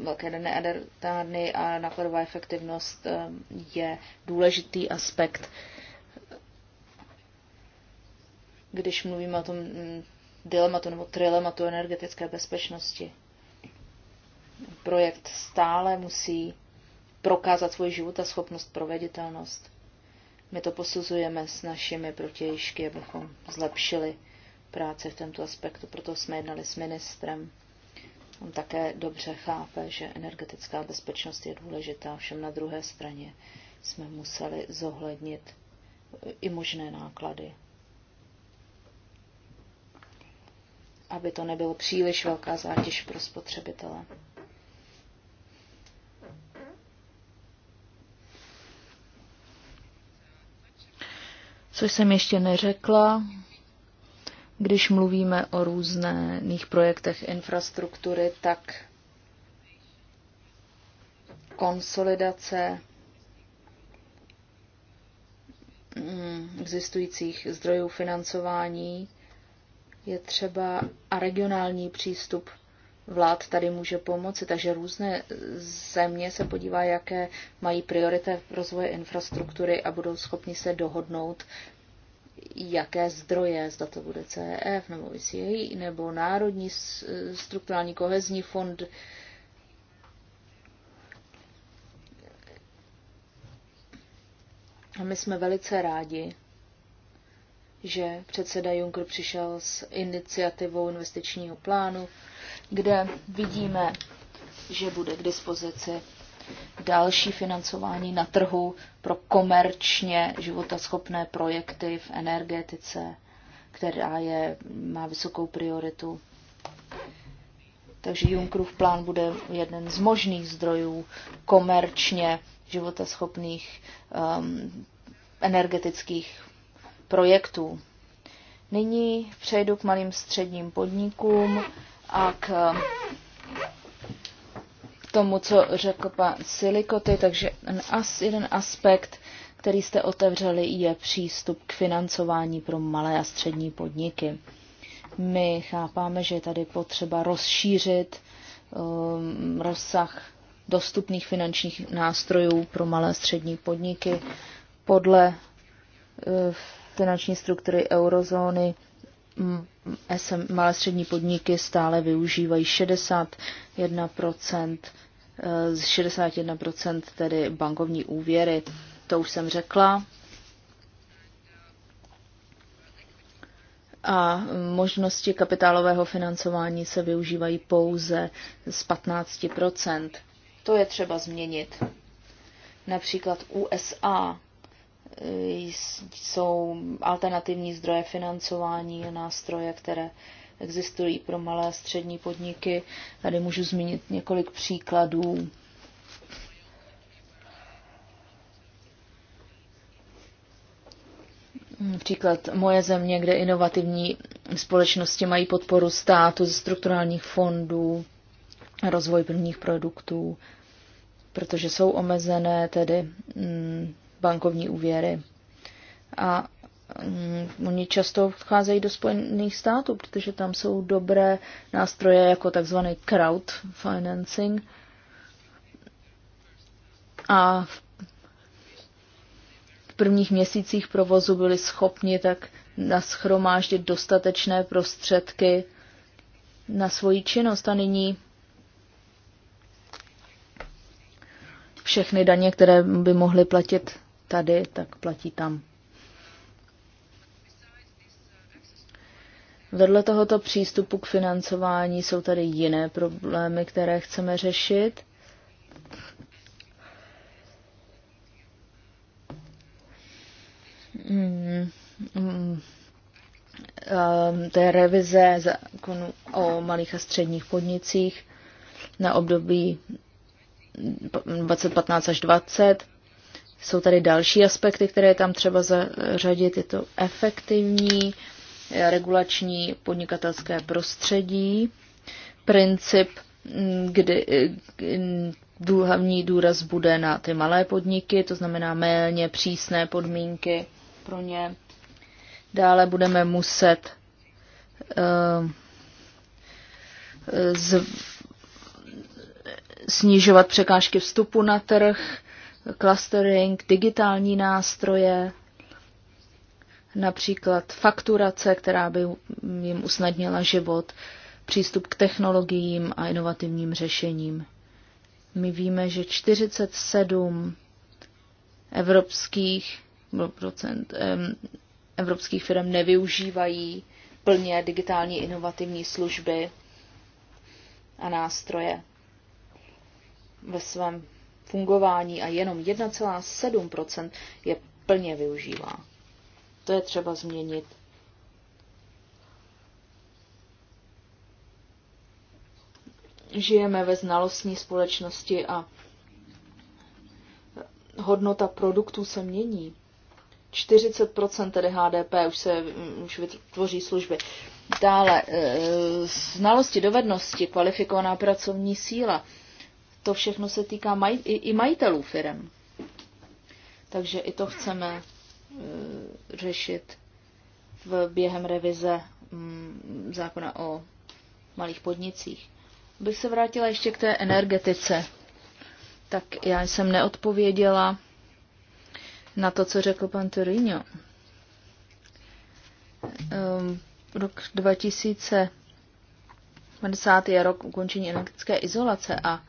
velké dané adertárny a nákladová efektivnost e, je důležitý aspekt. Když mluvíme o tom dilematu nebo trilematu energetické bezpečnosti. Projekt stále musí prokázat svůj život a schopnost proveditelnost. My to posuzujeme s našimi protějšky, abychom zlepšili práci v tomto aspektu, proto jsme jednali s ministrem. On také dobře chápe, že energetická bezpečnost je důležitá, všem na druhé straně jsme museli zohlednit i možné náklady aby to nebylo příliš velká zátěž pro spotřebitele. Co jsem ještě neřekla, když mluvíme o různých projektech infrastruktury, tak konsolidace mm, existujících zdrojů financování je třeba a regionální přístup vlád tady může pomoci, takže různé země se podívá, jaké mají priority rozvoje infrastruktury a budou schopni se dohodnout, jaké zdroje, zda to bude CEF nebo ICA, nebo Národní strukturální kohezní fond, A my jsme velice rádi, že předseda Juncker přišel s iniciativou investičního plánu, kde vidíme, že bude k dispozici další financování na trhu pro komerčně životaschopné projekty v energetice, která je, má vysokou prioritu. Takže Junckerův plán bude jeden z možných zdrojů komerčně životaschopných um, energetických projektů. Nyní přejdu k malým středním podnikům a k tomu, co řekl pan Silikoty, takže jeden aspekt, který jste otevřeli, je přístup k financování pro malé a střední podniky. My chápáme, že je tady potřeba rozšířit um, rozsah dostupných finančních nástrojů pro malé a střední podniky podle uh, finanční struktury eurozóny SM, malé střední podniky stále využívají 61% eh, z 61% tedy bankovní úvěry. To už jsem řekla. A možnosti kapitálového financování se využívají pouze z 15%. To je třeba změnit. Například USA jsou alternativní zdroje financování a nástroje, které existují pro malé a střední podniky. Tady můžu zmínit několik příkladů. Příklad moje země, kde inovativní společnosti mají podporu státu ze strukturálních fondů, rozvoj prvních produktů, protože jsou omezené tedy mm, bankovní úvěry. A um, oni často vcházejí do Spojených států, protože tam jsou dobré nástroje jako takzvaný crowd financing. A v prvních měsících provozu byli schopni tak naschromáždit dostatečné prostředky na svoji činnost a nyní všechny daně, které by mohly platit tady, tak platí tam. Vedle tohoto přístupu k financování jsou tady jiné problémy, které chceme řešit. Hmm. Hmm. revize zákonu o malých a středních podnicích na období 2015 až 20 jsou tady další aspekty, které tam třeba zařadit. Je to efektivní regulační podnikatelské prostředí, princip, mm, kdy mm, hlavní důraz bude na ty malé podniky, to znamená méně přísné podmínky pro ně. Dále budeme muset uh, z, snižovat překážky vstupu na trh, clustering, digitální nástroje, například fakturace, která by jim usnadnila život, přístup k technologiím a inovativním řešením. My víme, že 47 evropských, procent, evropských firm nevyužívají plně digitální inovativní služby a nástroje ve svém fungování a jenom 1,7 je plně využívá. To je třeba změnit. Žijeme ve znalostní společnosti a hodnota produktů se mění. 40% tedy HDP už se mm, už vytvoří služby. Dále, eh, znalosti, dovednosti, kvalifikovaná pracovní síla to všechno se týká maj, i, i majitelů firem. Takže i to chceme uh, řešit v, během revize um, zákona o malých podnicích. Bych se vrátila ještě k té energetice. Tak já jsem neodpověděla na to, co řekl pan Torino. Um, rok 2050 je rok ukončení energetické izolace a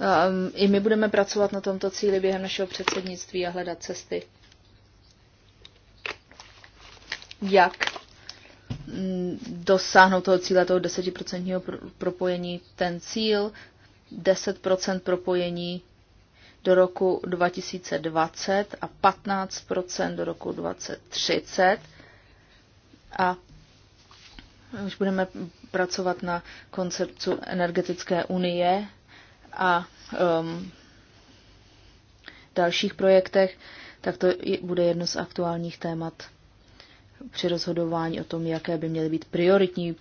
Ehm, I my budeme pracovat na tomto cíli během našeho předsednictví a hledat cesty, jak mm, dosáhnout toho cíle, toho desetiprocentního propojení. Ten cíl 10% propojení do roku 2020 a 15% do roku 2030. A už budeme pracovat na konceptu energetické unie a um, dalších projektech, tak to bude jedno z aktuálních témat při rozhodování o tom, jaké by měly být prioritní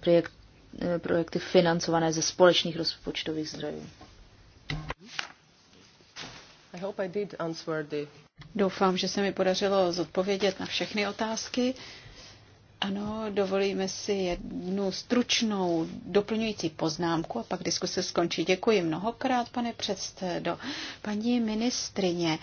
projekt, eh, projekty financované ze společných rozpočtových zdrojů. I hope I did answer the... Doufám, že se mi podařilo zodpovědět na všechny otázky. Ano, dovolíme si jednu stručnou doplňující poznámku a pak diskuse skončí. Děkuji mnohokrát, pane předsedo. Paní ministrině,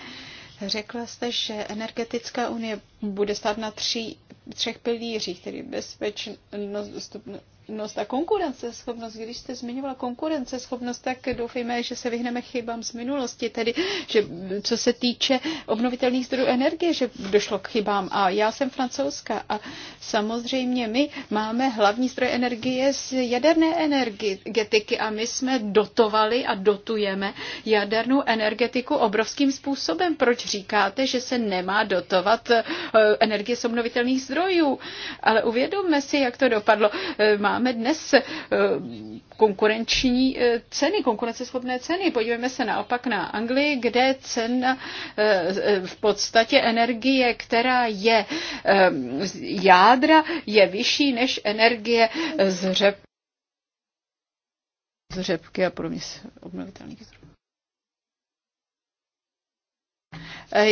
řekla jste, že energetická unie bude stát na tří, třech pilířích, tedy bezpečnost, dostupnost konkurenceschopnost a konkurenceschopnost. Když jste zmiňovala konkurenceschopnost, tak doufejme, že se vyhneme chybám z minulosti, tedy že co se týče obnovitelných zdrojů energie, že došlo k chybám. A já jsem francouzská a samozřejmě my máme hlavní zdroj energie z jaderné energetiky a my jsme dotovali a dotujeme jadernou energetiku obrovským způsobem. Proč říkáte, že se nemá dotovat eh, energie z obnovitelných zdrojů? Ale uvědomme si, jak to dopadlo. Eh, má máme dnes eh, konkurenční eh, ceny, konkurenceschopné ceny. Podívejme se naopak na Anglii, kde cena eh, v podstatě energie, která je z jádra, je vyšší než energie z řepky, z řepky a podobně obnovitelných zdrojů.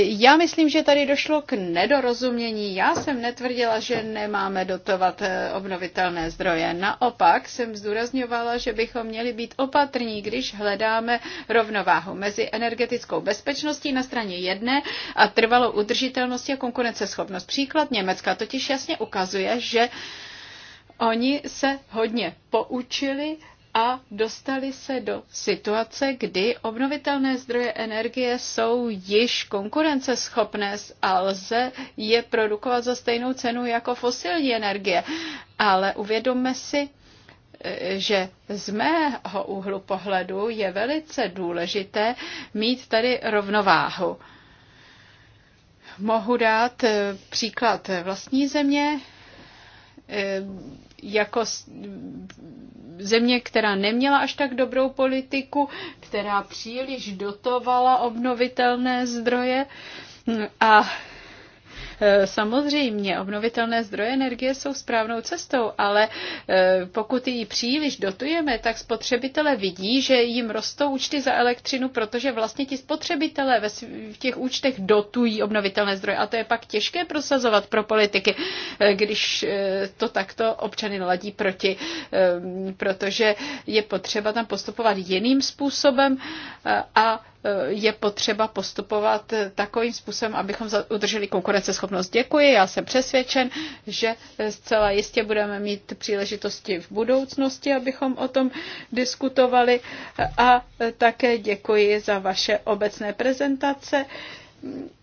Já myslím, že tady došlo k nedorozumění. Já jsem netvrdila, že nemáme dotovat eh, obnovitelné zdroje. Naopak jsem zdůrazňovala, že bychom měli být opatrní, když hledáme rovnováhu mezi energetickou bezpečností na straně jedné a trvalou udržitelností a konkurenceschopnost. Příklad Německa totiž jasně ukazuje, že oni se hodně poučili a dostali se do situace, kdy obnovitelné zdroje energie jsou již konkurenceschopné a lze je produkovat za stejnou cenu jako fosilní energie. Ale uvědomme si, že z mého úhlu pohledu je velice důležité mít tady rovnováhu. Mohu dát eh, příklad vlastní země, eh, jako země, která neměla až tak dobrou politiku, která příliš dotovala obnovitelné zdroje a Eh, samozřejmě obnovitelné zdroje energie jsou správnou cestou, ale eh, pokud ji příliš dotujeme, tak spotřebitele vidí, že jim rostou účty za elektřinu, protože vlastně ti spotřebitelé ve v těch účtech dotují obnovitelné zdroje. A to je pak těžké prosazovat pro politiky, eh, když to takto občany naladí proti, protože je potřeba tam postupovat jiným způsobem a je potřeba postupovat takovým způsobem, abychom udrželi konkurenceschopnost. Děkuji, já jsem přesvědčen, že zcela jistě budeme mít příležitosti v budoucnosti, abychom o tom diskutovali a také děkuji za vaše obecné prezentace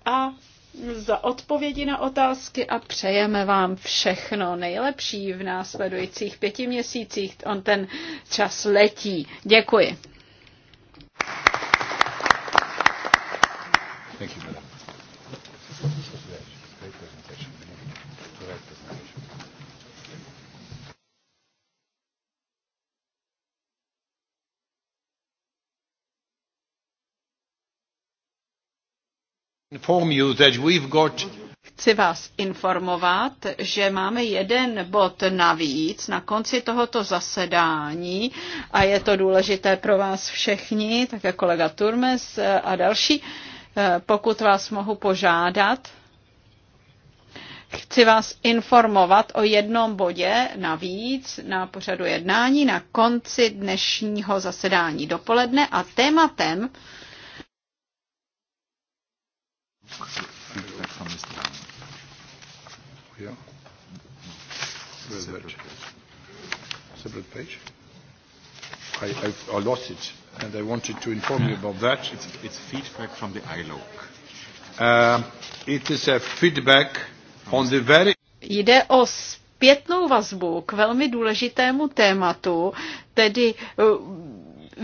a za odpovědi na otázky a přejeme vám všechno nejlepší v následujících pěti měsících. On ten čas letí. Děkuji. Thank you, madam. Great presentation. Great presentation. chci vás informovat, že máme jeden bod navíc na konci tohoto zasedání a je to důležité pro vás všechny, také jako kolega Turmes a další. Eh, pokud vás mohu požádat, chci vás informovat o jednom bodě navíc na pořadu jednání na konci dnešního zasedání dopoledne a tématem Yeah. Separate page. I, I, I lost it and I wanted to inform you about that. It's, it's feedback from the ILOC. Uh, it is a feedback on the very... Jde o zpětnou vazbu k velmi důležitému tématu, tedy uh,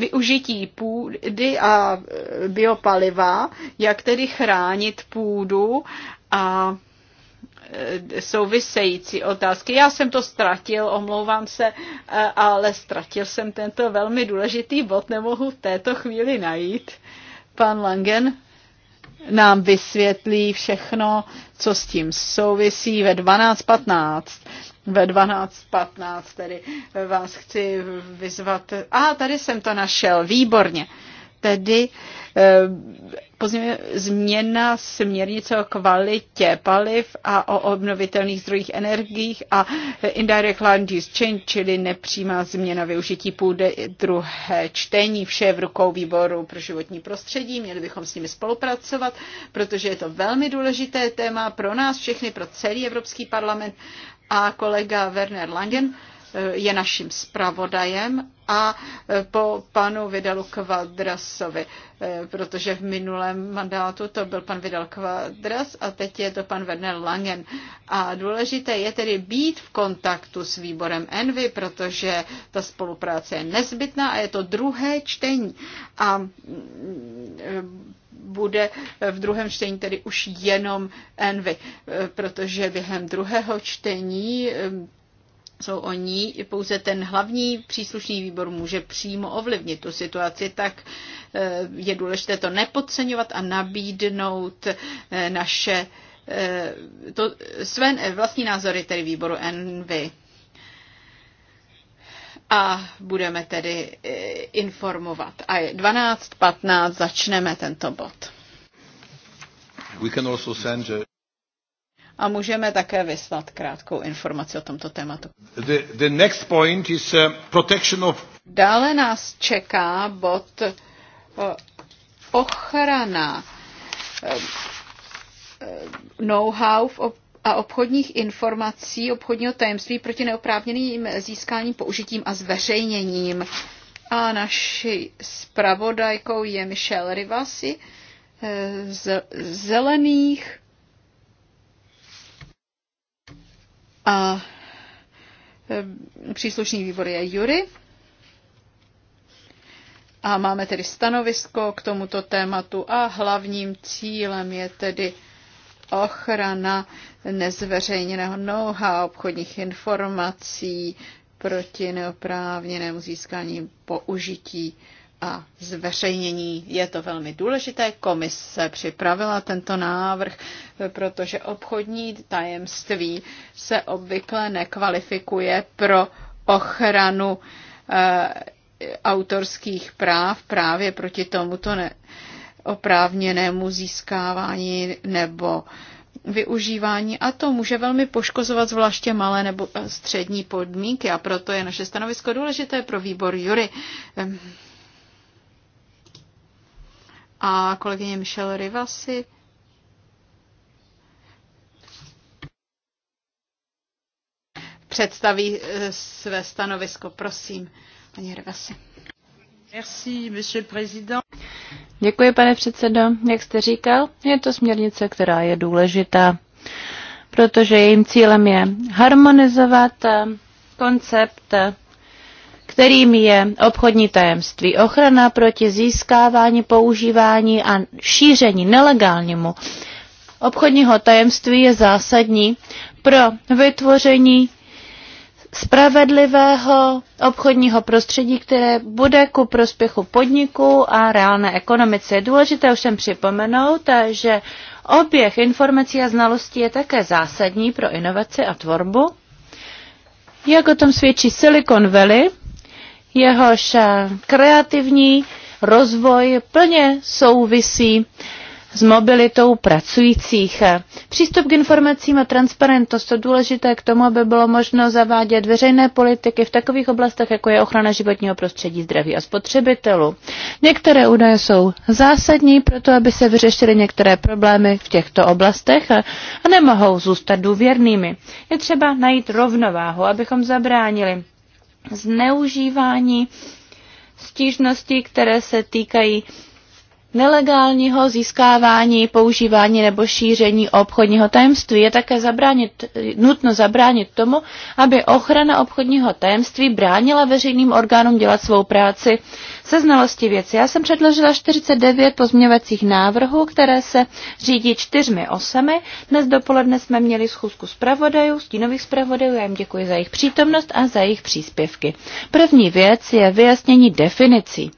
využití půdy a biopaliva, jak tedy chránit půdu a Eh, související otázky. Já jsem to ztratil, omlouvám se, eh, ale ztratil jsem tento velmi důležitý bod, nemohu v této chvíli najít. Pan Langen nám vysvětlí všechno, co s tím souvisí ve 12.15. Ve 12.15 tedy vás chci vyzvat. A tady jsem to našel, výborně. Uh, tedy eh, změna směrnice o kvalitě paliv a o obnovitelných zdrojích energiích a indirect land use change, čili nepřímá změna využití půdy druhé čtení. Vše v rukou výboru pro životní prostředí. Měli bychom s nimi spolupracovat, protože je to velmi důležité téma pro nás všechny, pro celý Evropský parlament a kolega Werner Langen je naším zpravodajem a e, po panu Vidalu Kvadrasovi, e, protože v minulém mandátu to byl pan Vidal Kvadras a teď je to pan Werner Langen. A důležité je tedy být v kontaktu s výborem Envy, protože ta spolupráce je nezbytná a je to druhé čtení. A bude v druhém čtení tedy už jenom Envy, e, protože během druhého čtení jsou oni, pouze ten hlavní příslušný výbor může přímo ovlivnit tu situaci, tak eh, je důležité to nepodceňovat a nabídnout eh, naše eh, to, své vlastní názory tedy výboru NV. A budeme tedy informovat. A 12.15 začneme tento bod. We can also send a a můžeme také vyslat krátkou informaci o tomto tématu. The, the next point is uh, protection of... Dále nás čeká bod uh, ochrana um, uh, know-how a obchodních informací, obchodního tajemství proti neoprávněným získáním, použitím a zveřejněním. A naší zpravodajkou je Michelle Rivasi eh, z Zelených A e, příslušný výbor je Jury. A máme tedy stanovisko k tomuto tématu a hlavním cílem je tedy ochrana nezveřejněného noha obchodních informací proti neoprávněnému získání použití a zveřejnění. Je to velmi důležité. Komise připravila tento návrh, protože obchodní tajemství se obvykle nekvalifikuje pro ochranu eh, autorských práv právě proti tomuto ne, oprávněnému získávání nebo využívání a to může velmi poškozovat zvláště malé nebo eh, střední podmínky a proto je naše stanovisko důležité pro výbor Jury. Ehm, a kolegyně Michelle Rivasi. Představí eh, své stanovisko, prosím, paní Rivasi. Merci, monsieur président. Děkuji, pane předsedo. Jak jste říkal, je to směrnice, která je důležitá, protože jejím cílem je harmonizovat eh, koncept eh, kterým je obchodní tajemství, ochrana proti získávání, používání a šíření nelegálnímu obchodního tajemství je zásadní pro vytvoření spravedlivého obchodního prostředí, které bude ku prospěchu podniku a reálné ekonomice. Je důležité jsem připomenout, že oběh informací a znalostí je také zásadní pro inovaci a tvorbu. Jak o tom svědčí Silicon Valley, jehož eh, kreativní rozvoj plně souvisí s mobilitou pracujících. Přístup k informacím a transparentnost je důležité k tomu, aby bylo možno zavádět veřejné politiky v takových oblastech, jako je ochrana životního prostředí, zdraví a spotřebitelů. Některé údaje jsou zásadní pro to, aby se vyřešily některé problémy v těchto oblastech a nemohou zůstat důvěrnými. Je třeba najít rovnováhu, abychom zabránili zneužívání stížností, které se týkají nelegálního získávání, používání nebo šíření obchodního tajemství. Je také zabránit, nutno zabránit tomu, aby ochrana obchodního tajemství bránila veřejným orgánům dělat svou práci se znalosti věci. Já jsem předložila 49 pozměňovacích návrhů, které se řídí čtyřmi osami. Dnes dopoledne jsme měli schůzku zpravodajů, stínových zpravodajů. Já jim děkuji za jejich přítomnost a za jejich příspěvky. První věc je vyjasnění definicí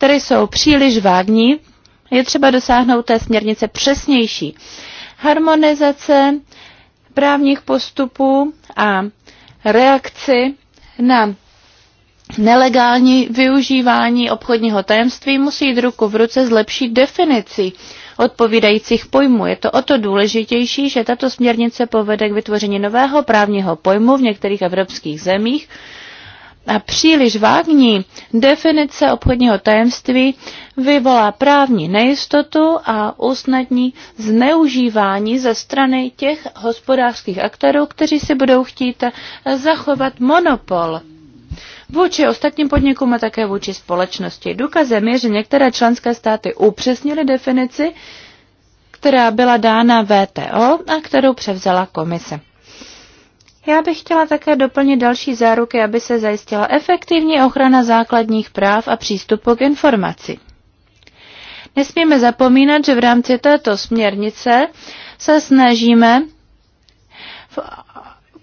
které jsou příliš vágní. Je třeba dosáhnout té směrnice přesnější. Harmonizace právních postupů a reakci na nelegální využívání obchodního tajemství musí jít ruku v ruce s lepší definicí odpovídajících pojmů. Je to o to důležitější, že tato směrnice povede k vytvoření nového právního pojmu v některých evropských zemích, a příliš vágní definice obchodního tajemství vyvolá právní nejistotu a usnadní zneužívání ze strany těch hospodářských aktérů, kteří si budou chtít zachovat monopol vůči ostatním podnikům a také vůči společnosti. Důkazem je, že některé členské státy upřesnily definici, která byla dána VTO a kterou převzala komise. Já bych chtěla také doplnit další záruky, aby se zajistila efektivní ochrana základních práv a přístupu k informaci. Nesmíme zapomínat, že v rámci této směrnice se snažíme v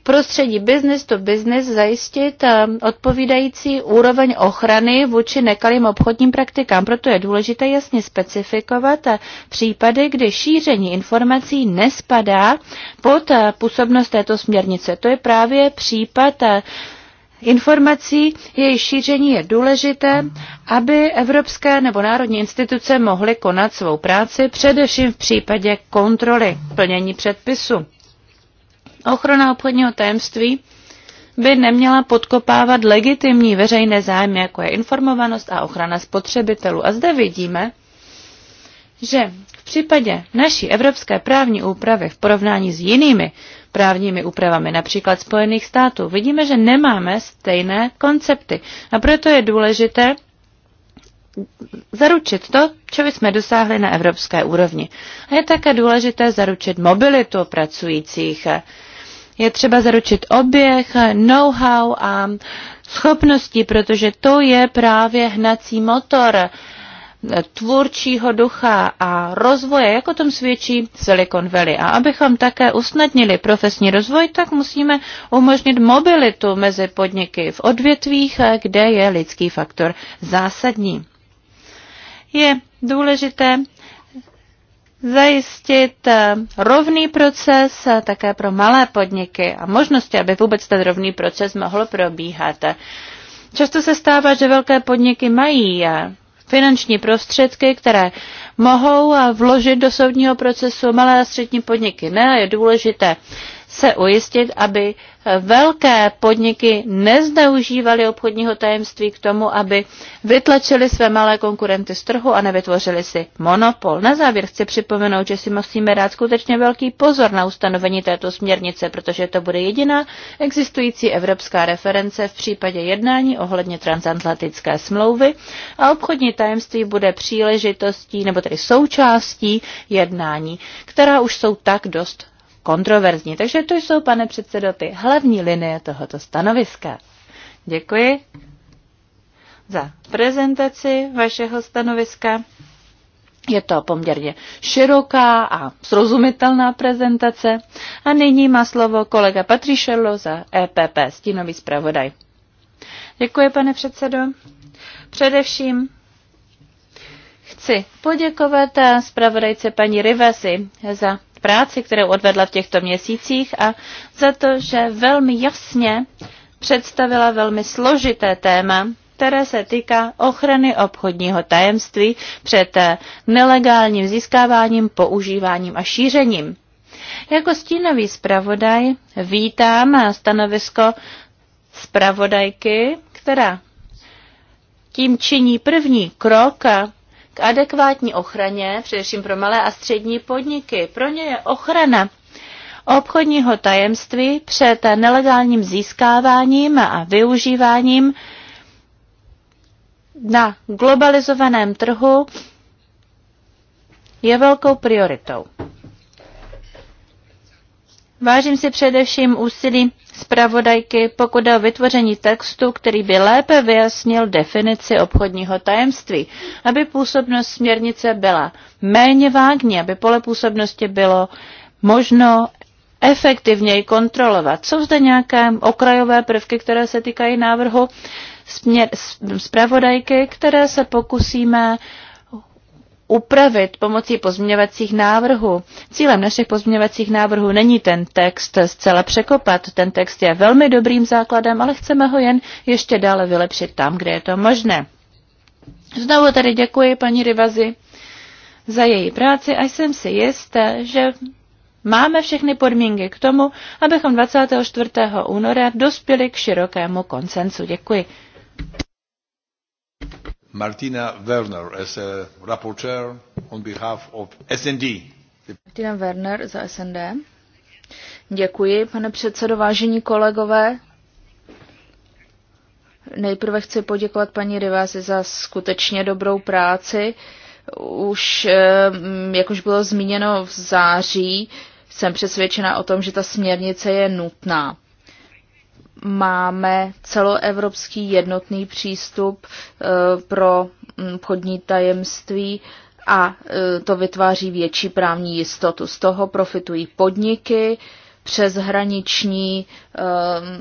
prostředí business to business zajistit eh, odpovídající úroveň ochrany vůči nekalým obchodním praktikám. Proto je důležité jasně specifikovat eh, případy, kdy šíření informací nespadá pod eh, působnost této směrnice. To je právě případ informací, její šíření je důležité, aby evropské nebo národní instituce mohly konat svou práci, především v případě kontroly plnění předpisu. Ochrana obchodního tajemství by neměla podkopávat legitimní veřejné zájmy, jako je informovanost a ochrana spotřebitelů. A zde vidíme, že v případě naší evropské právní úpravy v porovnání s jinými právními úpravami, například Spojených států, vidíme, že nemáme stejné koncepty. A proto je důležité zaručit to, co jsme dosáhli na evropské úrovni. A je také důležité zaručit mobilitu pracujících je třeba zaručit oběh, know-how a schopnosti, protože to je právě hnací motor tvůrčího ducha a rozvoje, jak o tom svědčí Silicon Valley. A abychom také usnadnili profesní rozvoj, tak musíme umožnit mobilitu mezi podniky v odvětvích, kde je lidský faktor zásadní. Je důležité zajistit eh, rovný proces eh, také pro malé podniky a možnosti, aby vůbec ten rovný proces mohl probíhat. Často se stává, že velké podniky mají eh, finanční prostředky, které mohou vložit do soudního procesu malé a střední podniky. Ne, je důležité se ujistit, aby velké podniky nezneužívaly obchodního tajemství k tomu, aby vytlačili své malé konkurenty z trhu a nevytvořili si monopol. Na závěr chci připomenout, že si musíme dát skutečně velký pozor na ustanovení této směrnice, protože to bude jediná existující evropská reference v případě jednání ohledně transatlantické smlouvy a obchodní tajemství bude příležitostí, nebo tedy součástí jednání, která už jsou tak dost kontroverzní. Takže to jsou, pane předsedo, ty hlavní linie tohoto stanoviska. Děkuji za prezentaci vašeho stanoviska. Je to poměrně široká a srozumitelná prezentace. A nyní má slovo kolega Patrišelo za EPP, stínový zpravodaj. Děkuji, pane předsedo. Především chci poděkovat zpravodajce paní Rivasi za práci, kterou odvedla v těchto měsících a za to, že velmi jasně představila velmi složité téma, které se týká ochrany obchodního tajemství před nelegálním získáváním, používáním a šířením. Jako stínový zpravodaj vítám stanovisko zpravodajky, která tím činí první krok k adekvátní ochraně, především pro malé a střední podniky. Pro ně je ochrana obchodního tajemství před nelegálním získáváním a využíváním na globalizovaném trhu je velkou prioritou. Vážím si především úsilí zpravodajky, pokud o vytvoření textu, který by lépe vyjasnil definici obchodního tajemství, aby působnost směrnice byla méně vágní, aby pole působnosti bylo možno efektivněji kontrolovat. Jsou zde nějaké okrajové prvky, které se týkají návrhu zpravodajky, které se pokusíme upravit pomocí pozměňovacích návrhů. Cílem našich pozměňovacích návrhů není ten text zcela překopat. Ten text je velmi dobrým základem, ale chceme ho jen ještě dále vylepšit tam, kde je to možné. Znovu tady děkuji paní Rivazi za její práci a jsem si jistá, že máme všechny podmínky k tomu, abychom 24. února dospěli k širokému koncensu. Děkuji. Martina Werner as a rapporteur on behalf of SND. Martina Werner za SND. Děkuji, pane předsedo, vážení kolegové. Nejprve chci poděkovat paní Rivázi za skutečně dobrou práci. Už, eh, jak už bylo zmíněno v září, jsem přesvědčena o tom, že ta směrnice je nutná máme celoevropský jednotný přístup eh, pro mm, obchodní tajemství a eh, to vytváří větší právní jistotu. Z toho profitují podniky, přeshraniční,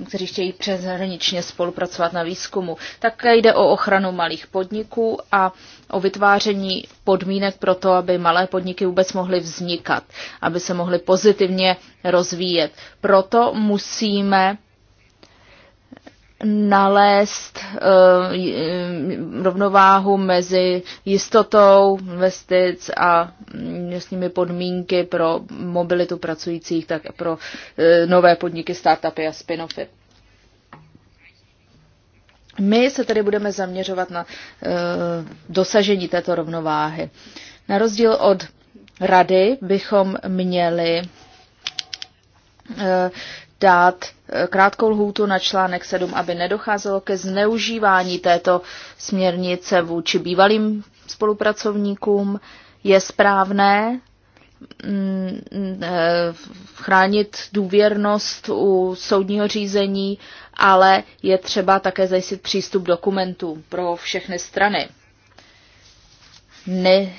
eh, kteří chtějí přeshraničně spolupracovat na výzkumu. Také jde o ochranu malých podniků a o vytváření podmínek pro to, aby malé podniky vůbec mohly vznikat, aby se mohly pozitivně rozvíjet. Proto musíme nalézt uh, rovnováhu mezi jistotou investic a městními mm, podmínky pro mobilitu pracujících, tak pro uh, nové podniky, startupy a spin-offy. My se tedy budeme zaměřovat na uh, dosažení této rovnováhy. Na rozdíl od rady bychom měli dát eh, krátkou lhůtu na článek 7, aby nedocházelo ke zneužívání této směrnice vůči bývalým spolupracovníkům. Je správné mm, eh, chránit důvěrnost u soudního řízení, ale je třeba také zajistit přístup dokumentů pro všechny strany. Ne,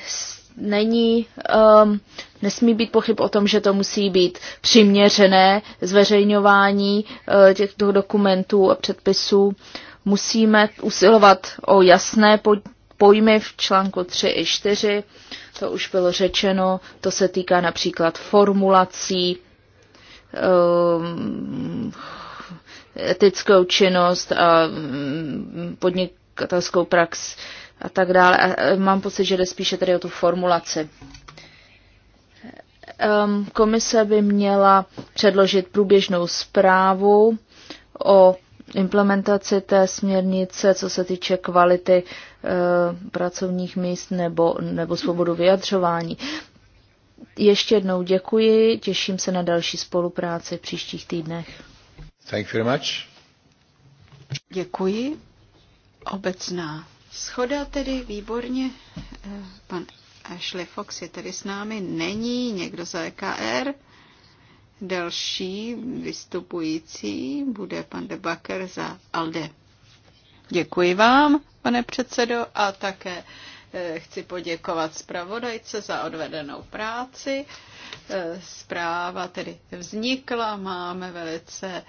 není, um, nesmí být pochyb o tom, že to musí být přiměřené zveřejňování uh, těchto dokumentů a předpisů. Musíme usilovat o jasné pojmy v článku 3 i 4, to už bylo řečeno, to se týká například formulací, um, etickou činnost a mm, podnikatelskou prax a tak dále. A e, mám pocit, že jde spíše tady o tu formulaci. Komise by měla předložit průběžnou zprávu o implementaci té směrnice, co se týče kvality e, pracovních míst nebo, nebo svobodu vyjadřování. Ještě jednou děkuji, těším se na další spolupráci v příštích týdnech. Thank you very much. Děkuji. Obecná Schoda tedy výborně. Eh, pan Ashley Fox je tedy s námi. Není někdo za EKR. Další vystupující bude pan Debaker za ALDE. Děkuji vám, pane předsedo, a také eh, chci poděkovat zpravodajce za odvedenou práci. Eh, zpráva tedy vznikla, máme velice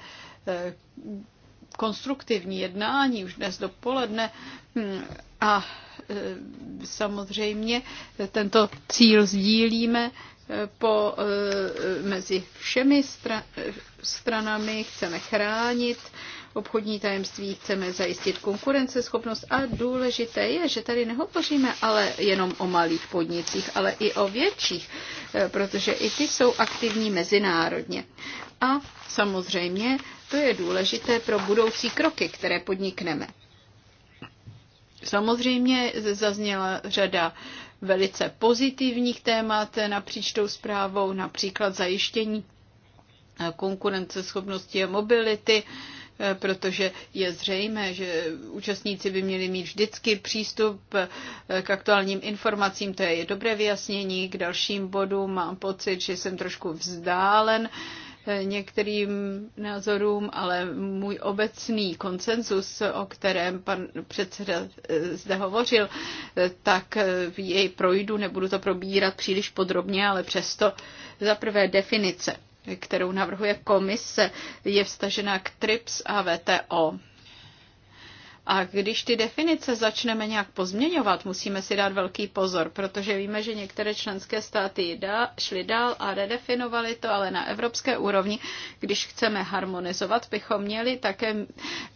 konstruktivní jednání už dnes dopoledne hmm, a e, samozřejmě tento cíl sdílíme e, po, e, mezi všemi stranami, chceme chránit obchodní tajemství, chceme zajistit konkurenceschopnost a důležité je, že tady nehovoříme ale jenom o malých podnicích, ale i o větších, protože i ty jsou aktivní mezinárodně. A samozřejmě to je důležité pro budoucí kroky, které podnikneme. Samozřejmě zazněla řada velice pozitivních témat napříč tou zprávou, například zajištění konkurenceschopnosti a mobility, protože je zřejmé, že účastníci by měli mít vždycky přístup k aktuálním informacím. To je dobré vyjasnění. K dalším bodům mám pocit, že jsem trošku vzdálen některým názorům, ale můj obecný koncenzus, o kterém pan předseda eh, zde hovořil, eh, tak eh, jej projdu, nebudu to probírat příliš podrobně, ale přesto za prvé definice kterou navrhuje komise, je vstažená k TRIPS a VTO. A když ty definice začneme nějak pozměňovat, musíme si dát velký pozor, protože víme, že některé členské státy šly dál a redefinovali to, ale na evropské úrovni, když chceme harmonizovat, bychom měli také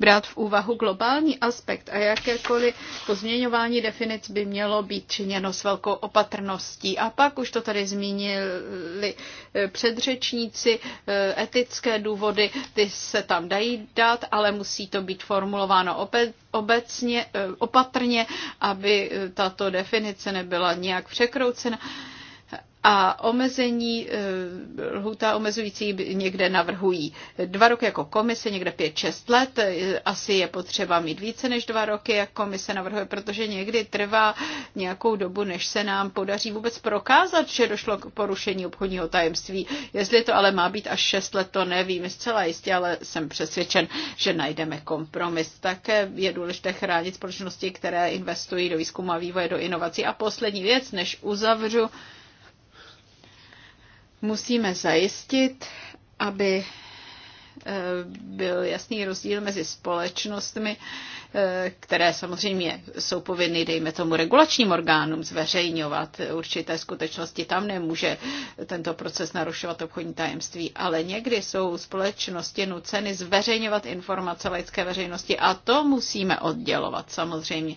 brát v úvahu globální aspekt a jakékoliv pozměňování definic by mělo být činěno s velkou opatrností. A pak už to tady zmínili eh, předřečníci, eh, etické důvody, ty se tam dají dát, ale musí to být formulováno opět obecně, eh, opatrně, aby eh, tato definice nebyla nějak překroucena a omezení, eh, lhuta omezující někde navrhují dva roky jako komise, někde pět, šest let. Eh, asi je potřeba mít více než dva roky, jak komise navrhuje, protože někdy trvá nějakou dobu, než se nám podaří vůbec prokázat, že došlo k porušení obchodního tajemství. Jestli to ale má být až šest let, to nevím zcela jistě, ale jsem přesvědčen, že najdeme kompromis. Také je důležité chránit společnosti, které investují do výzkumu a vývoje, do inovací. A poslední věc, než uzavřu, Musíme zajistit, aby eh, byl jasný rozdíl mezi společnostmi, které samozřejmě jsou povinny, dejme tomu, regulačním orgánům zveřejňovat určité skutečnosti. Tam nemůže tento proces narušovat obchodní tajemství, ale někdy jsou společnosti nuceny zveřejňovat informace lidské veřejnosti a to musíme oddělovat samozřejmě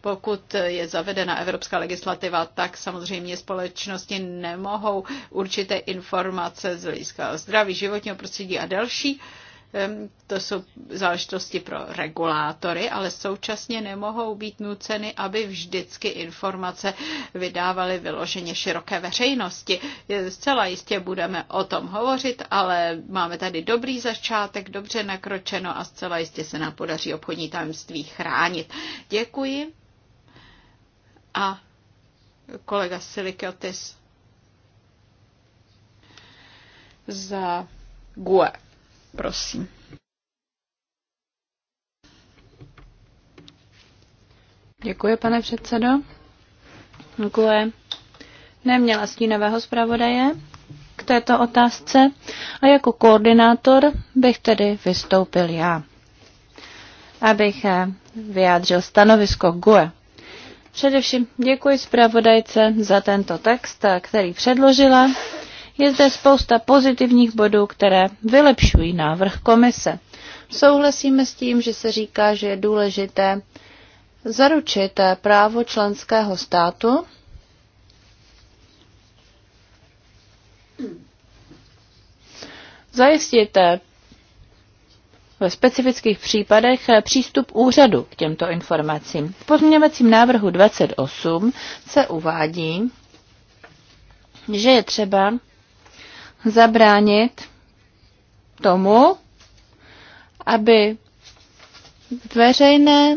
pokud je zavedena evropská legislativa, tak samozřejmě společnosti nemohou určité informace z hlediska zdraví, životního prostředí a další to jsou záležitosti pro regulátory, ale současně nemohou být nuceny, aby vždycky informace vydávaly vyloženě široké veřejnosti. Zcela jistě budeme o tom hovořit, ale máme tady dobrý začátek, dobře nakročeno a zcela jistě se nám podaří obchodní tajemství chránit. Děkuji. A kolega Silikotis za GUE. Prosím. Děkuji, pane předsedo. Děkuji. Neměla stínového zpravodaje k této otázce a jako koordinátor bych tedy vystoupil já, abych eh, vyjádřil stanovisko GUE. Především děkuji zpravodajce za tento text, eh, který předložila je zde spousta pozitivních bodů, které vylepšují návrh komise. Souhlasíme s tím, že se říká, že je důležité zaručit právo členského státu zajistit ve specifických případech přístup úřadu k těmto informacím. V pozměňovacím návrhu 28 se uvádí, že je třeba zabránit tomu, aby veřejné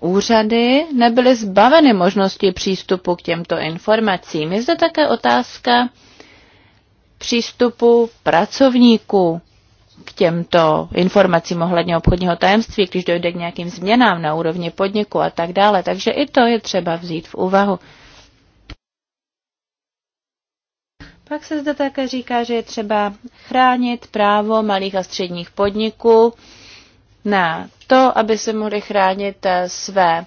úřady nebyly zbaveny možnosti přístupu k těmto informacím. Je zde také otázka přístupu pracovníků k těmto informacím ohledně obchodního tajemství, když dojde k nějakým změnám na úrovni podniku a tak dále. Takže i to je třeba vzít v úvahu. Pak se zde také říká, že je třeba chránit právo malých a středních podniků na to, aby se mohli chránit eh, své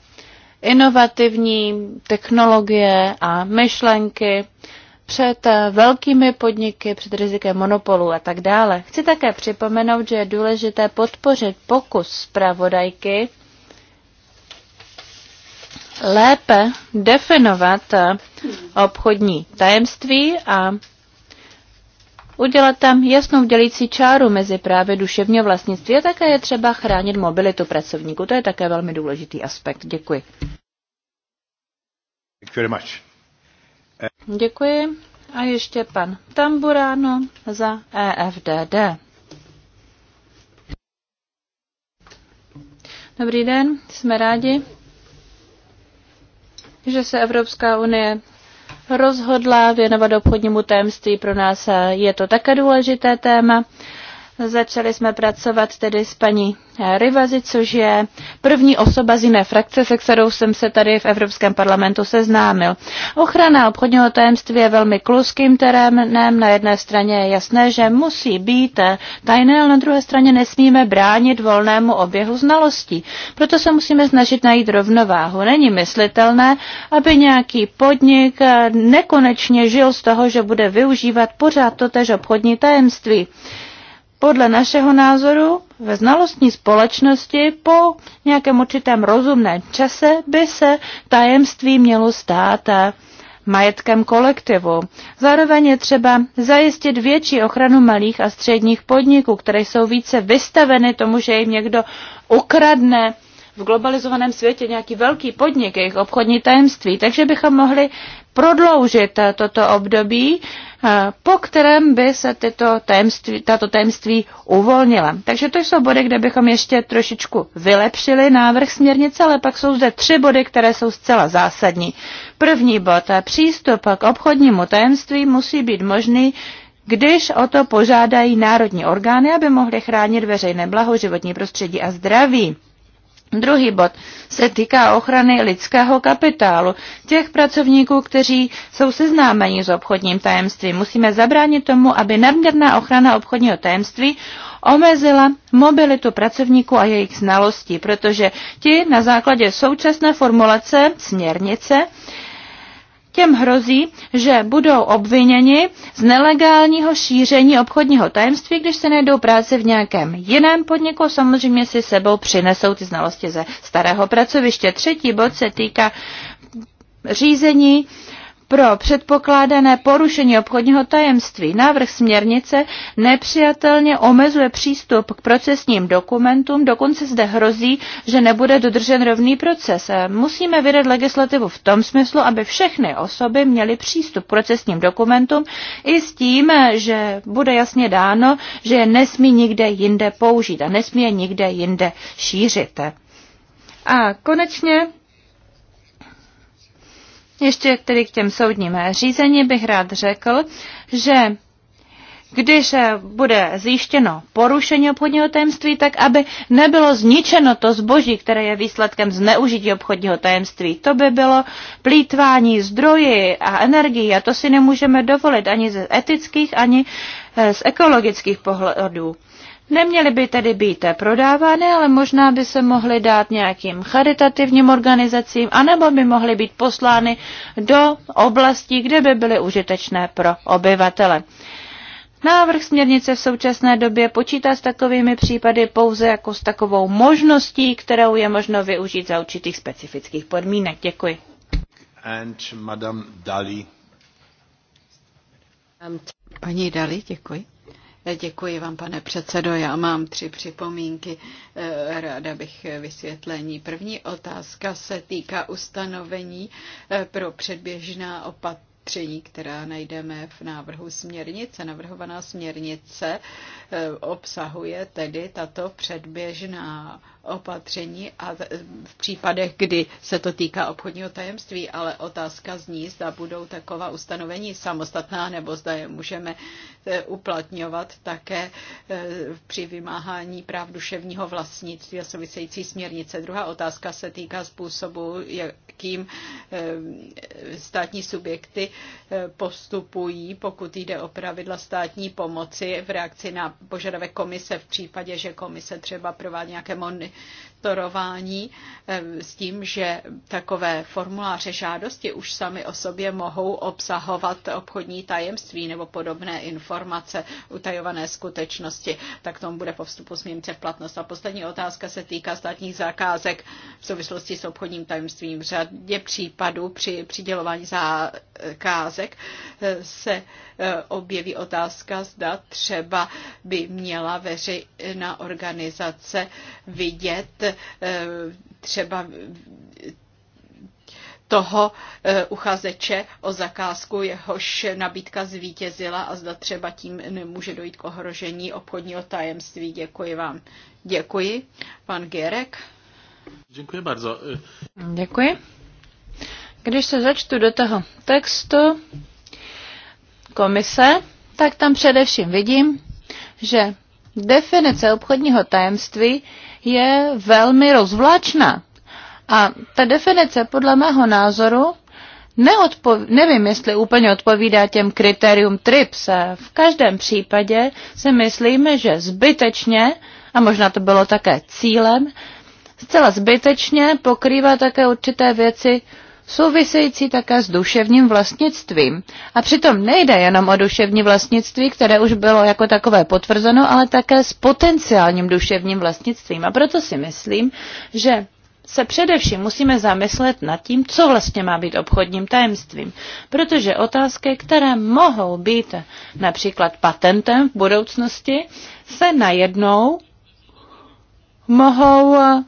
inovativní technologie a myšlenky před eh, velkými podniky, před rizikem monopolu a tak dále. Chci také připomenout, že je důležité podpořit pokus zpravodajky lépe definovat eh, obchodní tajemství a udělat tam jasnou dělící čáru mezi právě duševního vlastnictví a také je třeba chránit mobilitu pracovníků. To je také velmi důležitý aspekt. Děkuji. Eh, Děkuji. A ještě pan Tamburáno za EFDD. Dobrý den, jsme rádi, že se Evropská unie rozhodla věnovat obchodnímu tajemství. Pro nás je to také důležité téma. Začali jsme pracovat tedy s paní Rivazi, což je první osoba z jiné frakce, se kterou jsem se tady v Evropském parlamentu seznámil. Ochrana obchodního tajemství je velmi kluským terénem. Na jedné straně je jasné, že musí být tajné, ale na druhé straně nesmíme bránit volnému oběhu znalostí. Proto se musíme snažit najít rovnováhu. Není myslitelné, aby nějaký podnik nekonečně žil z toho, že bude využívat pořád totež obchodní tajemství podle našeho názoru ve znalostní společnosti po nějakém určitém rozumném čase by se tajemství mělo stát majetkem kolektivu. Zároveň je třeba zajistit větší ochranu malých a středních podniků, které jsou více vystaveny tomu, že jim někdo ukradne v globalizovaném světě nějaký velký podnik, jejich obchodní tajemství, takže bychom mohli prodloužit eh, toto období, eh, po kterém by se tyto tajemství, tato tajemství uvolnila. Takže to jsou body, kde bychom ještě trošičku vylepšili návrh směrnice, ale pak jsou zde tři body, které jsou zcela zásadní. První bod, eh, přístup k obchodnímu tajemství musí být možný když o to požádají národní orgány, aby mohly chránit veřejné blaho, životní prostředí a zdraví. Druhý bod se týká ochrany lidského kapitálu, těch pracovníků, kteří jsou seznámeni s obchodním tajemstvím. Musíme zabránit tomu, aby nadměrná ochrana obchodního tajemství omezila mobilitu pracovníků a jejich znalostí, protože ti na základě současné formulace směrnice těm hrozí, že budou obviněni z nelegálního šíření obchodního tajemství, když se najdou práci v nějakém jiném podniku. Samozřejmě si sebou přinesou ty znalosti ze starého pracoviště. Třetí bod se týká řízení pro předpokládané porušení obchodního tajemství. Návrh směrnice nepřijatelně omezuje přístup k procesním dokumentům, dokonce zde hrozí, že nebude dodržen rovný proces. Eh, Musíme vydat legislativu v tom smyslu, aby všechny osoby měly přístup k procesním dokumentům i s tím, eh, že bude jasně dáno, že je nesmí nikde jinde použít a nesmí je nikde jinde šířit. Eh. A konečně ještě tedy k těm soudním řízení bych rád řekl, že když eh, bude zjištěno porušení obchodního tajemství, tak aby nebylo zničeno to zboží, které je výsledkem zneužití obchodního tajemství. To by bylo plítvání zdroji a energii a to si nemůžeme dovolit ani z etických, ani eh, z ekologických pohledů. Neměly by tedy být prodávány, ale možná by se mohly dát nějakým charitativním organizacím, anebo by mohly být poslány do oblastí, kde by byly užitečné pro obyvatele. Návrh směrnice v současné době počítá s takovými případy pouze jako s takovou možností, kterou je možno využít za určitých specifických podmínek. Děkuji. And Madame Dali. Paní Dali, děkuji. Děkuji vám, pane předsedo. Já mám tři připomínky. Eh, ráda bych vysvětlení. První otázka se týká ustanovení eh, pro předběžná opatření která najdeme v návrhu směrnice. Navrhovaná směrnice eh, obsahuje tedy tato předběžná opatření a v případech, kdy se to týká obchodního tajemství, ale otázka zní, zda budou taková ustanovení samostatná nebo zda je můžeme E, uplatňovat také e, při vymáhání práv duševního vlastnictví a související směrnice. Druhá otázka se týká způsobu, jakým e, státní subjekty postupují, pokud jde o pravidla státní pomoci v reakci na požadavek komise v případě, že komise třeba provádí nějaké monitorování eh, s tím, že takové formuláře žádosti už sami o sobě mohou obsahovat obchodní tajemství nebo podobné informace, utajované skutečnosti, tak tomu bude po vstupu změnce platnost. A poslední otázka se týká státních zakázek v souvislosti s obchodním tajemstvím. V řadě případů při přidělování zakázek eh, se eh, objeví otázka, zda třeba by měla veřejná organizace vidět Eh, třeba toho eh, uchazeče o zakázku, jehož nabídka zvítězila a zda třeba tím nemůže dojít k ohrožení obchodního tajemství. Děkuji vám. Děkuji. Pan Gerek. Děkuji bardzo. Děkuji. Když se začtu do toho textu komise, tak tam především vidím, že definice obchodního tajemství je velmi rozvláčná. A ta definice podle mého názoru Neodpov- nevím, jestli úplně odpovídá těm kritérium TRIPS. V každém případě si myslíme, že zbytečně, a možná to bylo také cílem, zcela zbytečně pokrývá také určité věci, související také s duševním vlastnictvím. A přitom nejde jenom o duševní vlastnictví, které už bylo jako takové potvrzeno, ale také s potenciálním duševním vlastnictvím. A proto si myslím, že se především musíme zamyslet nad tím, co vlastně má být obchodním tajemstvím, protože otázky, které mohou být například patentem v budoucnosti, se najednou mohou eh,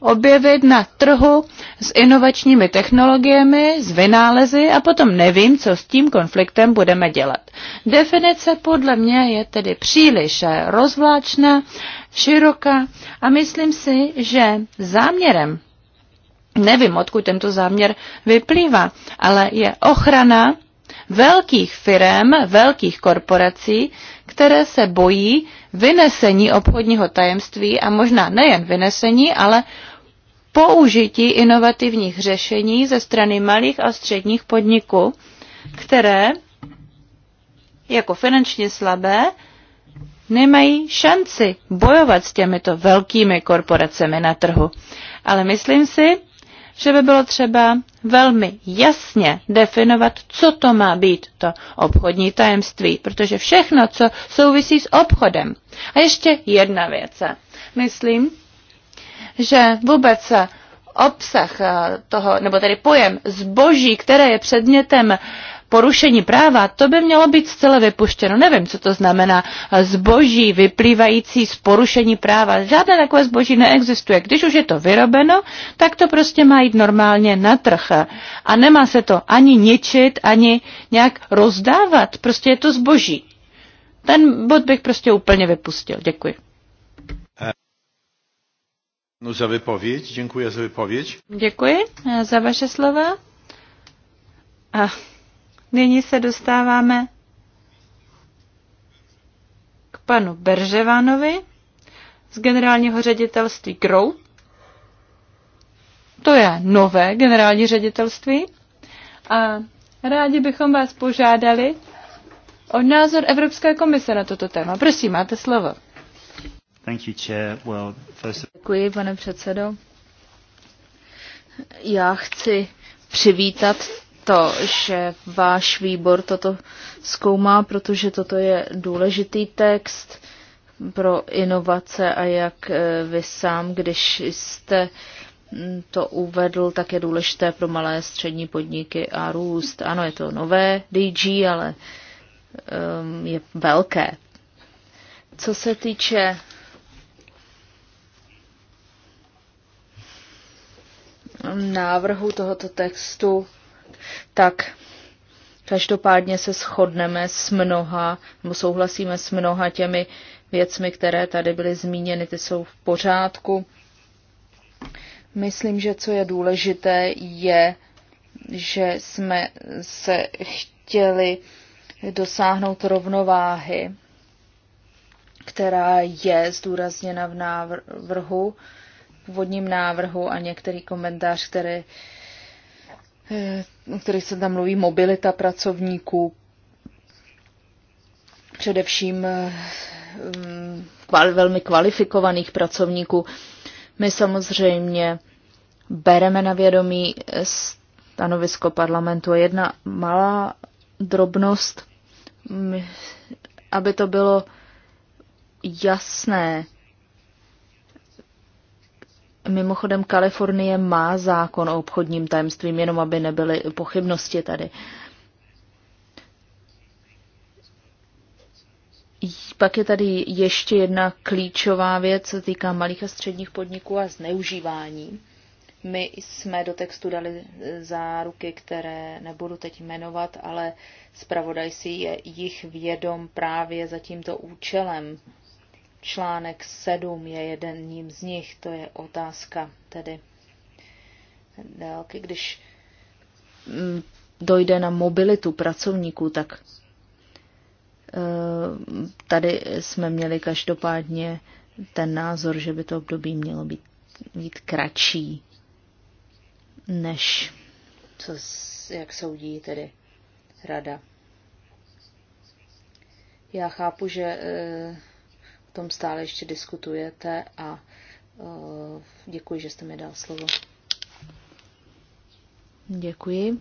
objevit na trhu s inovačními technologiemi, s vynálezy a potom nevím, co s tím konfliktem budeme dělat. Definice podle mě je tedy příliš rozvláčná, široká a myslím si, že záměrem, nevím, odkud tento záměr vyplývá, ale je ochrana velkých firm, velkých korporací, které se bojí, vynesení obchodního tajemství a možná nejen vynesení, ale použití inovativních řešení ze strany malých a středních podniků, které jako finančně slabé nemají šanci bojovat s těmito velkými korporacemi na trhu. Ale myslím si, že by bylo třeba velmi jasně definovat, co to má být, to obchodní tajemství, protože všechno, co souvisí s obchodem, a ještě jedna věc. Myslím, že vůbec obsah eh, toho, nebo tedy pojem zboží, které je předmětem porušení práva, to by mělo být zcela vypuštěno. Nevím, co to znamená eh, zboží vyplývající z porušení práva. Žádné takové zboží neexistuje. Když už je to vyrobeno, tak to prostě má jít normálně na trh. A nemá se to ani ničit, ani nějak rozdávat. Prostě je to zboží. Ten bod bych prostě úplně vypustil. Děkuji. Eh, no za vypověď, děkuji za vypověď. Děkuji eh, za vaše slova. A nyní se dostáváme k panu Berževánovi z generálního ředitelství GROW. To je nové generální ředitelství. A rádi bychom vás požádali, o názor Evropské komise na toto téma. Prosím, máte slovo. Děkuji, pane předsedo. Já chci přivítat to, že váš výbor toto zkoumá, protože toto je důležitý text pro inovace a jak eh, vy sám, když jste hm, to uvedl, tak je důležité pro malé střední podniky a růst. Ano, je to nové DG, ale uh, Um, je velké. Co se týče návrhu tohoto textu, tak každopádně se shodneme s mnoha, nebo souhlasíme s mnoha těmi věcmi, které tady byly zmíněny, ty jsou v pořádku. Myslím, že co je důležité, je, že jsme se chtěli dosáhnout rovnováhy, která je zdůrazněna v návrhu, v vodním návrhu a některý komentář, který, eh, který se tam mluví, mobilita pracovníků, především eh, mm, kvali, velmi kvalifikovaných pracovníků. My samozřejmě bereme na vědomí stanovisko parlamentu. Jedna malá drobnost, aby to bylo jasné. Mimochodem, Kalifornie má zákon o obchodním tajemství, jenom aby nebyly pochybnosti tady. Pak je tady ještě jedna klíčová věc, co týká malých a středních podniků a zneužívání. My jsme do textu dali e, záruky, které nebudu teď jmenovat, ale zpravodaj si je jich vědom právě za tímto účelem. Článek 7 je jedním z nich, to je otázka tedy délky. Když mm, dojde na mobilitu pracovníků, tak e, tady jsme měli každopádně ten názor, že by to období mělo být, být kratší než co, jak soudí tedy rada. Já chápu, že e, tom stále ještě diskutujete a e, děkuji, že jste mi dal slovo. Děkuji.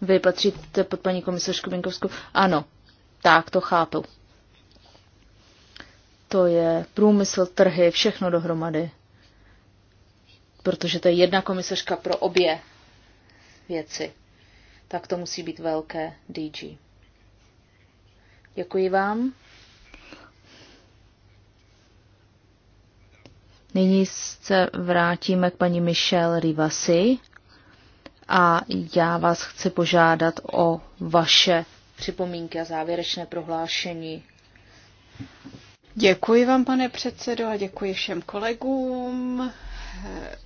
Vy patříte pod paní komisařku Binkovskou? Ano, tak to chápu to je průmysl, trhy, všechno dohromady. Protože to je jedna komisařka pro obě věci. Tak to musí být velké DG. Děkuji vám. Nyní se vrátíme k paní Michelle Rivasi a já vás chci požádat o vaše připomínky a závěrečné prohlášení. Děkuji vám, pane předsedo, a děkuji všem kolegům eh,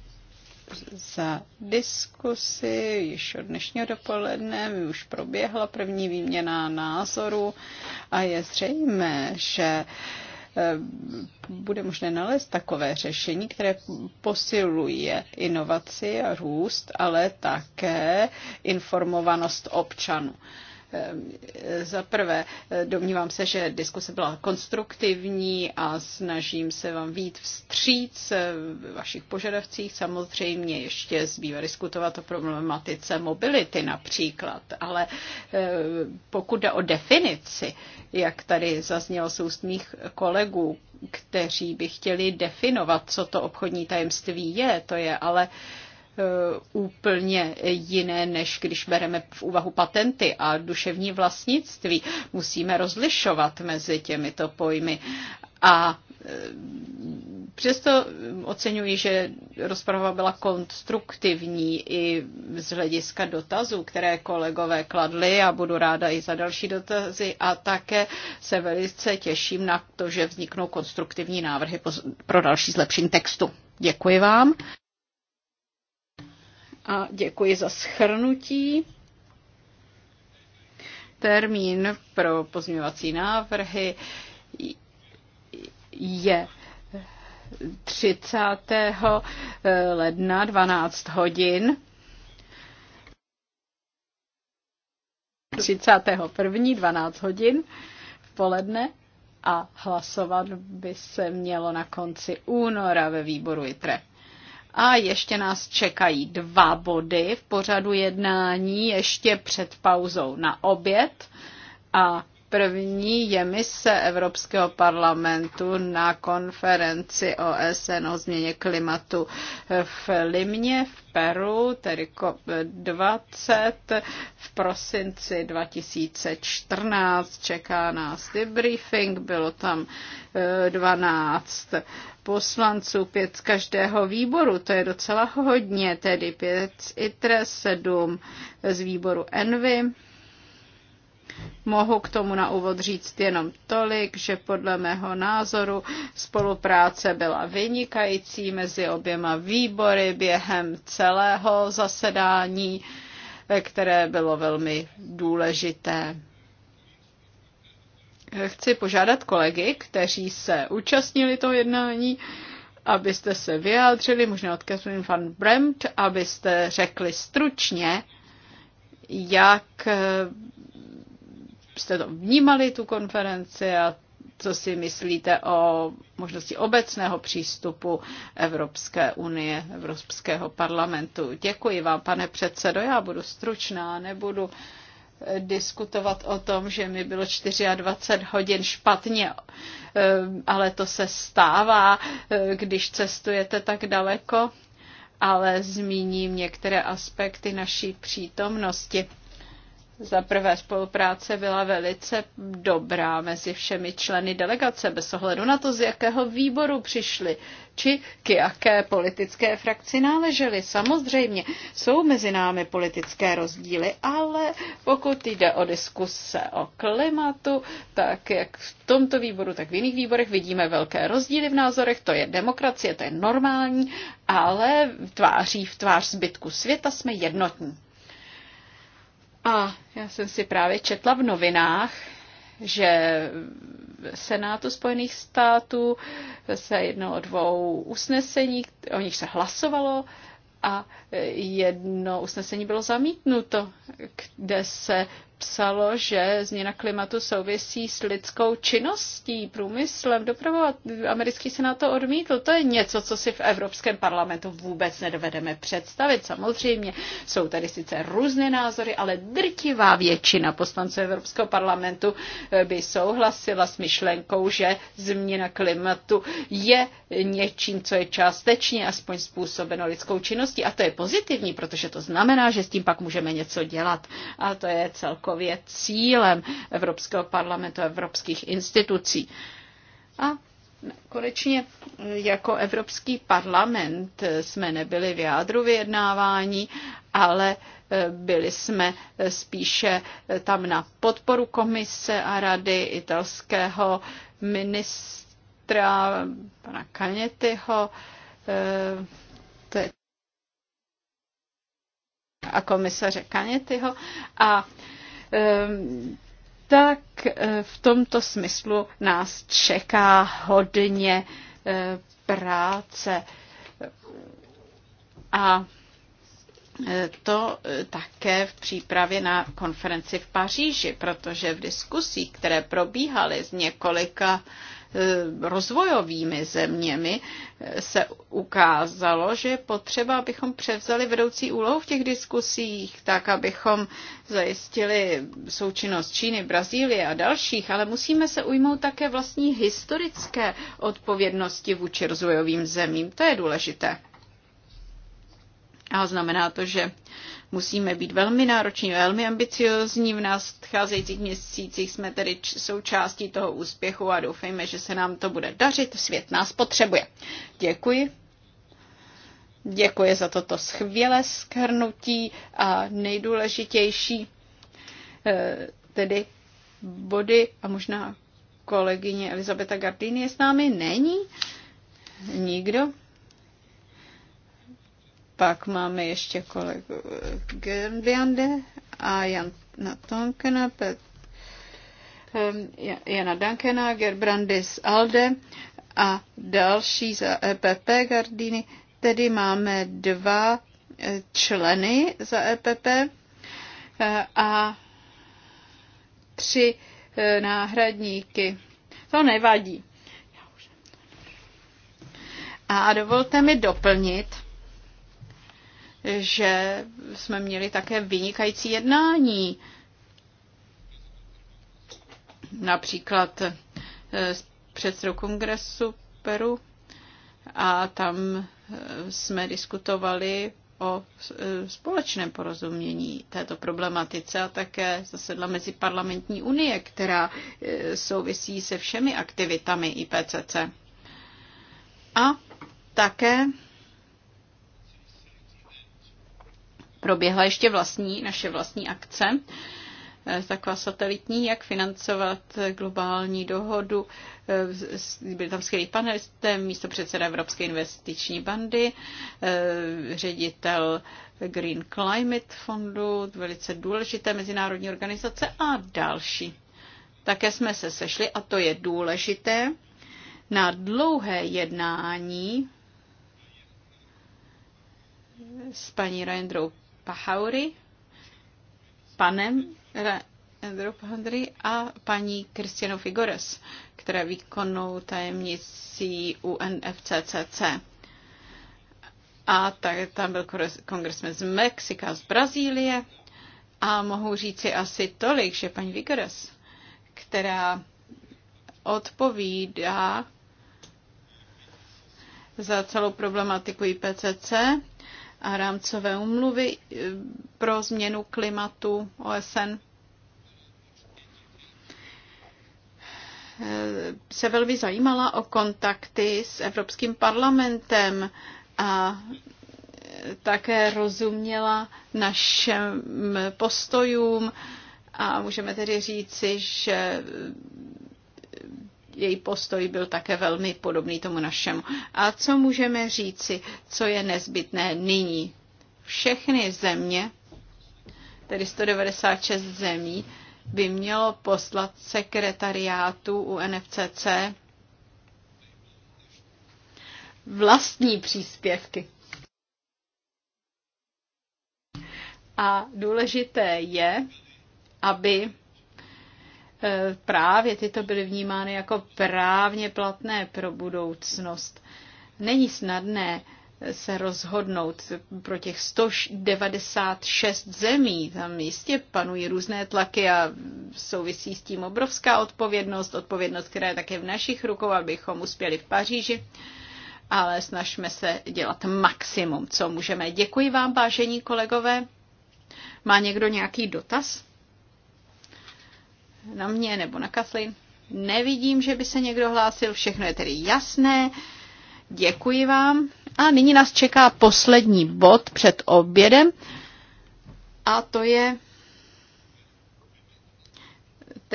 za diskusy již od dnešního dopoledne. Mi už proběhla první výměna názorů a je zřejmé, že eh, bude možné nalézt takové řešení, které posiluje inovaci a růst, ale také informovanost občanů. Ehm, e, za prvé, e, domnívám se, že diskuse byla konstruktivní a snažím se vám vít vstříc e, v vašich požadavcích. Samozřejmě ještě zbývá diskutovat o problematice mobility například, ale pokud jde o definici, jak tady zaznělo z úst mých kolegů, kteří by chtěli definovat, co to obchodní tajemství je, to je ale Eh, úplně jiné, než když bereme v úvahu patenty a duševní vlastnictví. Musíme rozlišovat mezi těmito pojmy. A eh, přesto oceňuji, že rozprava byla konstruktivní i z hlediska dotazů, které kolegové kladly a budu ráda i za další dotazy a také se velice těším na to, že vzniknou konstruktivní návrhy pro další zlepšení textu. Děkuji vám a děkuji za schrnutí. Termín pro pozměňovací návrhy je 30. Eh, ledna 12 hodin. 31. 12 hodin v poledne a hlasovat by se mělo na konci února ve výboru ITRE. A ještě nás čekají dva body v pořadu jednání ještě před pauzou na oběd. A První je mise Evropského parlamentu na konferenci OSN o změně klimatu v Limě v Peru, tedy COP20 v prosinci 2014. Čeká nás debriefing, bylo tam 12 eh, poslanců, pět z každého výboru, to je docela hodně, tedy pět z ITRE, sedm z výboru ENVY, Mohu k tomu na úvod říct jenom tolik, že podle mého názoru spolupráce byla vynikající mezi oběma výbory během celého zasedání, které bylo velmi důležité. Chci požádat kolegy, kteří se účastnili toho jednání, abyste se vyjádřili, možná od Catherine van Bremt, abyste řekli stručně, jak jste to vnímali, tu konferenci a co si myslíte o možnosti obecného přístupu Evropské unie, Evropského parlamentu. Děkuji vám, pane předsedo, já budu stručná, nebudu eh, diskutovat o tom, že mi bylo 24 hodin špatně, eh, ale to se stává, eh, když cestujete tak daleko, ale zmíním některé aspekty naší přítomnosti za prvé spolupráce byla velice dobrá mezi všemi členy delegace, bez ohledu na to, z jakého výboru přišli, či k jaké politické frakci náleželi. Samozřejmě jsou mezi námi politické rozdíly, ale pokud jde o diskuse o klimatu, tak jak v tomto výboru, tak v jiných výborech vidíme velké rozdíly v názorech. To je demokracie, to je normální, ale tváří v tvář zbytku světa jsme jednotní. A já jsem si právě četla v novinách, že Senátu Spojených států se jedno o dvou usnesení, o nich se hlasovalo a jedno usnesení bylo zamítnuto, kde se psalo, že změna klimatu souvisí s lidskou činností, průmyslem, dopravou a americký senát to odmítl. To je něco, co si v Evropském parlamentu vůbec nedovedeme představit. Samozřejmě jsou tady sice různé názory, ale drtivá většina poslanců Evropského parlamentu eh, by souhlasila s myšlenkou, že změna klimatu je něčím, co je částečně aspoň způsobeno lidskou činností. A to je pozitivní, protože to znamená, že s tím pak můžeme něco dělat. A to je celkově celkově cílem Evropského parlamentu a evropských institucí. A konečně jako Evropský parlament jsme nebyli v jádru vyjednávání, ale e, byli jsme e, spíše e, tam na podporu komise a rady italského ministra pana Kanetyho a komisaře Kanetyho. a Ehm, tak eh, v tomto smyslu nás čeká hodně eh, práce. A eh, to také v přípravě na konferenci v Paříži, protože v diskusích, které probíhaly z několika Eh, rozvojovými zeměmi eh, se ukázalo, že je potřeba, abychom převzali vedoucí úlohu v těch diskusích, tak abychom zajistili součinnost Číny, Brazílie a dalších, ale musíme se ujmout také vlastní historické odpovědnosti vůči rozvojovým zemím. To je důležité. A znamená to, že Musíme být velmi nároční, velmi ambiciozní. V nadcházejících měsících jsme tedy součástí toho úspěchu a doufejme, že se nám to bude dařit. Svět nás potřebuje. Děkuji. Děkuji za toto skvělé skrnutí a nejdůležitější eh, tedy body a možná kolegyně Elizabeta Gardini je s námi? Není? Nikdo? Pak máme ještě kolegu eh, Gerbiande a Jan Tonkena, Pet, ehm, Jana Dankena, Gerbrandis Alde a další za EPP Gardini Tedy máme dva eh, členy za EPP eh, a tři náhradníky. To nevadí. A dovolte mi doplnit, že jsme měli také vynikající jednání. Například eh, s předsedou kongresu Peru a tam eh, jsme diskutovali o eh, společném porozumění této problematice a také zasedla mezi parlamentní unie, která souvisí se všemi aktivitami IPCC. A také proběhla ještě vlastní, naše vlastní akce, eh, taková satelitní, jak financovat globální dohodu. Eh, byli tam skvělí panelisté, místo předseda Evropské investiční bandy, eh, ředitel Green Climate Fondu, velice důležité mezinárodní organizace a další. Také jsme se sešli, a to je důležité, na dlouhé jednání s paní Rendrou Pahaury, panem Andropandry a paní Kristianou Figores, která výkonnou tajemnicí UNFCCC. A tak, tam byl kongresmen z Mexika, z Brazílie. A mohu říci asi tolik, že paní Vigores, která odpovídá za celou problematiku IPCC, a rámcové umluvy eh, pro změnu klimatu OSN. Eh, se velmi zajímala o kontakty s Evropským parlamentem a eh, také rozuměla našem postojům a můžeme tedy říci, že její postoj byl také velmi podobný tomu našemu. A co můžeme říci, co je nezbytné nyní? Všechny země, tedy 196 zemí, by mělo poslat sekretariátu UNFCC vlastní příspěvky. A důležité je, aby E, právě tyto byly vnímány jako právně platné pro budoucnost. Není snadné se rozhodnout pro těch 196 zemí. Tam jistě panují různé tlaky a souvisí s tím obrovská odpovědnost, odpovědnost, která je také v našich rukou, abychom uspěli v Paříži. Ale snažme se dělat maximum, co můžeme. Děkuji vám, vážení kolegové. Má někdo nějaký dotaz? na mě nebo na Kathleen. Nevidím, že by se někdo hlásil, všechno je tedy jasné. Děkuji vám. A nyní nás čeká poslední bod před obědem. A to je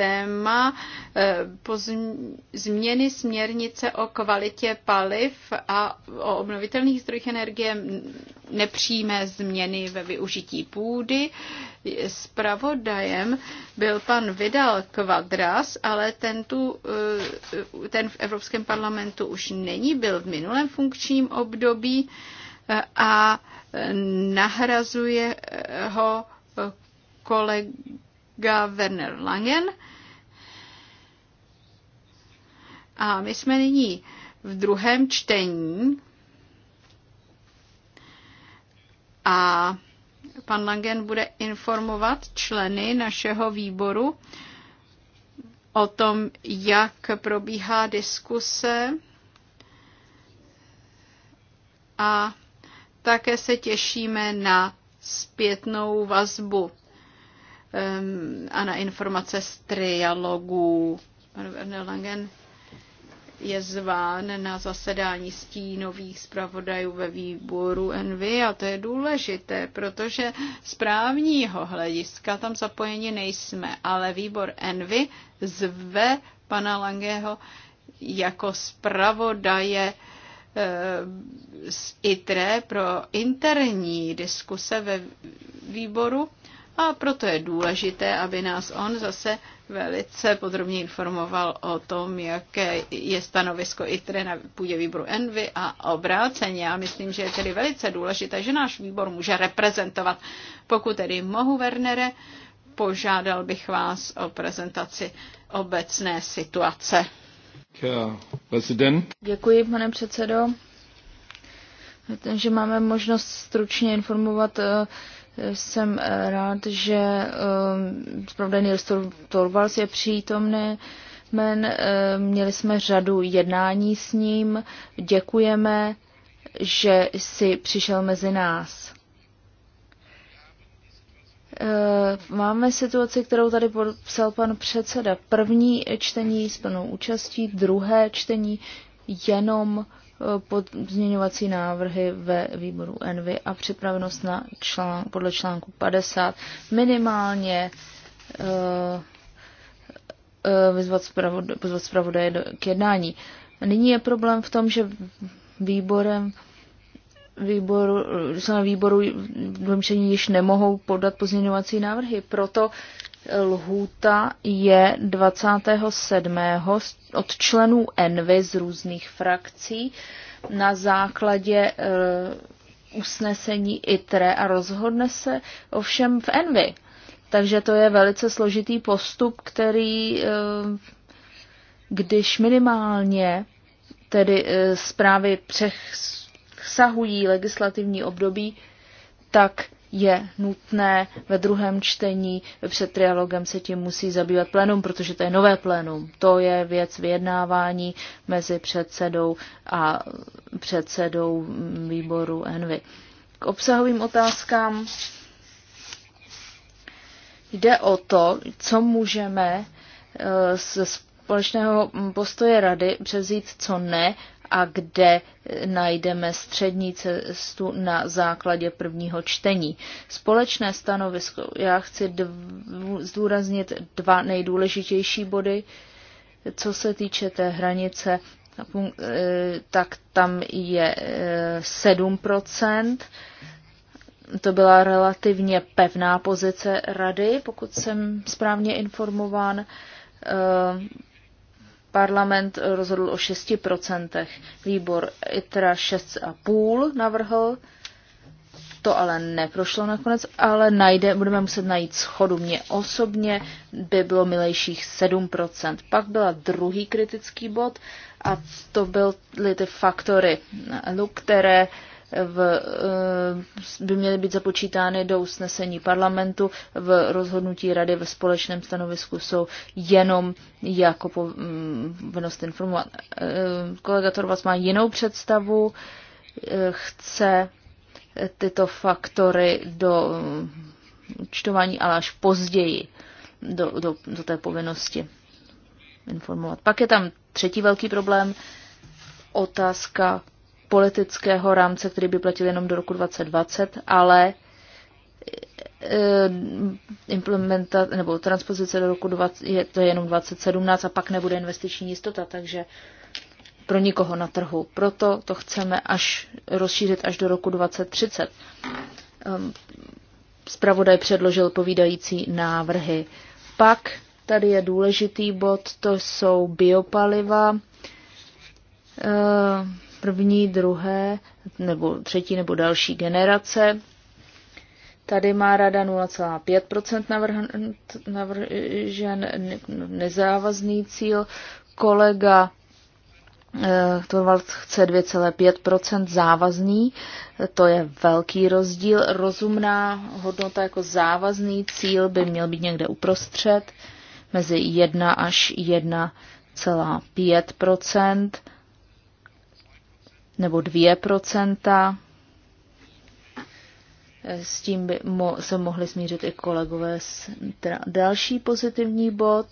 téma eh, změny směrnice o kvalitě paliv a o obnovitelných zdrojích energie nepřímé změny ve využití půdy. Spravodajem byl pan Vidal Quadras, ale ten, tu, eh, ten v Evropském parlamentu už není, byl v minulém funkčním období eh, a nahrazuje ho kolega kolega Werner Langen. A my jsme nyní v druhém čtení. A pan Langen bude informovat členy našeho výboru o tom, jak probíhá diskuse. A také se těšíme na zpětnou vazbu a na informace z trialogů. Pan Werner Langen je zván na zasedání stínových zpravodajů ve výboru NV a to je důležité, protože z právního hlediska tam zapojeni nejsme, ale výbor NV zve pana Langeho jako zpravodaje eh, z ITRE pro interní diskuse ve výboru a proto je důležité, aby nás on zase velice podrobně informoval o tom, jaké je stanovisko ITRE na půdě výboru Envy a obráceně. Já myslím, že je tedy velice důležité, že náš výbor může reprezentovat. Pokud tedy mohu, Wernere, požádal bych vás o prezentaci obecné situace. Děkuji, pane předsedo. Že máme možnost stručně informovat eh, jsem eh, rád, že ehm, zpravodajný Nils Torvalds je přítomný. Men, eh, měli jsme řadu jednání s ním. Děkujeme, že jsi přišel mezi nás. Eh, máme situaci, kterou tady popsal pan předseda. První čtení s plnou účastí, druhé čtení jenom pozměňovací návrhy ve výboru Envy a připravenost na člán, podle článku 50 minimálně vyzvat zpravodaj, pozvat zpravodaje k jednání. Nyní je problém v tom, že výborem výboru, výboru v již nemohou podat pozměňovací návrhy. Proto Lhůta je 27. od členů Envy z různých frakcí na základě eh, usnesení ITRE a rozhodne se ovšem v Envy. Takže to je velice složitý postup, který, eh, když minimálně tedy eh, zprávy přesahují legislativní období, tak je nutné ve druhém čtení, před trialogem se tím musí zabývat plénum, protože to je nové plénum. To je věc vyjednávání mezi předsedou a předsedou výboru Envy. K obsahovým otázkám jde o to, co můžeme eh, z společného postoje rady převzít, co ne, a kde najdeme střední cestu na základě prvního čtení. Společné stanovisko. Já chci dv- zdůraznit dva nejdůležitější body. Co se týče té hranice, eh, tak tam je 7%. Eh, to byla relativně pevná pozice rady, pokud jsem správně informován eh, Parlament rozhodl o 6%, výbor ITRA 6,5 navrhl, to ale neprošlo nakonec, ale najde, budeme muset najít schodu. Mně osobně by bylo milejších 7%. Pak byla druhý kritický bod a to byly ty faktory, které v, eh, by měly být započítány do usnesení parlamentu. V rozhodnutí rady ve společném stanovisku jsou jenom jako povinnost mm, informovat. Eh, kolega Torvac má jinou představu, eh, chce tyto faktory do účtování, ale až později do, do, do té povinnosti informovat. Pak je tam třetí velký problém, otázka politického rámce, který by platil jenom do roku 2020, ale e, implementa, nebo transpozice do roku 20, je, to jenom 2017 a pak nebude investiční jistota, takže pro nikoho na trhu. Proto to chceme až rozšířit až do roku 2030. Spravodaj ehm, předložil povídající návrhy. Pak tady je důležitý bod, to jsou biopaliva. Ehm, první, druhé nebo třetí nebo další generace. Tady má rada 0,5 navržen nezávazný cíl. Kolega eh, Torvald chce 2,5 závazný, to je velký rozdíl. Rozumná hodnota jako závazný cíl by měl být někde uprostřed mezi 1 až 1,5 nebo 2%. S tím by mo- se mohli smířit i kolegové. S, teda další pozitivní bod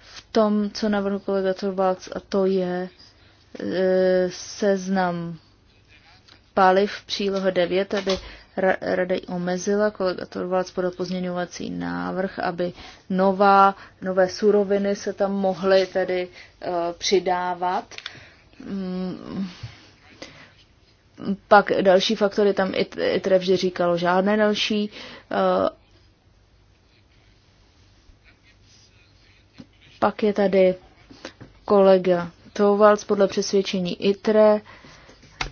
v tom, co navrhl kolega Torvalds, a to je e, seznam paliv příloha 9, Tedy rada omezila, kolega Torvalds podal pozměňovací návrh, aby nová, nové suroviny se tam mohly tedy e, přidávat. Mm pak další faktory, tam ITRE vždy říkalo žádné další. Eh, pak je tady kolega Tovalc podle přesvědčení ITRE,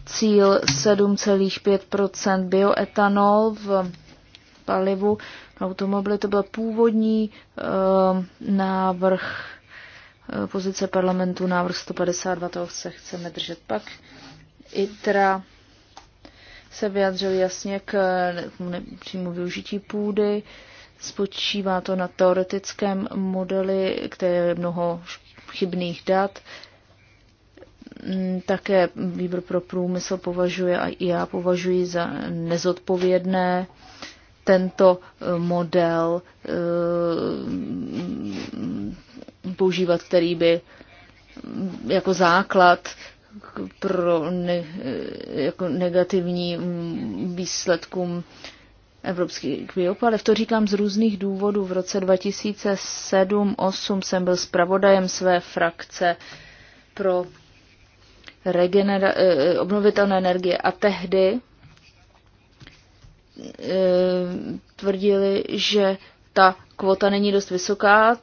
cíl 7,5 bioetanol v palivu automobily. To byl původní uh, návrh uh, pozice parlamentu, návrh 152, toho se chceme držet pak. ITRA se vyjadřil jasně k přímo využití půdy. Spočívá to na teoretickém modeli, které je mnoho chybných dat. Mm, také výbor pro průmysl považuje a i já považuji za nezodpovědné tento eh, model eh, používat, který by mm, jako základ pro ne, jako negativní výsledkům evropských biopaliv. To říkám z různých důvodů. V roce 2007-2008 jsem byl zpravodajem své frakce pro regenera- eh, eh, obnovitelné energie a tehdy eh, tvrdili, že ta kvota není dost vysoká,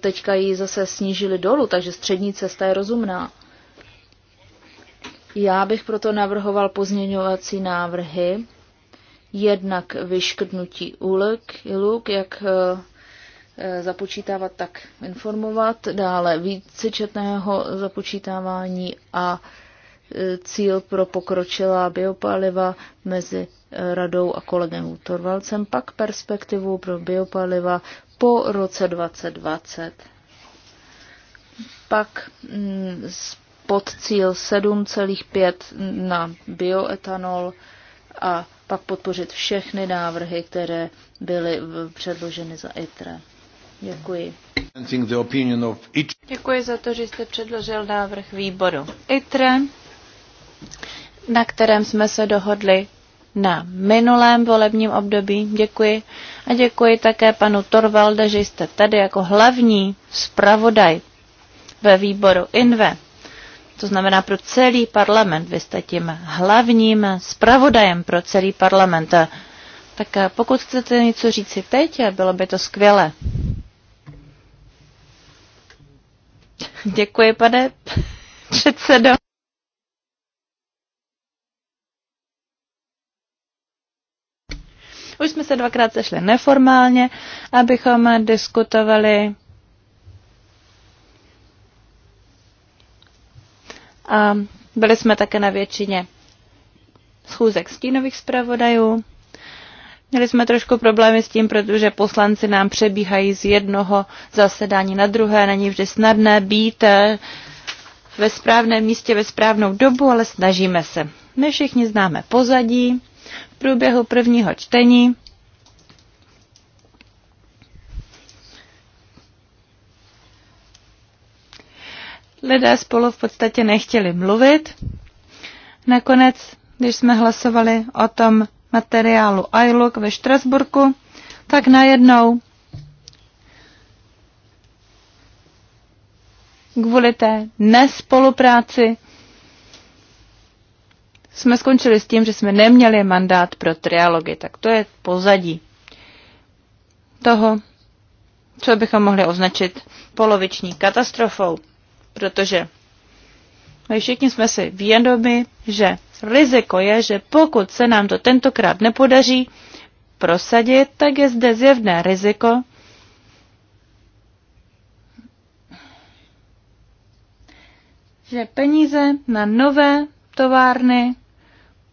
teďka ji zase snížili dolů, takže střední cesta je rozumná. Já bych proto navrhoval pozměňovací návrhy, jednak vyškrtnutí úlek, iluk, jak eh, eh, započítávat, tak informovat, dále vícečetného započítávání a eh, cíl pro pokročilá biopaliva mezi radou a kolegem Torvalcem, pak perspektivu pro biopaliva po roce 2020. Pak mm, pod cíl 7,5 na bioetanol a pak podpořit všechny návrhy, které byly předloženy za ITRE. Děkuji. Děkuji za to, že jste předložil návrh výboru ITRE, na kterém jsme se dohodli na minulém volebním období. Děkuji. A děkuji také panu Torvalde, že jste tady jako hlavní zpravodaj ve výboru INVE. To znamená pro celý parlament. Vy jste tím hlavním zpravodajem pro celý parlament. Tak eh, pokud chcete něco říci teď, eh, bylo by to skvělé. Děkuji, pane předsedo. Už jsme se dvakrát sešli neformálně, abychom eh, diskutovali a byli jsme také na většině schůzek stínových zpravodajů. Měli jsme trošku problémy s tím, protože poslanci nám přebíhají z jednoho zasedání na druhé. Není vždy snadné být eh, ve správném místě ve správnou dobu, ale snažíme se. My všichni známe pozadí. V průběhu prvního čtení lidé spolu v podstatě nechtěli mluvit. Nakonec, když jsme hlasovali o tom materiálu iLook ve Štrasburku, tak najednou kvůli té nespolupráci jsme skončili s tím, že jsme neměli mandát pro trialogy. Tak to je pozadí toho, co bychom mohli označit poloviční katastrofou protože my všichni jsme si vědomi, že riziko je, že pokud se nám to tentokrát nepodaří prosadit, tak je zde zjevné riziko, že peníze na nové továrny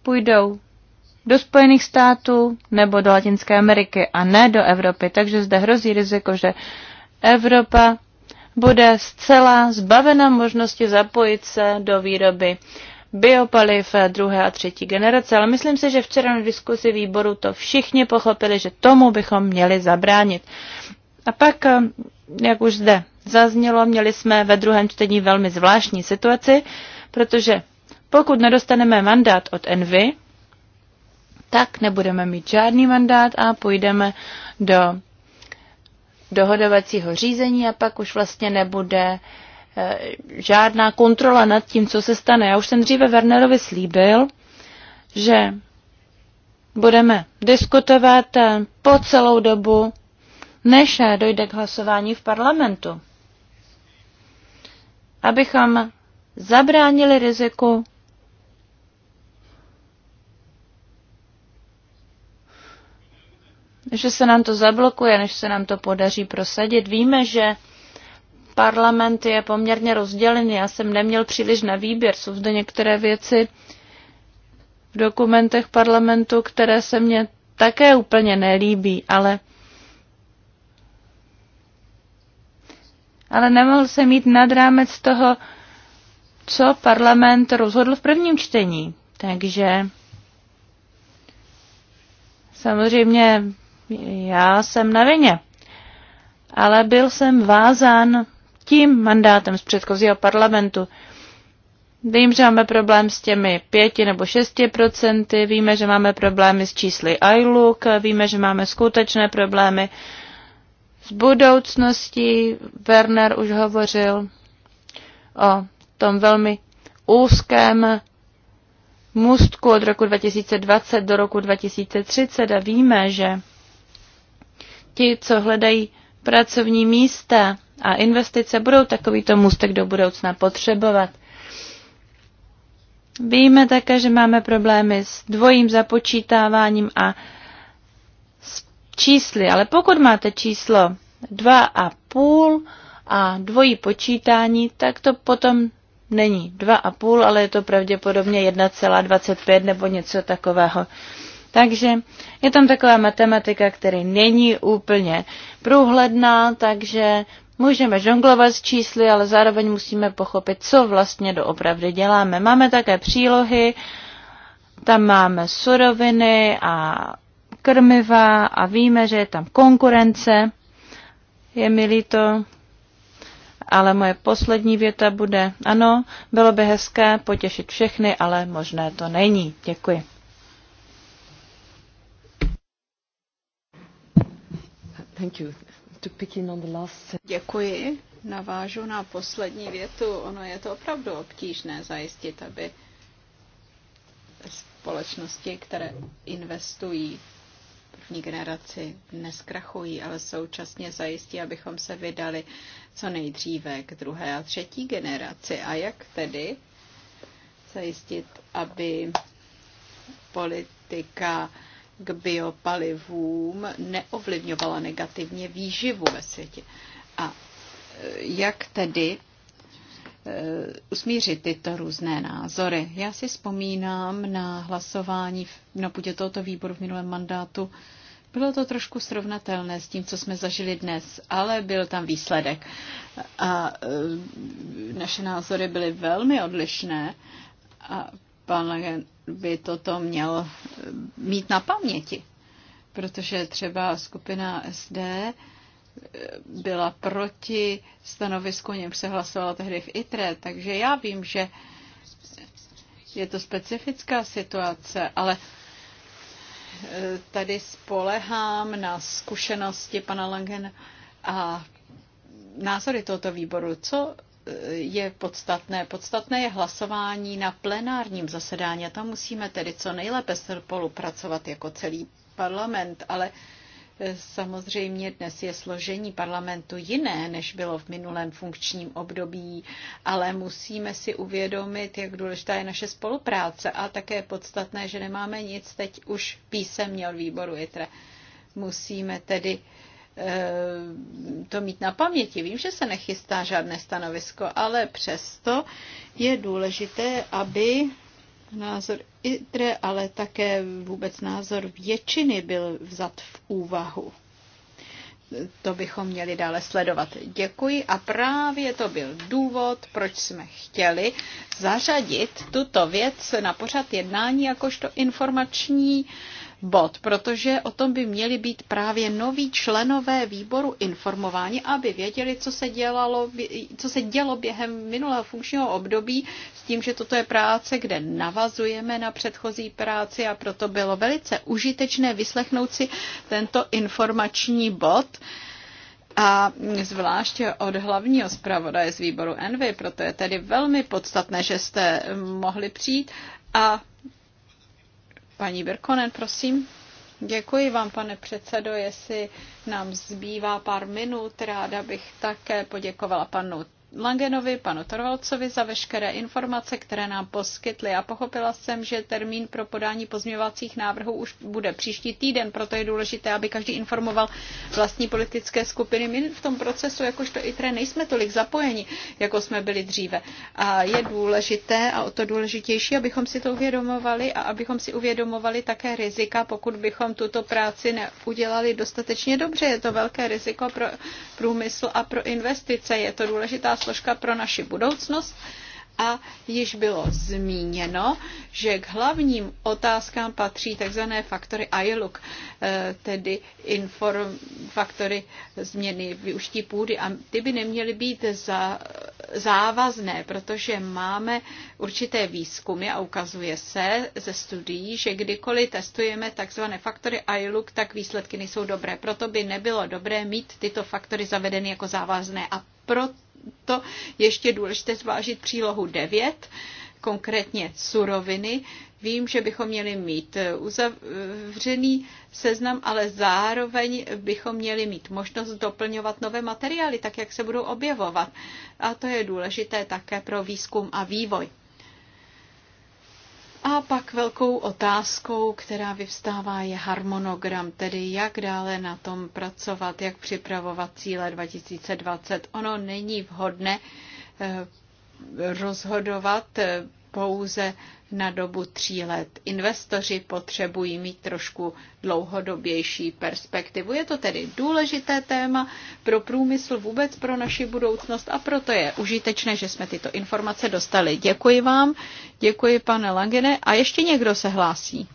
půjdou do Spojených států nebo do Latinské Ameriky a ne do Evropy. Takže zde hrozí riziko, že Evropa bude zcela zbavena možnosti zapojit se do výroby biopaliv druhé a třetí generace, ale myslím si, že včera na diskusi výboru to všichni pochopili, že tomu bychom měli zabránit. A pak, eh, jak už zde zaznělo, měli jsme ve druhém čtení velmi zvláštní situaci, protože pokud nedostaneme mandát od Envy, tak nebudeme mít žádný mandát a půjdeme do dohodovacího řízení a pak už vlastně nebude eh, žádná kontrola nad tím, co se stane. Já už jsem dříve Wernerovi slíbil, že budeme diskutovat eh, po celou dobu, než eh, dojde k hlasování v parlamentu. Abychom zabránili riziku že se nám to zablokuje, než se nám to podaří prosadit. Víme, že parlament je poměrně rozdělený. Já jsem neměl příliš na výběr. Jsou zde některé věci v dokumentech parlamentu, které se mně také úplně nelíbí, ale ale nemohl jsem mít nad rámec toho, co parlament rozhodl v prvním čtení. Takže samozřejmě já jsem na vině. Ale byl jsem vázán tím mandátem z předchozího parlamentu. Vím, že máme problém s těmi pěti nebo šesti procenty, víme, že máme problémy s čísly iLook, víme, že máme skutečné problémy s budoucností. Werner už hovořil o tom velmi úzkém můstku od roku 2020 do roku 2030 a víme, že ti, co hledají pracovní místa a investice, budou takovýto můstek do budoucna potřebovat. Víme také, že máme problémy s dvojím započítáváním a s čísly, ale pokud máte číslo 2,5 a a dvojí počítání, tak to potom není 2,5, ale je to pravděpodobně 1,25 nebo něco takového. Takže je tam taková matematika, která není úplně průhledná, takže můžeme žonglovat s čísly, ale zároveň musíme pochopit, co vlastně doopravdy děláme. Máme také přílohy, tam máme suroviny a krmiva a víme, že je tam konkurence. Je mi líto, ale moje poslední věta bude, ano, bylo by hezké potěšit všechny, ale možné to není. Děkuji. Thank you. To pick in on the last... Děkuji. Navážu na poslední větu. Ono je to opravdu obtížné zajistit, aby společnosti, které investují první generaci, neskrachují, ale současně zajistí, abychom se vydali co nejdříve k druhé a třetí generaci. A jak tedy zajistit, aby politika k biopalivům neovlivňovala negativně výživu ve světě. A e, jak tedy e, usmířit tyto různé názory. Já si vzpomínám na hlasování na půdě tohoto výboru v minulém mandátu. Bylo to trošku srovnatelné s tím, co jsme zažili dnes, ale byl tam výsledek. A e, naše názory byly velmi odlišné a pan by toto měl eh, mít na paměti, protože třeba skupina SD eh, byla proti stanovisku, něm se hlasovala tehdy v ITRE, takže já vím, že je to specifická situace, ale eh, tady spolehám na zkušenosti pana Langen a názory tohoto výboru. Co je podstatné. Podstatné je hlasování na plenárním zasedání a tam musíme tedy co nejlépe spolupracovat jako celý parlament, ale eh, Samozřejmě dnes je složení parlamentu jiné, než bylo v minulém funkčním období, ale musíme si uvědomit, jak důležitá je naše spolupráce a také podstatné, že nemáme nic teď už písemně od výboru ITRE. Musíme tedy uh, to mít na paměti. Vím, že se nechystá žádné stanovisko, ale přesto je důležité, aby názor ITRE, ale také vůbec názor většiny byl vzat v úvahu. To bychom měli dále sledovat. Děkuji a právě to byl důvod, proč jsme chtěli zařadit tuto věc na pořad jednání jakožto informační eh, bod, protože o tom by měli být právě noví členové výboru informováni, aby věděli, co se, dělalo, co se dělo během minulého funkčního období s tím, že toto je práce, kde navazujeme na předchozí práci a proto bylo velice užitečné vyslechnout si tento informační bod a zvláště od hlavního zpravodaje z výboru Envy, proto je tedy velmi podstatné, že jste mohli přijít a Paní Birkonen, prosím. Děkuji vám, pane předsedo. Jestli nám zbývá pár minut, ráda bych také poděkovala panu Langenovi, panu Torvalcovi za veškeré informace, které nám poskytli a pochopila jsem, že termín pro podání pozměvacích návrhů už bude příští týden, proto je důležité, aby každý informoval vlastní politické skupiny. My v tom procesu, jakožto i tre, nejsme tolik zapojeni, jako jsme byli dříve. A je důležité a o to důležitější, abychom si to uvědomovali a abychom si uvědomovali také rizika, pokud bychom tuto práci neudělali dostatečně dobře. Je to velké riziko pro průmysl a pro investice. Je to důležitá složka pro naši budoucnost. A již bylo zmíněno, že k hlavním otázkám patří tzv. faktory ILUC, eh, tedy inform, faktory změny využití půdy. A ty by neměly být za, závazné, protože máme určité výzkumy a ukazuje se ze studií, že kdykoliv testujeme tzv. faktory ILUC, tak výsledky nejsou dobré. Proto by nebylo dobré mít tyto faktory zavedeny jako závazné. A proto to ještě důležité zvážit přílohu 9, konkrétně suroviny. Vím, že bychom měli mít eh, uzavřený seznam, ale zároveň bychom měli mít možnost doplňovat nové materiály, tak jak se budou objevovat. A to je důležité také pro výzkum a vývoj. A pak velkou otázkou, která vyvstává, je harmonogram, tedy jak dále na tom pracovat, jak připravovat cíle 2020. Ono není vhodné eh, rozhodovat eh, pouze na dobu tří let. Investoři potřebují mít trošku dlouhodobější perspektivu. Je to tedy důležité téma pro průmysl, vůbec pro naši budoucnost a proto je užitečné, že jsme tyto informace dostali. Děkuji vám, děkuji pane Langene a ještě někdo se hlásí.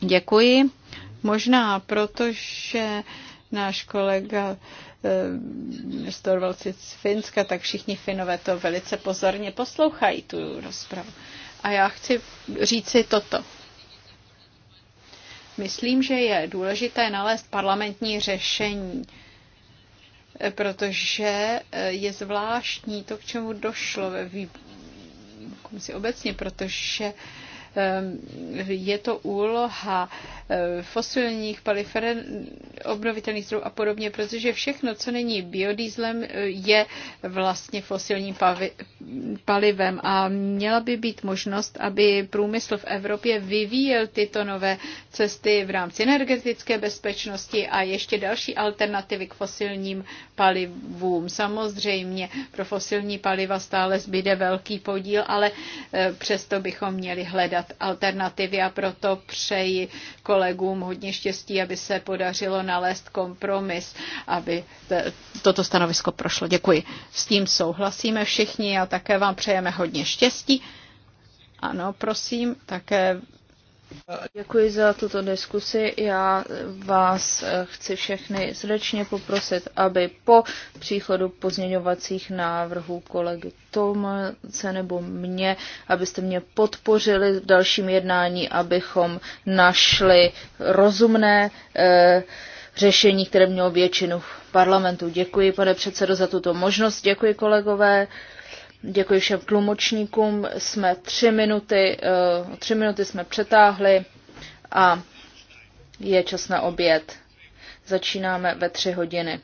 Děkuji. Možná protože náš kolega eh, Storvalci z Finska, tak všichni Finové to velice pozorně poslouchají, tu rozpravu. A já chci říci toto. Myslím, že je důležité nalézt parlamentní řešení, eh, protože eh, je zvláštní to, k čemu došlo ve výboru obecně, protože Ehm, je to úloha ehm, fosilních paliv, obnovitelných zdrojů a podobně, protože všechno, co není biodýzlem, eh, je vlastně fosilním palivem a měla by být možnost, aby průmysl v Evropě vyvíjel tyto nové cesty v rámci energetické bezpečnosti a ještě další alternativy k fosilním palivům. Samozřejmě pro fosilní paliva stále zbyde velký podíl, ale e, přesto bychom měli hledat alternativy a proto přeji kolegům hodně štěstí, aby se podařilo nalézt kompromis, aby toto stanovisko prošlo. Děkuji. S tím souhlasíme všichni a také vám přejeme hodně štěstí. Ano, prosím, také Děkuji za tuto diskusi. Já vás eh, chci všechny srdečně poprosit, aby po příchodu pozměňovacích návrhů kolegy Tomce nebo mě, abyste mě podpořili v dalším jednání, abychom našli rozumné eh, řešení, které mělo většinu parlamentu. Děkuji, pane předsedo, za tuto možnost. Děkuji, kolegové. Děkuji všem tlumočníkům. Jsme tři minuty, eh, tři minuty jsme přetáhli a je čas na oběd. Začínáme ve tři hodiny.